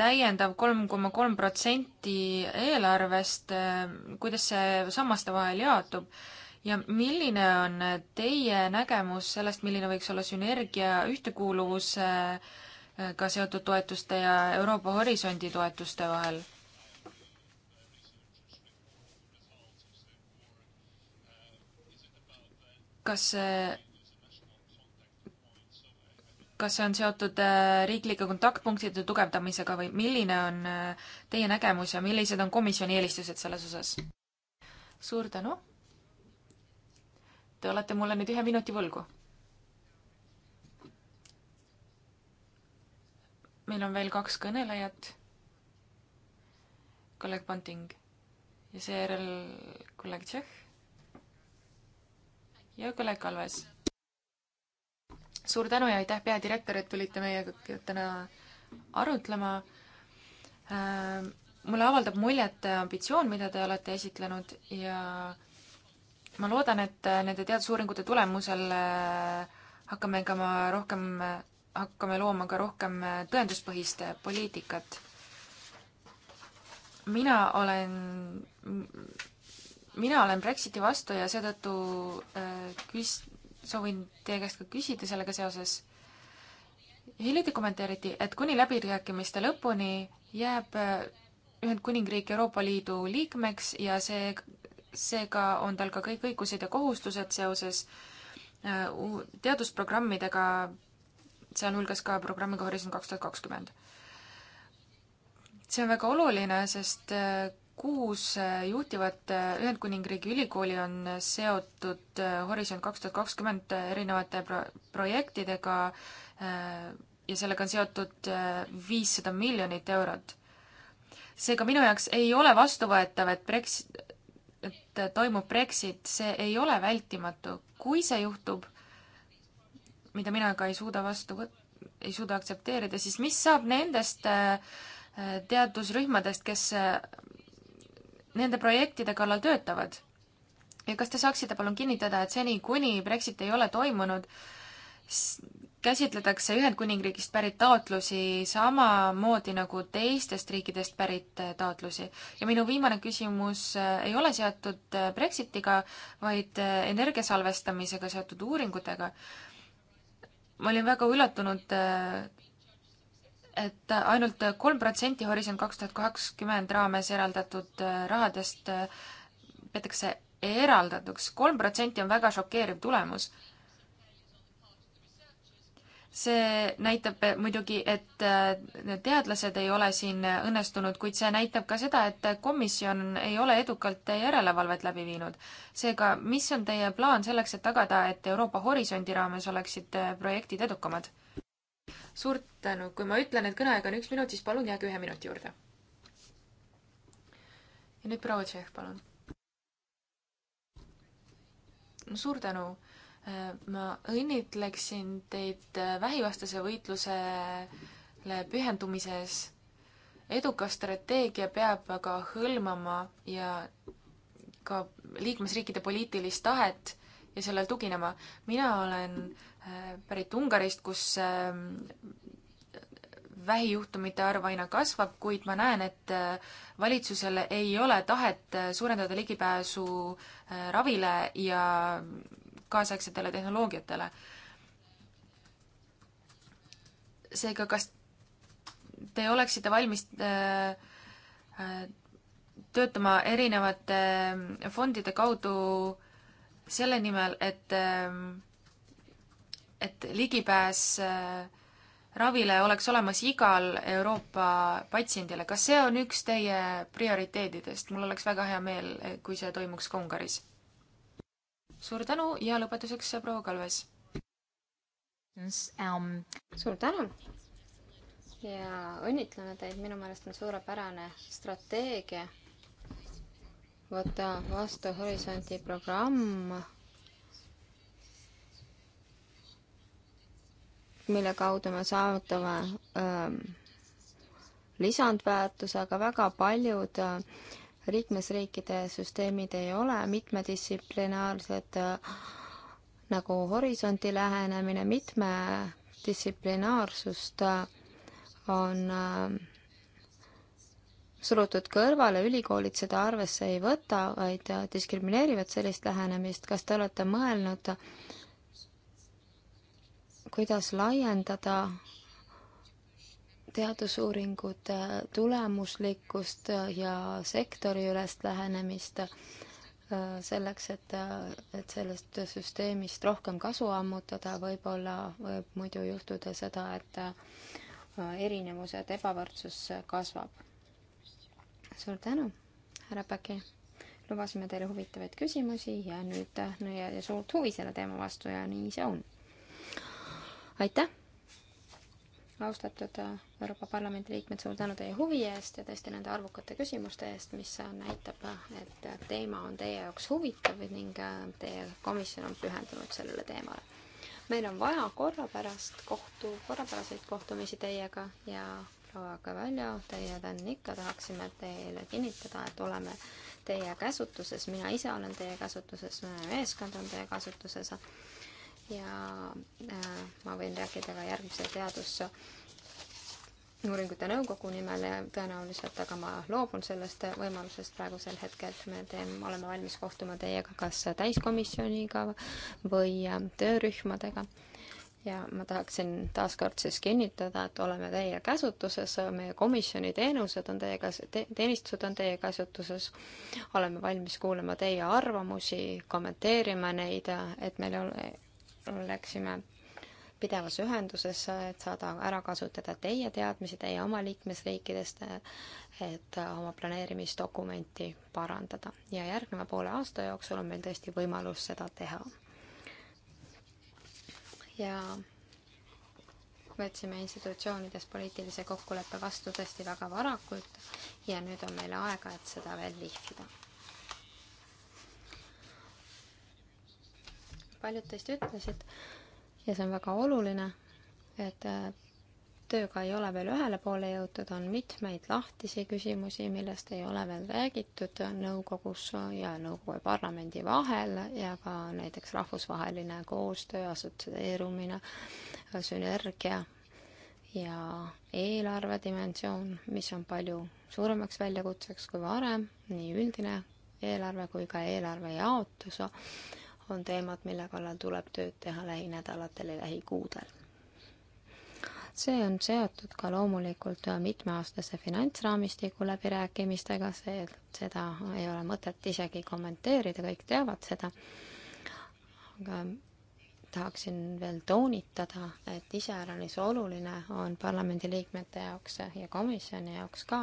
täiendav kolm koma kolm protsenti eelarvest, eh, kuidas see sammaste vahel jaotub ja milline on teie nägemus sellest, milline võiks olla sünergia ühtekuuluvusega eh, seotud toetuste ja Euroopa Horisondi toetuste vahel? kas see eh, kas see on seotud äh, riiklike kontaktpunktide tugevdamisega või milline on äh, teie nägemus ja millised on komisjoni eelistused selles osas? suur tänu. Te olete mulle nüüd ühe minuti võlgu. meil on veel kaks kõnelejat. kolleeg Ponting ja seejärel kolleeg Tšehh ja kolleeg Kalves suur tänu ja aitäh, peadirektor, et tulite meiega täna arutlema. Ähm, mulle avaldab muljet ambitsioon, mida te olete esitlenud ja ma loodan, et nende teadusuuringute tulemusel äh, hakkame ka ma rohkem, hakkame looma ka rohkem äh, tõenduspõhist äh, poliitikat. mina olen, mina olen Brexiti vastu ja seetõttu küs-, soovin teie käest ka küsida sellega seoses. hiljuti kommenteeriti, et kuni läbirääkimiste lõpuni jääb äh, Ühendkuningriik Euroopa Liidu liikmeks ja see, seega on tal ka kõik õigused ja kohustused seoses äh, teadusprogrammidega, sealhulgas ka programmiga Horisont kaks tuhat kakskümmend. see on väga oluline, sest äh, kuus äh, juhtivat äh, Ühendkuningriigi ülikooli on äh, seotud Horisont kaks tuhat kakskümmend erinevate pro-, projektidega ja sellega on seotud viissada miljonit eurot. seega minu jaoks ei ole vastuvõetav, et Brex-, et toimub Brexit, see ei ole vältimatu. kui see juhtub, mida mina ka ei suuda vastu võt-, ei suuda aktsepteerida, siis mis saab nendest teadusrühmadest, kes nende projektide kallal töötavad. ja kas te saaksite palun kinnitada, et seni, kuni Brexit ei ole toimunud, käsitletakse Ühendkuningriigist pärit taotlusi samamoodi nagu teistest riikidest pärit äh, taotlusi. ja minu viimane küsimus äh, ei ole seotud äh, Brexitiga, vaid energia salvestamisega seotud uuringutega. ma olin väga üllatunud et ainult kolm protsenti Horisont kaks tuhat kakskümmend raames eraldatud äh, rahadest äh, peetakse eraldatuks. kolm protsenti on väga šokeeriv tulemus. see näitab äh, muidugi, et teadlased ei ole siin õnnestunud, kuid see näitab ka seda, et komisjon ei ole edukalt järelevalvet läbi viinud. seega, mis on teie plaan selleks, et tagada, et Euroopa Horisondi raames oleksid projektid edukamad? suur tänu, kui ma ütlen, et kõneaeg on üks minut, siis palun jääge ühe minuti juurde. ja nüüd proua Tšehh, palun. suur tänu. Äh, ma õnnitleksin teid äh, vähivastase võitlusele pühendumises. edukas strateegia peab aga hõlmama ja ka liikmesriikide poliitilist tahet ja sellel tuginema. mina olen äh, pärit Ungarist, kus ähm, vähijuhtumite arv aina kasvab, kuid ma näen, et äh, valitsusel ei ole tahet äh, suurendada ligipääsu äh, ravile ja kaasaegsetele tehnoloogiatele. seega, kas te oleksite valmis töötama erinevate fondide kaudu selle nimel, et ähm, et ligipääs äh, ravile oleks olemas igal Euroopa patsiendile, kas see on üks teie prioriteedidest? mul oleks väga hea meel, eh, kui see toimuks ka Ungaris. suur tänu ja lõpetuseks äh, proua Kalves. Um, suur tänu ja õnnitleme teid, minu meelest on suurepärane strateegia võtta vastu Horisondi programm mille kaudu me saavutame ähm, lisandväärtuse, aga väga paljud äh, liikmesriikide süsteemid ei ole mitmedistsiplinaarsed äh, nagu horisondi lähenemine, mitmedistsiplinaarsust äh, on äh, surutud kõrvale, ülikoolid seda arvesse ei võta, vaid äh, diskrimineerivad sellist lähenemist. kas te olete mõelnud äh, kuidas laiendada teadusuuringute tulemuslikkust ja sektoriülest lähenemist äh, selleks, et, äh, et sellest süsteemist rohkem kasu ammutada, võib-olla võib muidu juhtuda seda, et äh, erinevused, ebavõrdsus kasvab. suur tänu, härra Päki! lubasime teile huvitavaid küsimusi ja nüüd ja suurt huvi selle teema vastu ja nii see on aitäh, austatud äh, Euroopa Parlamendi liikmed, suur tänu teie huvi eest ja tõesti nende arvukate küsimuste eest, mis äh, näitab, äh, et teema on teie jaoks huvitav ning teie komisjon on pühendunud sellele teemale. meil on vaja korrapärast kohtu, korrapäraseid kohtumisi teiega ja proua Kavaljo, teie tänne ikka tahaksime teile kinnitada, et oleme teie käsutuses, mina ise olen teie käsutuses, meeskond on teie kasutuses ja äh, ma võin rääkida ka järgmise teaduse uuringute nõukogu nimel tõenäoliselt, aga ma loobun sellest võimalusest praegusel hetkel. me teeme, oleme valmis kohtuma teiega kas täiskomisjoniga või äh, töörühmadega. ja ma tahaksin taaskord siis kinnitada, et oleme teie käsutuses, meie komisjoni teenused on teie kas- te,, teenistused on teie käsutuses. oleme valmis kuulama teie arvamusi, kommenteerima neid, et meil ole, läksime pidevas ühenduses, et saada ära kasutada teie teadmisi teie oma liikmesriikidest, et oma planeerimisdokumenti parandada. ja järgneva poole aasta jooksul on meil tõesti võimalus seda teha. ja võtsime institutsioonides poliitilise kokkuleppe vastu tõesti väga varakult ja nüüd on meil aega, et seda veel lihvida paljud teist ütlesid ja see on väga oluline, et äh, tööga ei ole veel ühele poole jõutud, on mitmeid lahtisi küsimusi, millest ei ole veel räägitud nõukogus ja nõukogu ja parlamendi vahel ja ka näiteks rahvusvaheline koostöö, assotsieerumine, sünergia ja eelarve dimensioon, mis on palju suuremaks väljakutseks kui varem, nii üldine eelarve kui ka eelarve jaotus on teemad, mille kallal tuleb tööd teha lähinädalatel ja lähikuudel. see on seotud ka loomulikult mitmeaastase finantsraamistiku läbirääkimistega, see, seda ei ole mõtet isegi kommenteerida, kõik teavad seda, aga tahaksin veel toonitada, et iseäranis oluline on parlamendiliikmete jaoks ja komisjoni jaoks ka,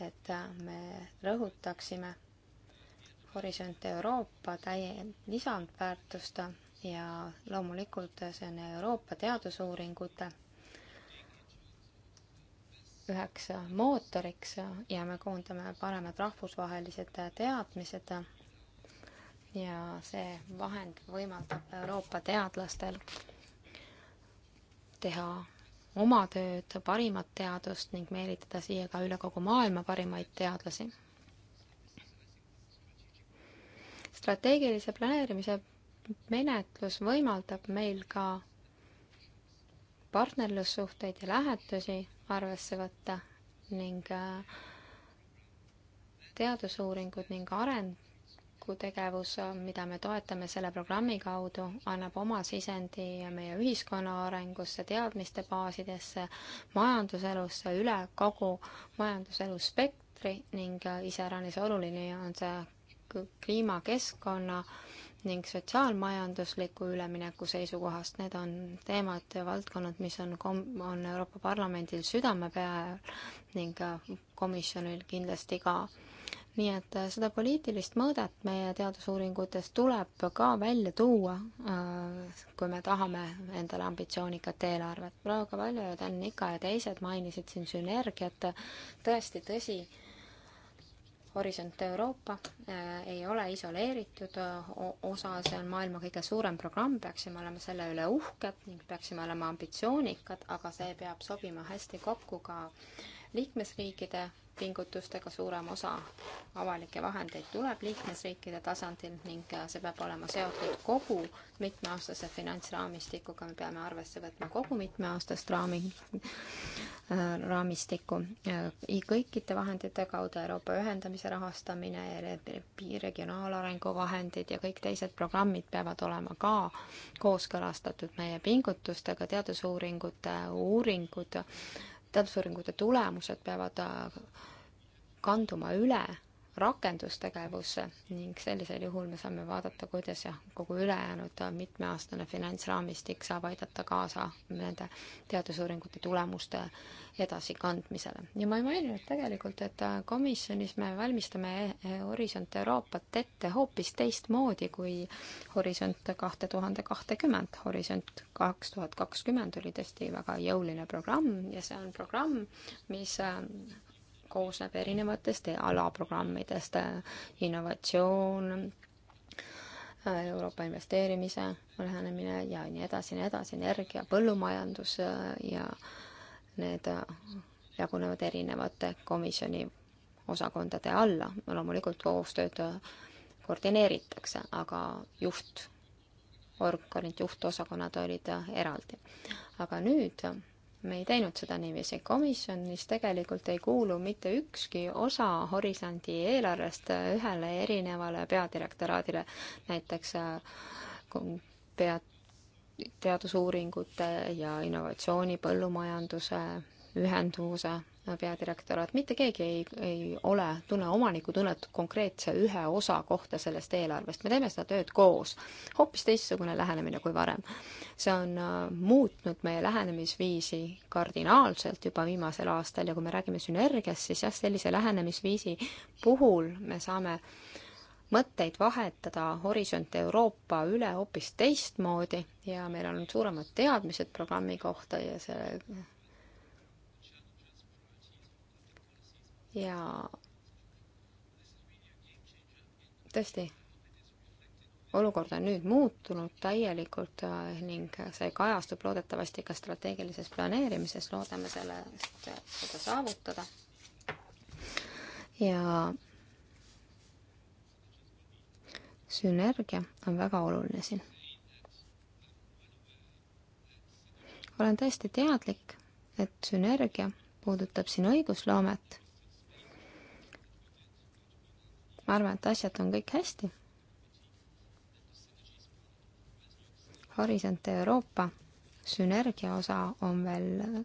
et me rõhutaksime Horisont Euroopa täie lisandväärtust ja loomulikult see on Euroopa teadusuuringute üheks mootoriks ja me koondame paremad rahvusvahelised teadmised ja see vahend võimaldab Euroopa teadlastel teha oma tööd, parimat teadust ning meelitada siia ka üle kogu maailma parimaid teadlasi. strateegilise planeerimise menetlus võimaldab meil ka partnerlussuhteid ja lähetusi arvesse võtta ning äh, teadusuuringud ning arengutegevus, mida me toetame selle programmi kaudu, annab oma sisendi meie ühiskonna arengusse, teadmistebaasidesse, majanduselusse, üle kogu majanduselu spektri ning äh, iseäranis oluline on see kliima, keskkonna ning sotsiaalmajandusliku ülemineku seisukohast, need on teemad ja valdkonnad, mis on kom-, on Euroopa Parlamendil südame peal ning komisjonil kindlasti ka. nii et äh, seda poliitilist mõõdet meie teadusuuringutes tuleb ka välja tuua, äh, kui me tahame endale ambitsioonikat eelarvet. praegu ka Valjo ja Dan Nika ja teised mainisid siin sünergiat, tõesti tõsi Horisont Euroopa äh, ei ole isoleeritud äh, osa, see on maailma kõige suurem programm, peaksime olema selle üle uhked ning peaksime olema ambitsioonikad, aga see peab sobima hästi kokku ka liikmesriikide pingutustega suurem osa avalikke vahendeid tuleb liikmesriikide tasandil ning äh, see peab olema seotud kogu mitmeaastase finantsraamistikuga, me peame arvesse võtma kogu mitmeaastast raami, äh, raamistikku. Äh, kõikide vahendite kaudu Euroopa ühendamise rahastamine, regionaalarengu vahendid ja kõik teised programmid peavad olema ka kooskõlastatud meie pingutustega, teadusuuringute uuringud, uuringud teadusuuringute tulemused peavad äh, kanduma üle rakendustegevusse ning sellisel juhul me saame vaadata, kuidas jah, kogu ülejäänud mitmeaastane finantsraamistik saab aidata kaasa nende teadusuuringute tulemuste edasikandmisele. ja ma ei maininud tegelikult, et komisjonis me valmistame e-, e-, Horisont Euroopat ette hoopis teistmoodi kui Horisont kahte tuhande kahtekümmend. Horisont kaks tuhat kakskümmend oli tõesti väga jõuline programm ja see on programm, mis koosneb erinevatest alaprogrammidest, innovatsioon, Euroopa investeerimise lähenemine ja nii edasi ja nii edasi, energia, põllumajandus äh, ja need äh, jagunevad erinevate komisjoni osakondade alla. loomulikult koostööd äh, koordineeritakse, aga juht, organid, juhtosakonnad olid eraldi. aga nüüd me ei teinud seda niiviisi. komisjonis tegelikult ei kuulu mitte ükski osa Horisondi eelarvest ühele erinevale peadirektoraadile, näiteks äh, pea, teadusuuringute ja innovatsiooni, põllumajanduse, ühenduvuse peadirektoraat, mitte keegi ei, ei ole, tunne omanikutunnet konkreetse ühe osa kohta sellest eelarvest, me teeme seda tööd koos. hoopis teistsugune lähenemine kui varem. see on äh, muutnud meie lähenemisviisi kardinaalselt juba viimasel aastal ja kui me räägime sünergiast, siis jah, sellise lähenemisviisi puhul me saame mõtteid vahetada Horisont Euroopa üle hoopis teistmoodi ja meil on suuremad teadmised programmi kohta ja see ja tõesti, olukord on nüüd muutunud täielikult äh, ning see kajastub loodetavasti ka strateegilises planeerimises, loodame selle, seda saavutada. ja sünergia on väga oluline siin. olen täiesti teadlik, et sünergia puudutab siin õigusloomet ma arvan, et asjad on kõik hästi. Horisont Euroopa sünergia osa on veel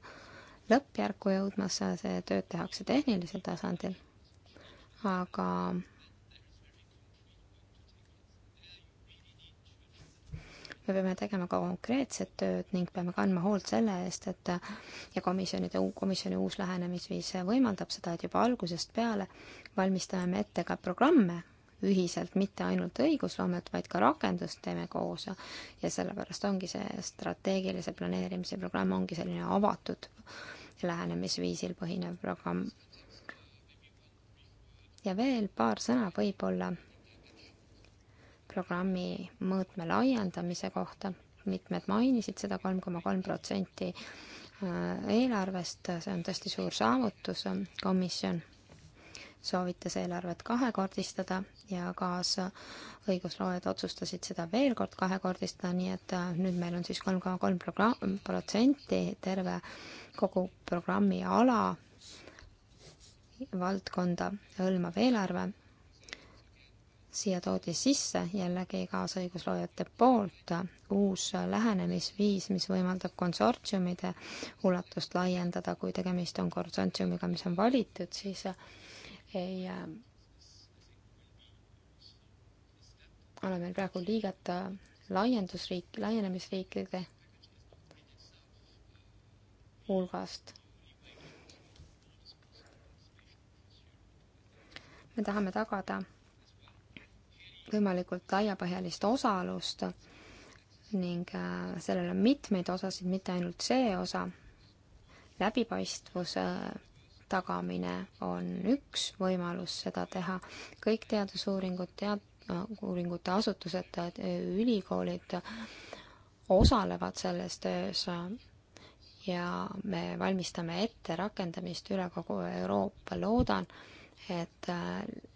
lõppjärku jõudmas, see tööd tehakse tehnilisel tasandil, aga me peame tegema ka konkreetset tööd ning peame kandma hoolt selle eest, et ja komisjonide, komisjoni uus lähenemisviis võimaldab seda, et juba algusest peale valmistame ette ka programme ühiselt, mitte ainult õigusloomet, vaid ka rakendust teeme koos ja sellepärast ongi see strateegilise planeerimise programm ongi selline avatud lähenemisviisil põhinev programm. ja veel paar sõna võib-olla programmi mõõtme laiendamise kohta, mitmed mainisid seda, kolm koma kolm protsenti äh, eelarvest, see on tõesti suur saavutus, komisjon soovitas eelarvet kahekordistada ja kaasõigusloojad otsustasid seda veel kord kahekordistada, nii et äh, nüüd meil on siis kolm koma kolm programm, protsenti terve kogu programmi ala valdkonda hõlmav eelarve. siia toodi sisse jällegi kaasõigusloojate poolt uus lähenemisviis, mis võimaldab konsortsiumide ulatust laiendada, kui tegemist on konsortsiumiga, mis on valitud, siis ei ähm, ole meil praegu liiget laiendusriik, laienemisriikide hulgast. me tahame tagada võimalikult laiapõhjalist osalust ning äh, sellel on mitmeid osasid, mitte ainult see osa, läbipaistvuse tagamine on üks võimalus seda teha. kõik teadusuuringud, tead-, uuringute asutused, ülikoolid osalevad selles töös ja me valmistame ette rakendamist üle kogu Euroopa. loodan, et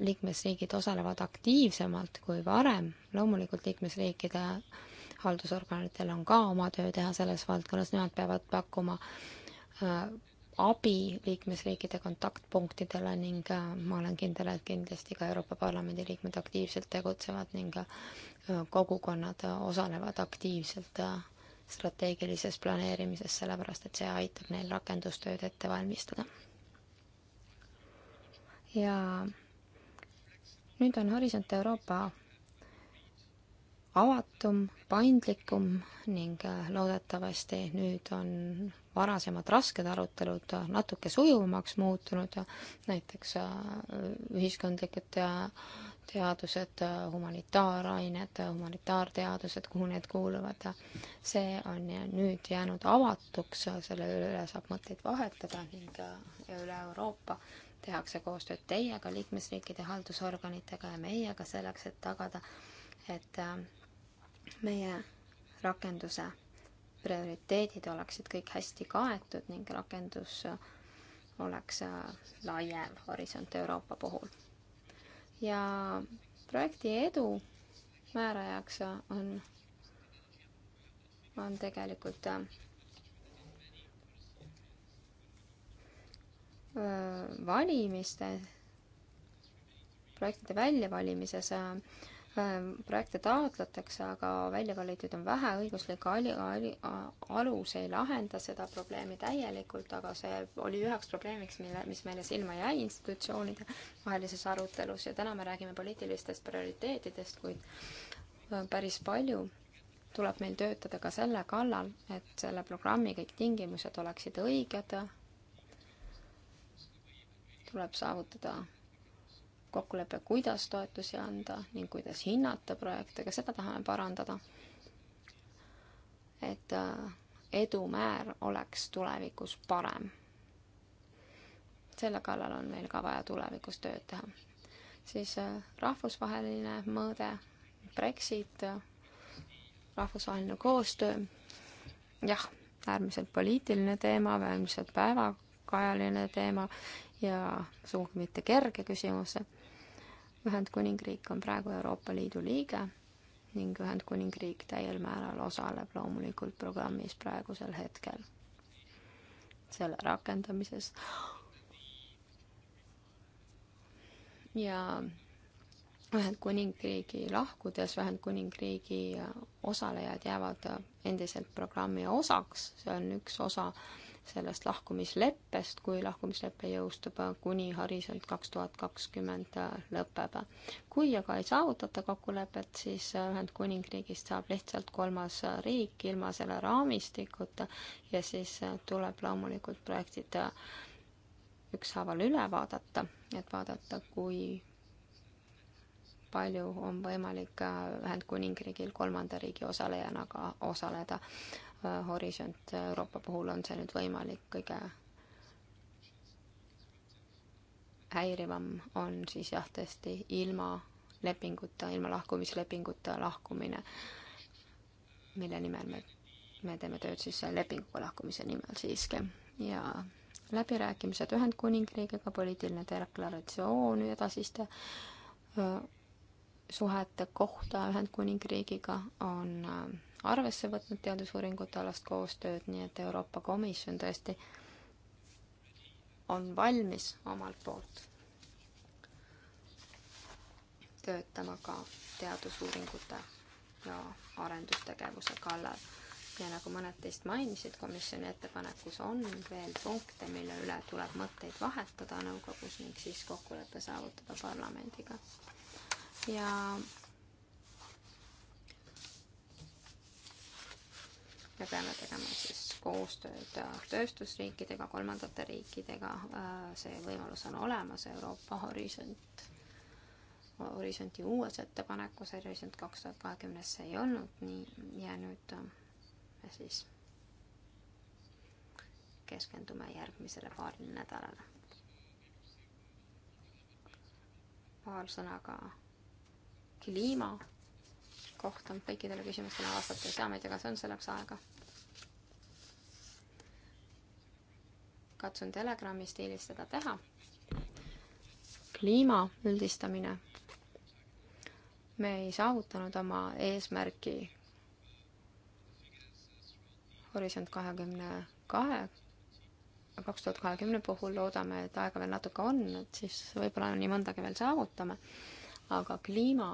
liikmesriigid osalevad aktiivsemalt kui varem. loomulikult liikmesriikide haldusorganitel on ka oma töö teha selles valdkonnas, nemad peavad pakkuma abi liikmesriikide kontaktpunktidele ning äh, ma olen kindel, et kindlasti ka Euroopa Parlamendi liikmed aktiivselt tegutsevad ning äh, kogukonnad äh, osalevad aktiivselt strateegilises planeerimises, sellepärast et see aitab neil rakendustööd ette valmistada. ja nüüd on Horisont Euroopa avatum, paindlikum ning äh, loodetavasti nüüd on varasemad rasked arutelud natuke sujuvamaks muutunud, näiteks äh, ühiskondlikud äh, teadused, humanitaarained, humanitaarteadused, kuhu need kuuluvad, see on nüüd jäänud avatuks, selle üle saab mõtteid vahetada ning üle Euroopa tehakse koostööd teiega, liikmesriikide haldusorganitega ja meiega selleks, et tagada, et meie rakenduse prioriteedid oleksid kõik hästi kaetud ning rakendus oleks laiem horisont Euroopa puhul. ja projekti edu määrajaks on, on tegelikult äh, valimiste, projektide väljavalimises äh, Ähm, projekte taotletakse, aga väljakallitud on vähe, õiguslik alus ei lahenda seda probleemi täielikult, aga see oli üheks probleemiks, mille, mis meile silma jäi institutsioonide vahelises arutelus ja täna me räägime poliitilistest prioriteetidest, kuid äh, päris palju tuleb meil töötada ka selle kallal, et selle programmi kõik tingimused oleksid õiged, tuleb saavutada kokkulepe, kuidas toetusi anda ning kuidas hinnata projekte, ka seda tahame parandada. et äh, edumäär oleks tulevikus parem. selle kallal on meil ka vaja tulevikus tööd teha. siis äh, rahvusvaheline mõõde, Brexit, äh, rahvusvaheline koostöö, jah, äärmiselt poliitiline teema, äärmiselt päevakajaline teema ja sugugi mitte kerge küsimus Ühendkuningriik on praegu Euroopa Liidu liige ning Ühendkuningriik täiel määral osaleb loomulikult programmis praegusel hetkel, selle rakendamises. ja Ühendkuningriigi lahkudes Ühendkuningriigi osalejad jäävad endiselt programmi osaks, see on üks osa äh, sellest lahkumisleppest, kui lahkumislepe jõustub kuni hariselt kaks tuhat kakskümmend lõpeb. kui aga ei saavutata kokkulepet, siis Ühendkuningriigist saab lihtsalt kolmas riik ilma selle raamistikuta ja siis tuleb loomulikult projektid ükshaaval üle vaadata, et vaadata, kui palju on võimalik Ühendkuningriigil kolmanda riigi osalejana ka osaleda Horisont Euroopa puhul on see nüüd võimalik, kõige häirivam on siis jah, tõesti ilma lepinguta, ilma lahkumislepinguta lahkumine, mille nimel me, me teeme tööd siis lepinguga lahkumise nimel siiski ja läbirääkimised Ühendkuningriigiga, poliitiline deklaratsioon edasiste suhete kohta Ühendkuningriigiga on arvesse võtnud teadusuuringute alast koostööd, nii et Euroopa Komisjon tõesti on valmis omalt poolt töötama ka teadusuuringute ja arendustegevuse kallal. ja nagu mõned teist mainisid, komisjoni ettepanekus on veel punkte, mille üle tuleb mõtteid vahetada nõukogus ning siis kokkulepe saavutada parlamendiga. ja me peame tegema siis koostööd äh, tööstusriikidega, kolmandate riikidega, äh, see võimalus on olemas, Euroopa Horisont, Horisonti uues ettepanekus, Horisont kaks tuhat kahekümnes see ei olnud nii ja nüüd äh, me siis keskendume järgmisele paarile nädalale. paar sõna ka kliima kohta kõikidele küsimustele vastates ja ma ei tea, kas on selleks aega. katsun Telegrami stiilis seda teha. kliima üldistamine. me ei saavutanud oma eesmärki Horisont kahekümne kahe, kaks tuhat kahekümne puhul loodame, et aega veel natuke on, et siis võib-olla nii mõndagi veel saavutame, aga kliima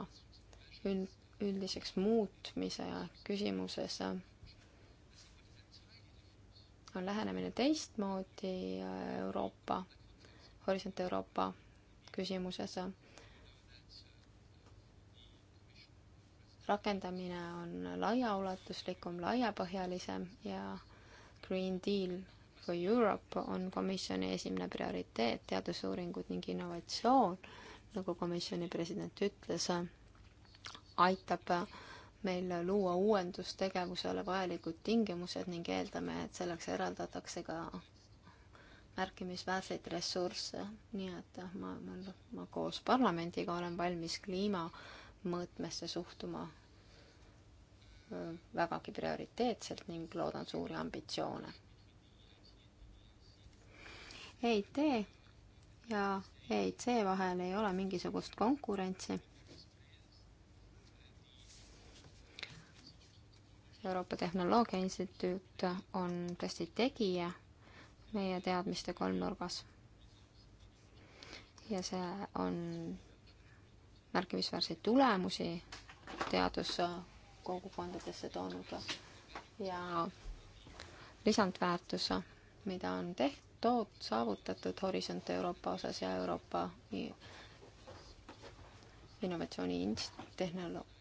üld-, üldiseks muutmise küsimuses on lähenemine teistmoodi Euroopa, Horisont Euroopa küsimuses. rakendamine on laiaulatuslikum, laiapõhjalisem ja Green Deal for Europe on komisjoni esimene prioriteet, teadusuuringud ning innovatsioon, nagu komisjoni president ütles aitab meil luua uuendustegevusele vajalikud tingimused ning eeldame, et selleks eraldatakse ka märkimisväärseid ressursse, nii et ma, ma, ma koos parlamendiga olen valmis kliimamõõtmesse suhtuma vägagi prioriteetselt ning loodan suuri ambitsioone. EIT ja EIC vahel ei ole mingisugust konkurentsi Euroopa Tehnoloogia Instituut on tõesti tegija meie teadmiste kolmnurgas. ja see on märkimisväärseid tulemusi teaduskogukondadesse toonud ja lisandväärtus, mida on tehtud, tood-, saavutatud Horisont Euroopa osas ja Euroopa innovatsiooni inst-, tehnoloog-,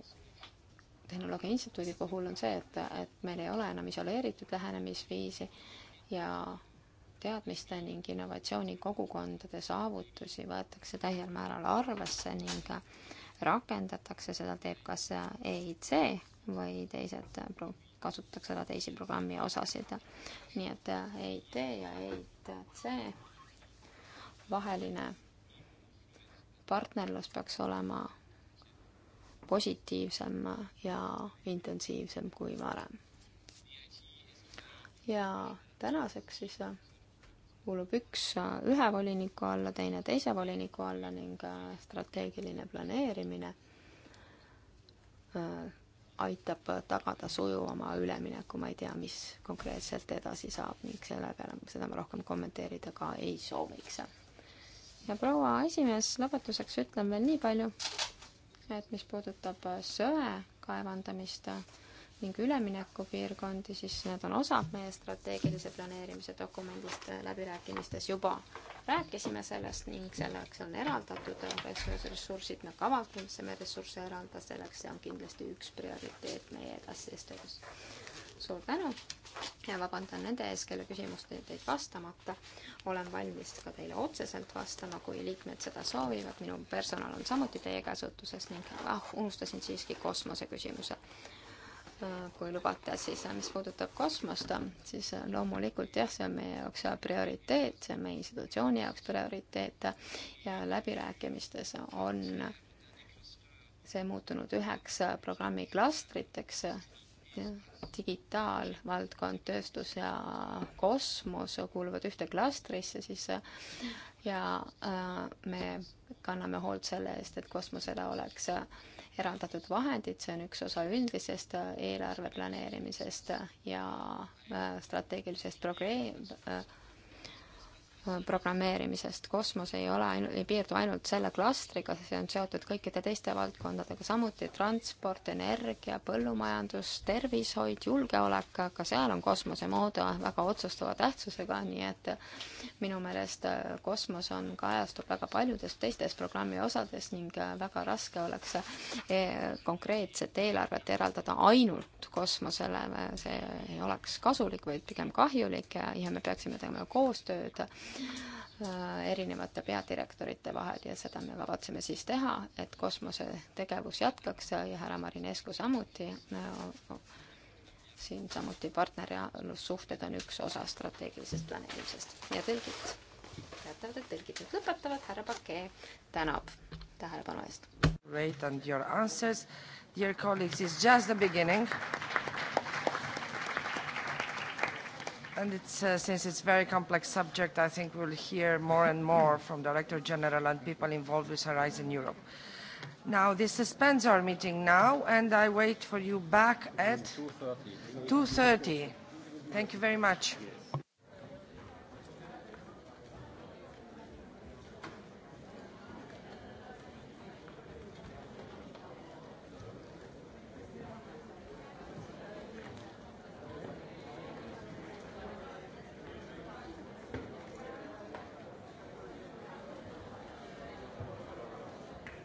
Tehnoloogia Instituudi puhul on see, et, et meil ei ole enam isoleeritud lähenemisviisi ja teadmiste ning innovatsiooni kogukondade saavutusi võetakse täiel määral arvesse ning rakendatakse, seda teeb kas EIC või teised, kasutatakse ära teisi programmi osasid. nii et EIT ja EITC vaheline partnerlus peaks olema positiivsem ja intensiivsem kui varem. ja tänaseks siis kuulub üks ühe voliniku alla, teine teise voliniku alla ning äh, strateegiline planeerimine äh, aitab tagada sujuvama ülemineku, ma ei tea, mis konkreetselt edasi saab ning selle peale seda ma rohkem kommenteerida ka ei sooviks. ja proua esimees, lõpetuseks ütlen veel nii palju, meetmed, mis puudutab äh, söe kaevandamist ning üleminekupiirkondi, siis need on osad meie strateegilise planeerimise dokumendist äh, läbirääkimistes juba rääkisime sellest ning selleks on eraldatud äh, ressursid, me kavandame ressursse eraldada, selleks see on kindlasti üks prioriteet meie edasises töös suur tänu ja vabandan nende ees, kelle küsimustele teid vastamata. olen valmis ka teile otseselt vastama, kui liikmed seda soovivad, minu personal on samuti teie käsutuses ning ah, unustasin siiski kosmoseküsimuse. Äh, kui lubate, siis äh, mis puudutab kosmost, äh, siis loomulikult jah, see on meie jaoks prioriteet, see on meie institutsiooni jaoks prioriteet ja läbirääkimistes on see muutunud üheks programmi klastriteks digitaalvaldkond, tööstus ja kosmos kuuluvad ühte klastrisse, siis ja äh, me kanname hoolt selle eest, et kosmosele oleks eraldatud vahendid, see on üks osa üldisest äh, eelarve planeerimisest ja äh, strateegilisest progre-, programmeerimisest. kosmos ei ole ainu-, ei piirdu ainult selle klastriga, see on seotud kõikide teiste valdkondadega, samuti transport, energia, põllumajandus, tervishoid, julgeolek, ka seal on kosmose moodi väga otsustava tähtsusega, nii et minu meelest kosmos on, kajastub väga paljudes teistes programmi osades ning väga raske oleks e konkreetset eelarvet eraldada ainult kosmosele, see ei oleks kasulik, vaid pigem kahjulik ja, ja me peaksime tegema koostööd Äh, erinevate peadirektorite vahel ja seda me kavatseme siis teha, et kosmosetegevus jätkaks ja härra Marinescu samuti. Äh, siin samuti partnerlussuhted on üks osa strateegilisest planeerimisest ja tõlgid, teatavad, et tõlgid nüüd lõpetavad, härra Pakee tänab tähelepanu eest. Great and your answers, dear colleagues, is just the beginning. And it's, uh, since it's a very complex subject, I think we'll hear more and more from Director General and people involved with Horizon Europe. Now, this suspends our meeting now, and I wait for you back at 2.30. 2.30. Thank you very much.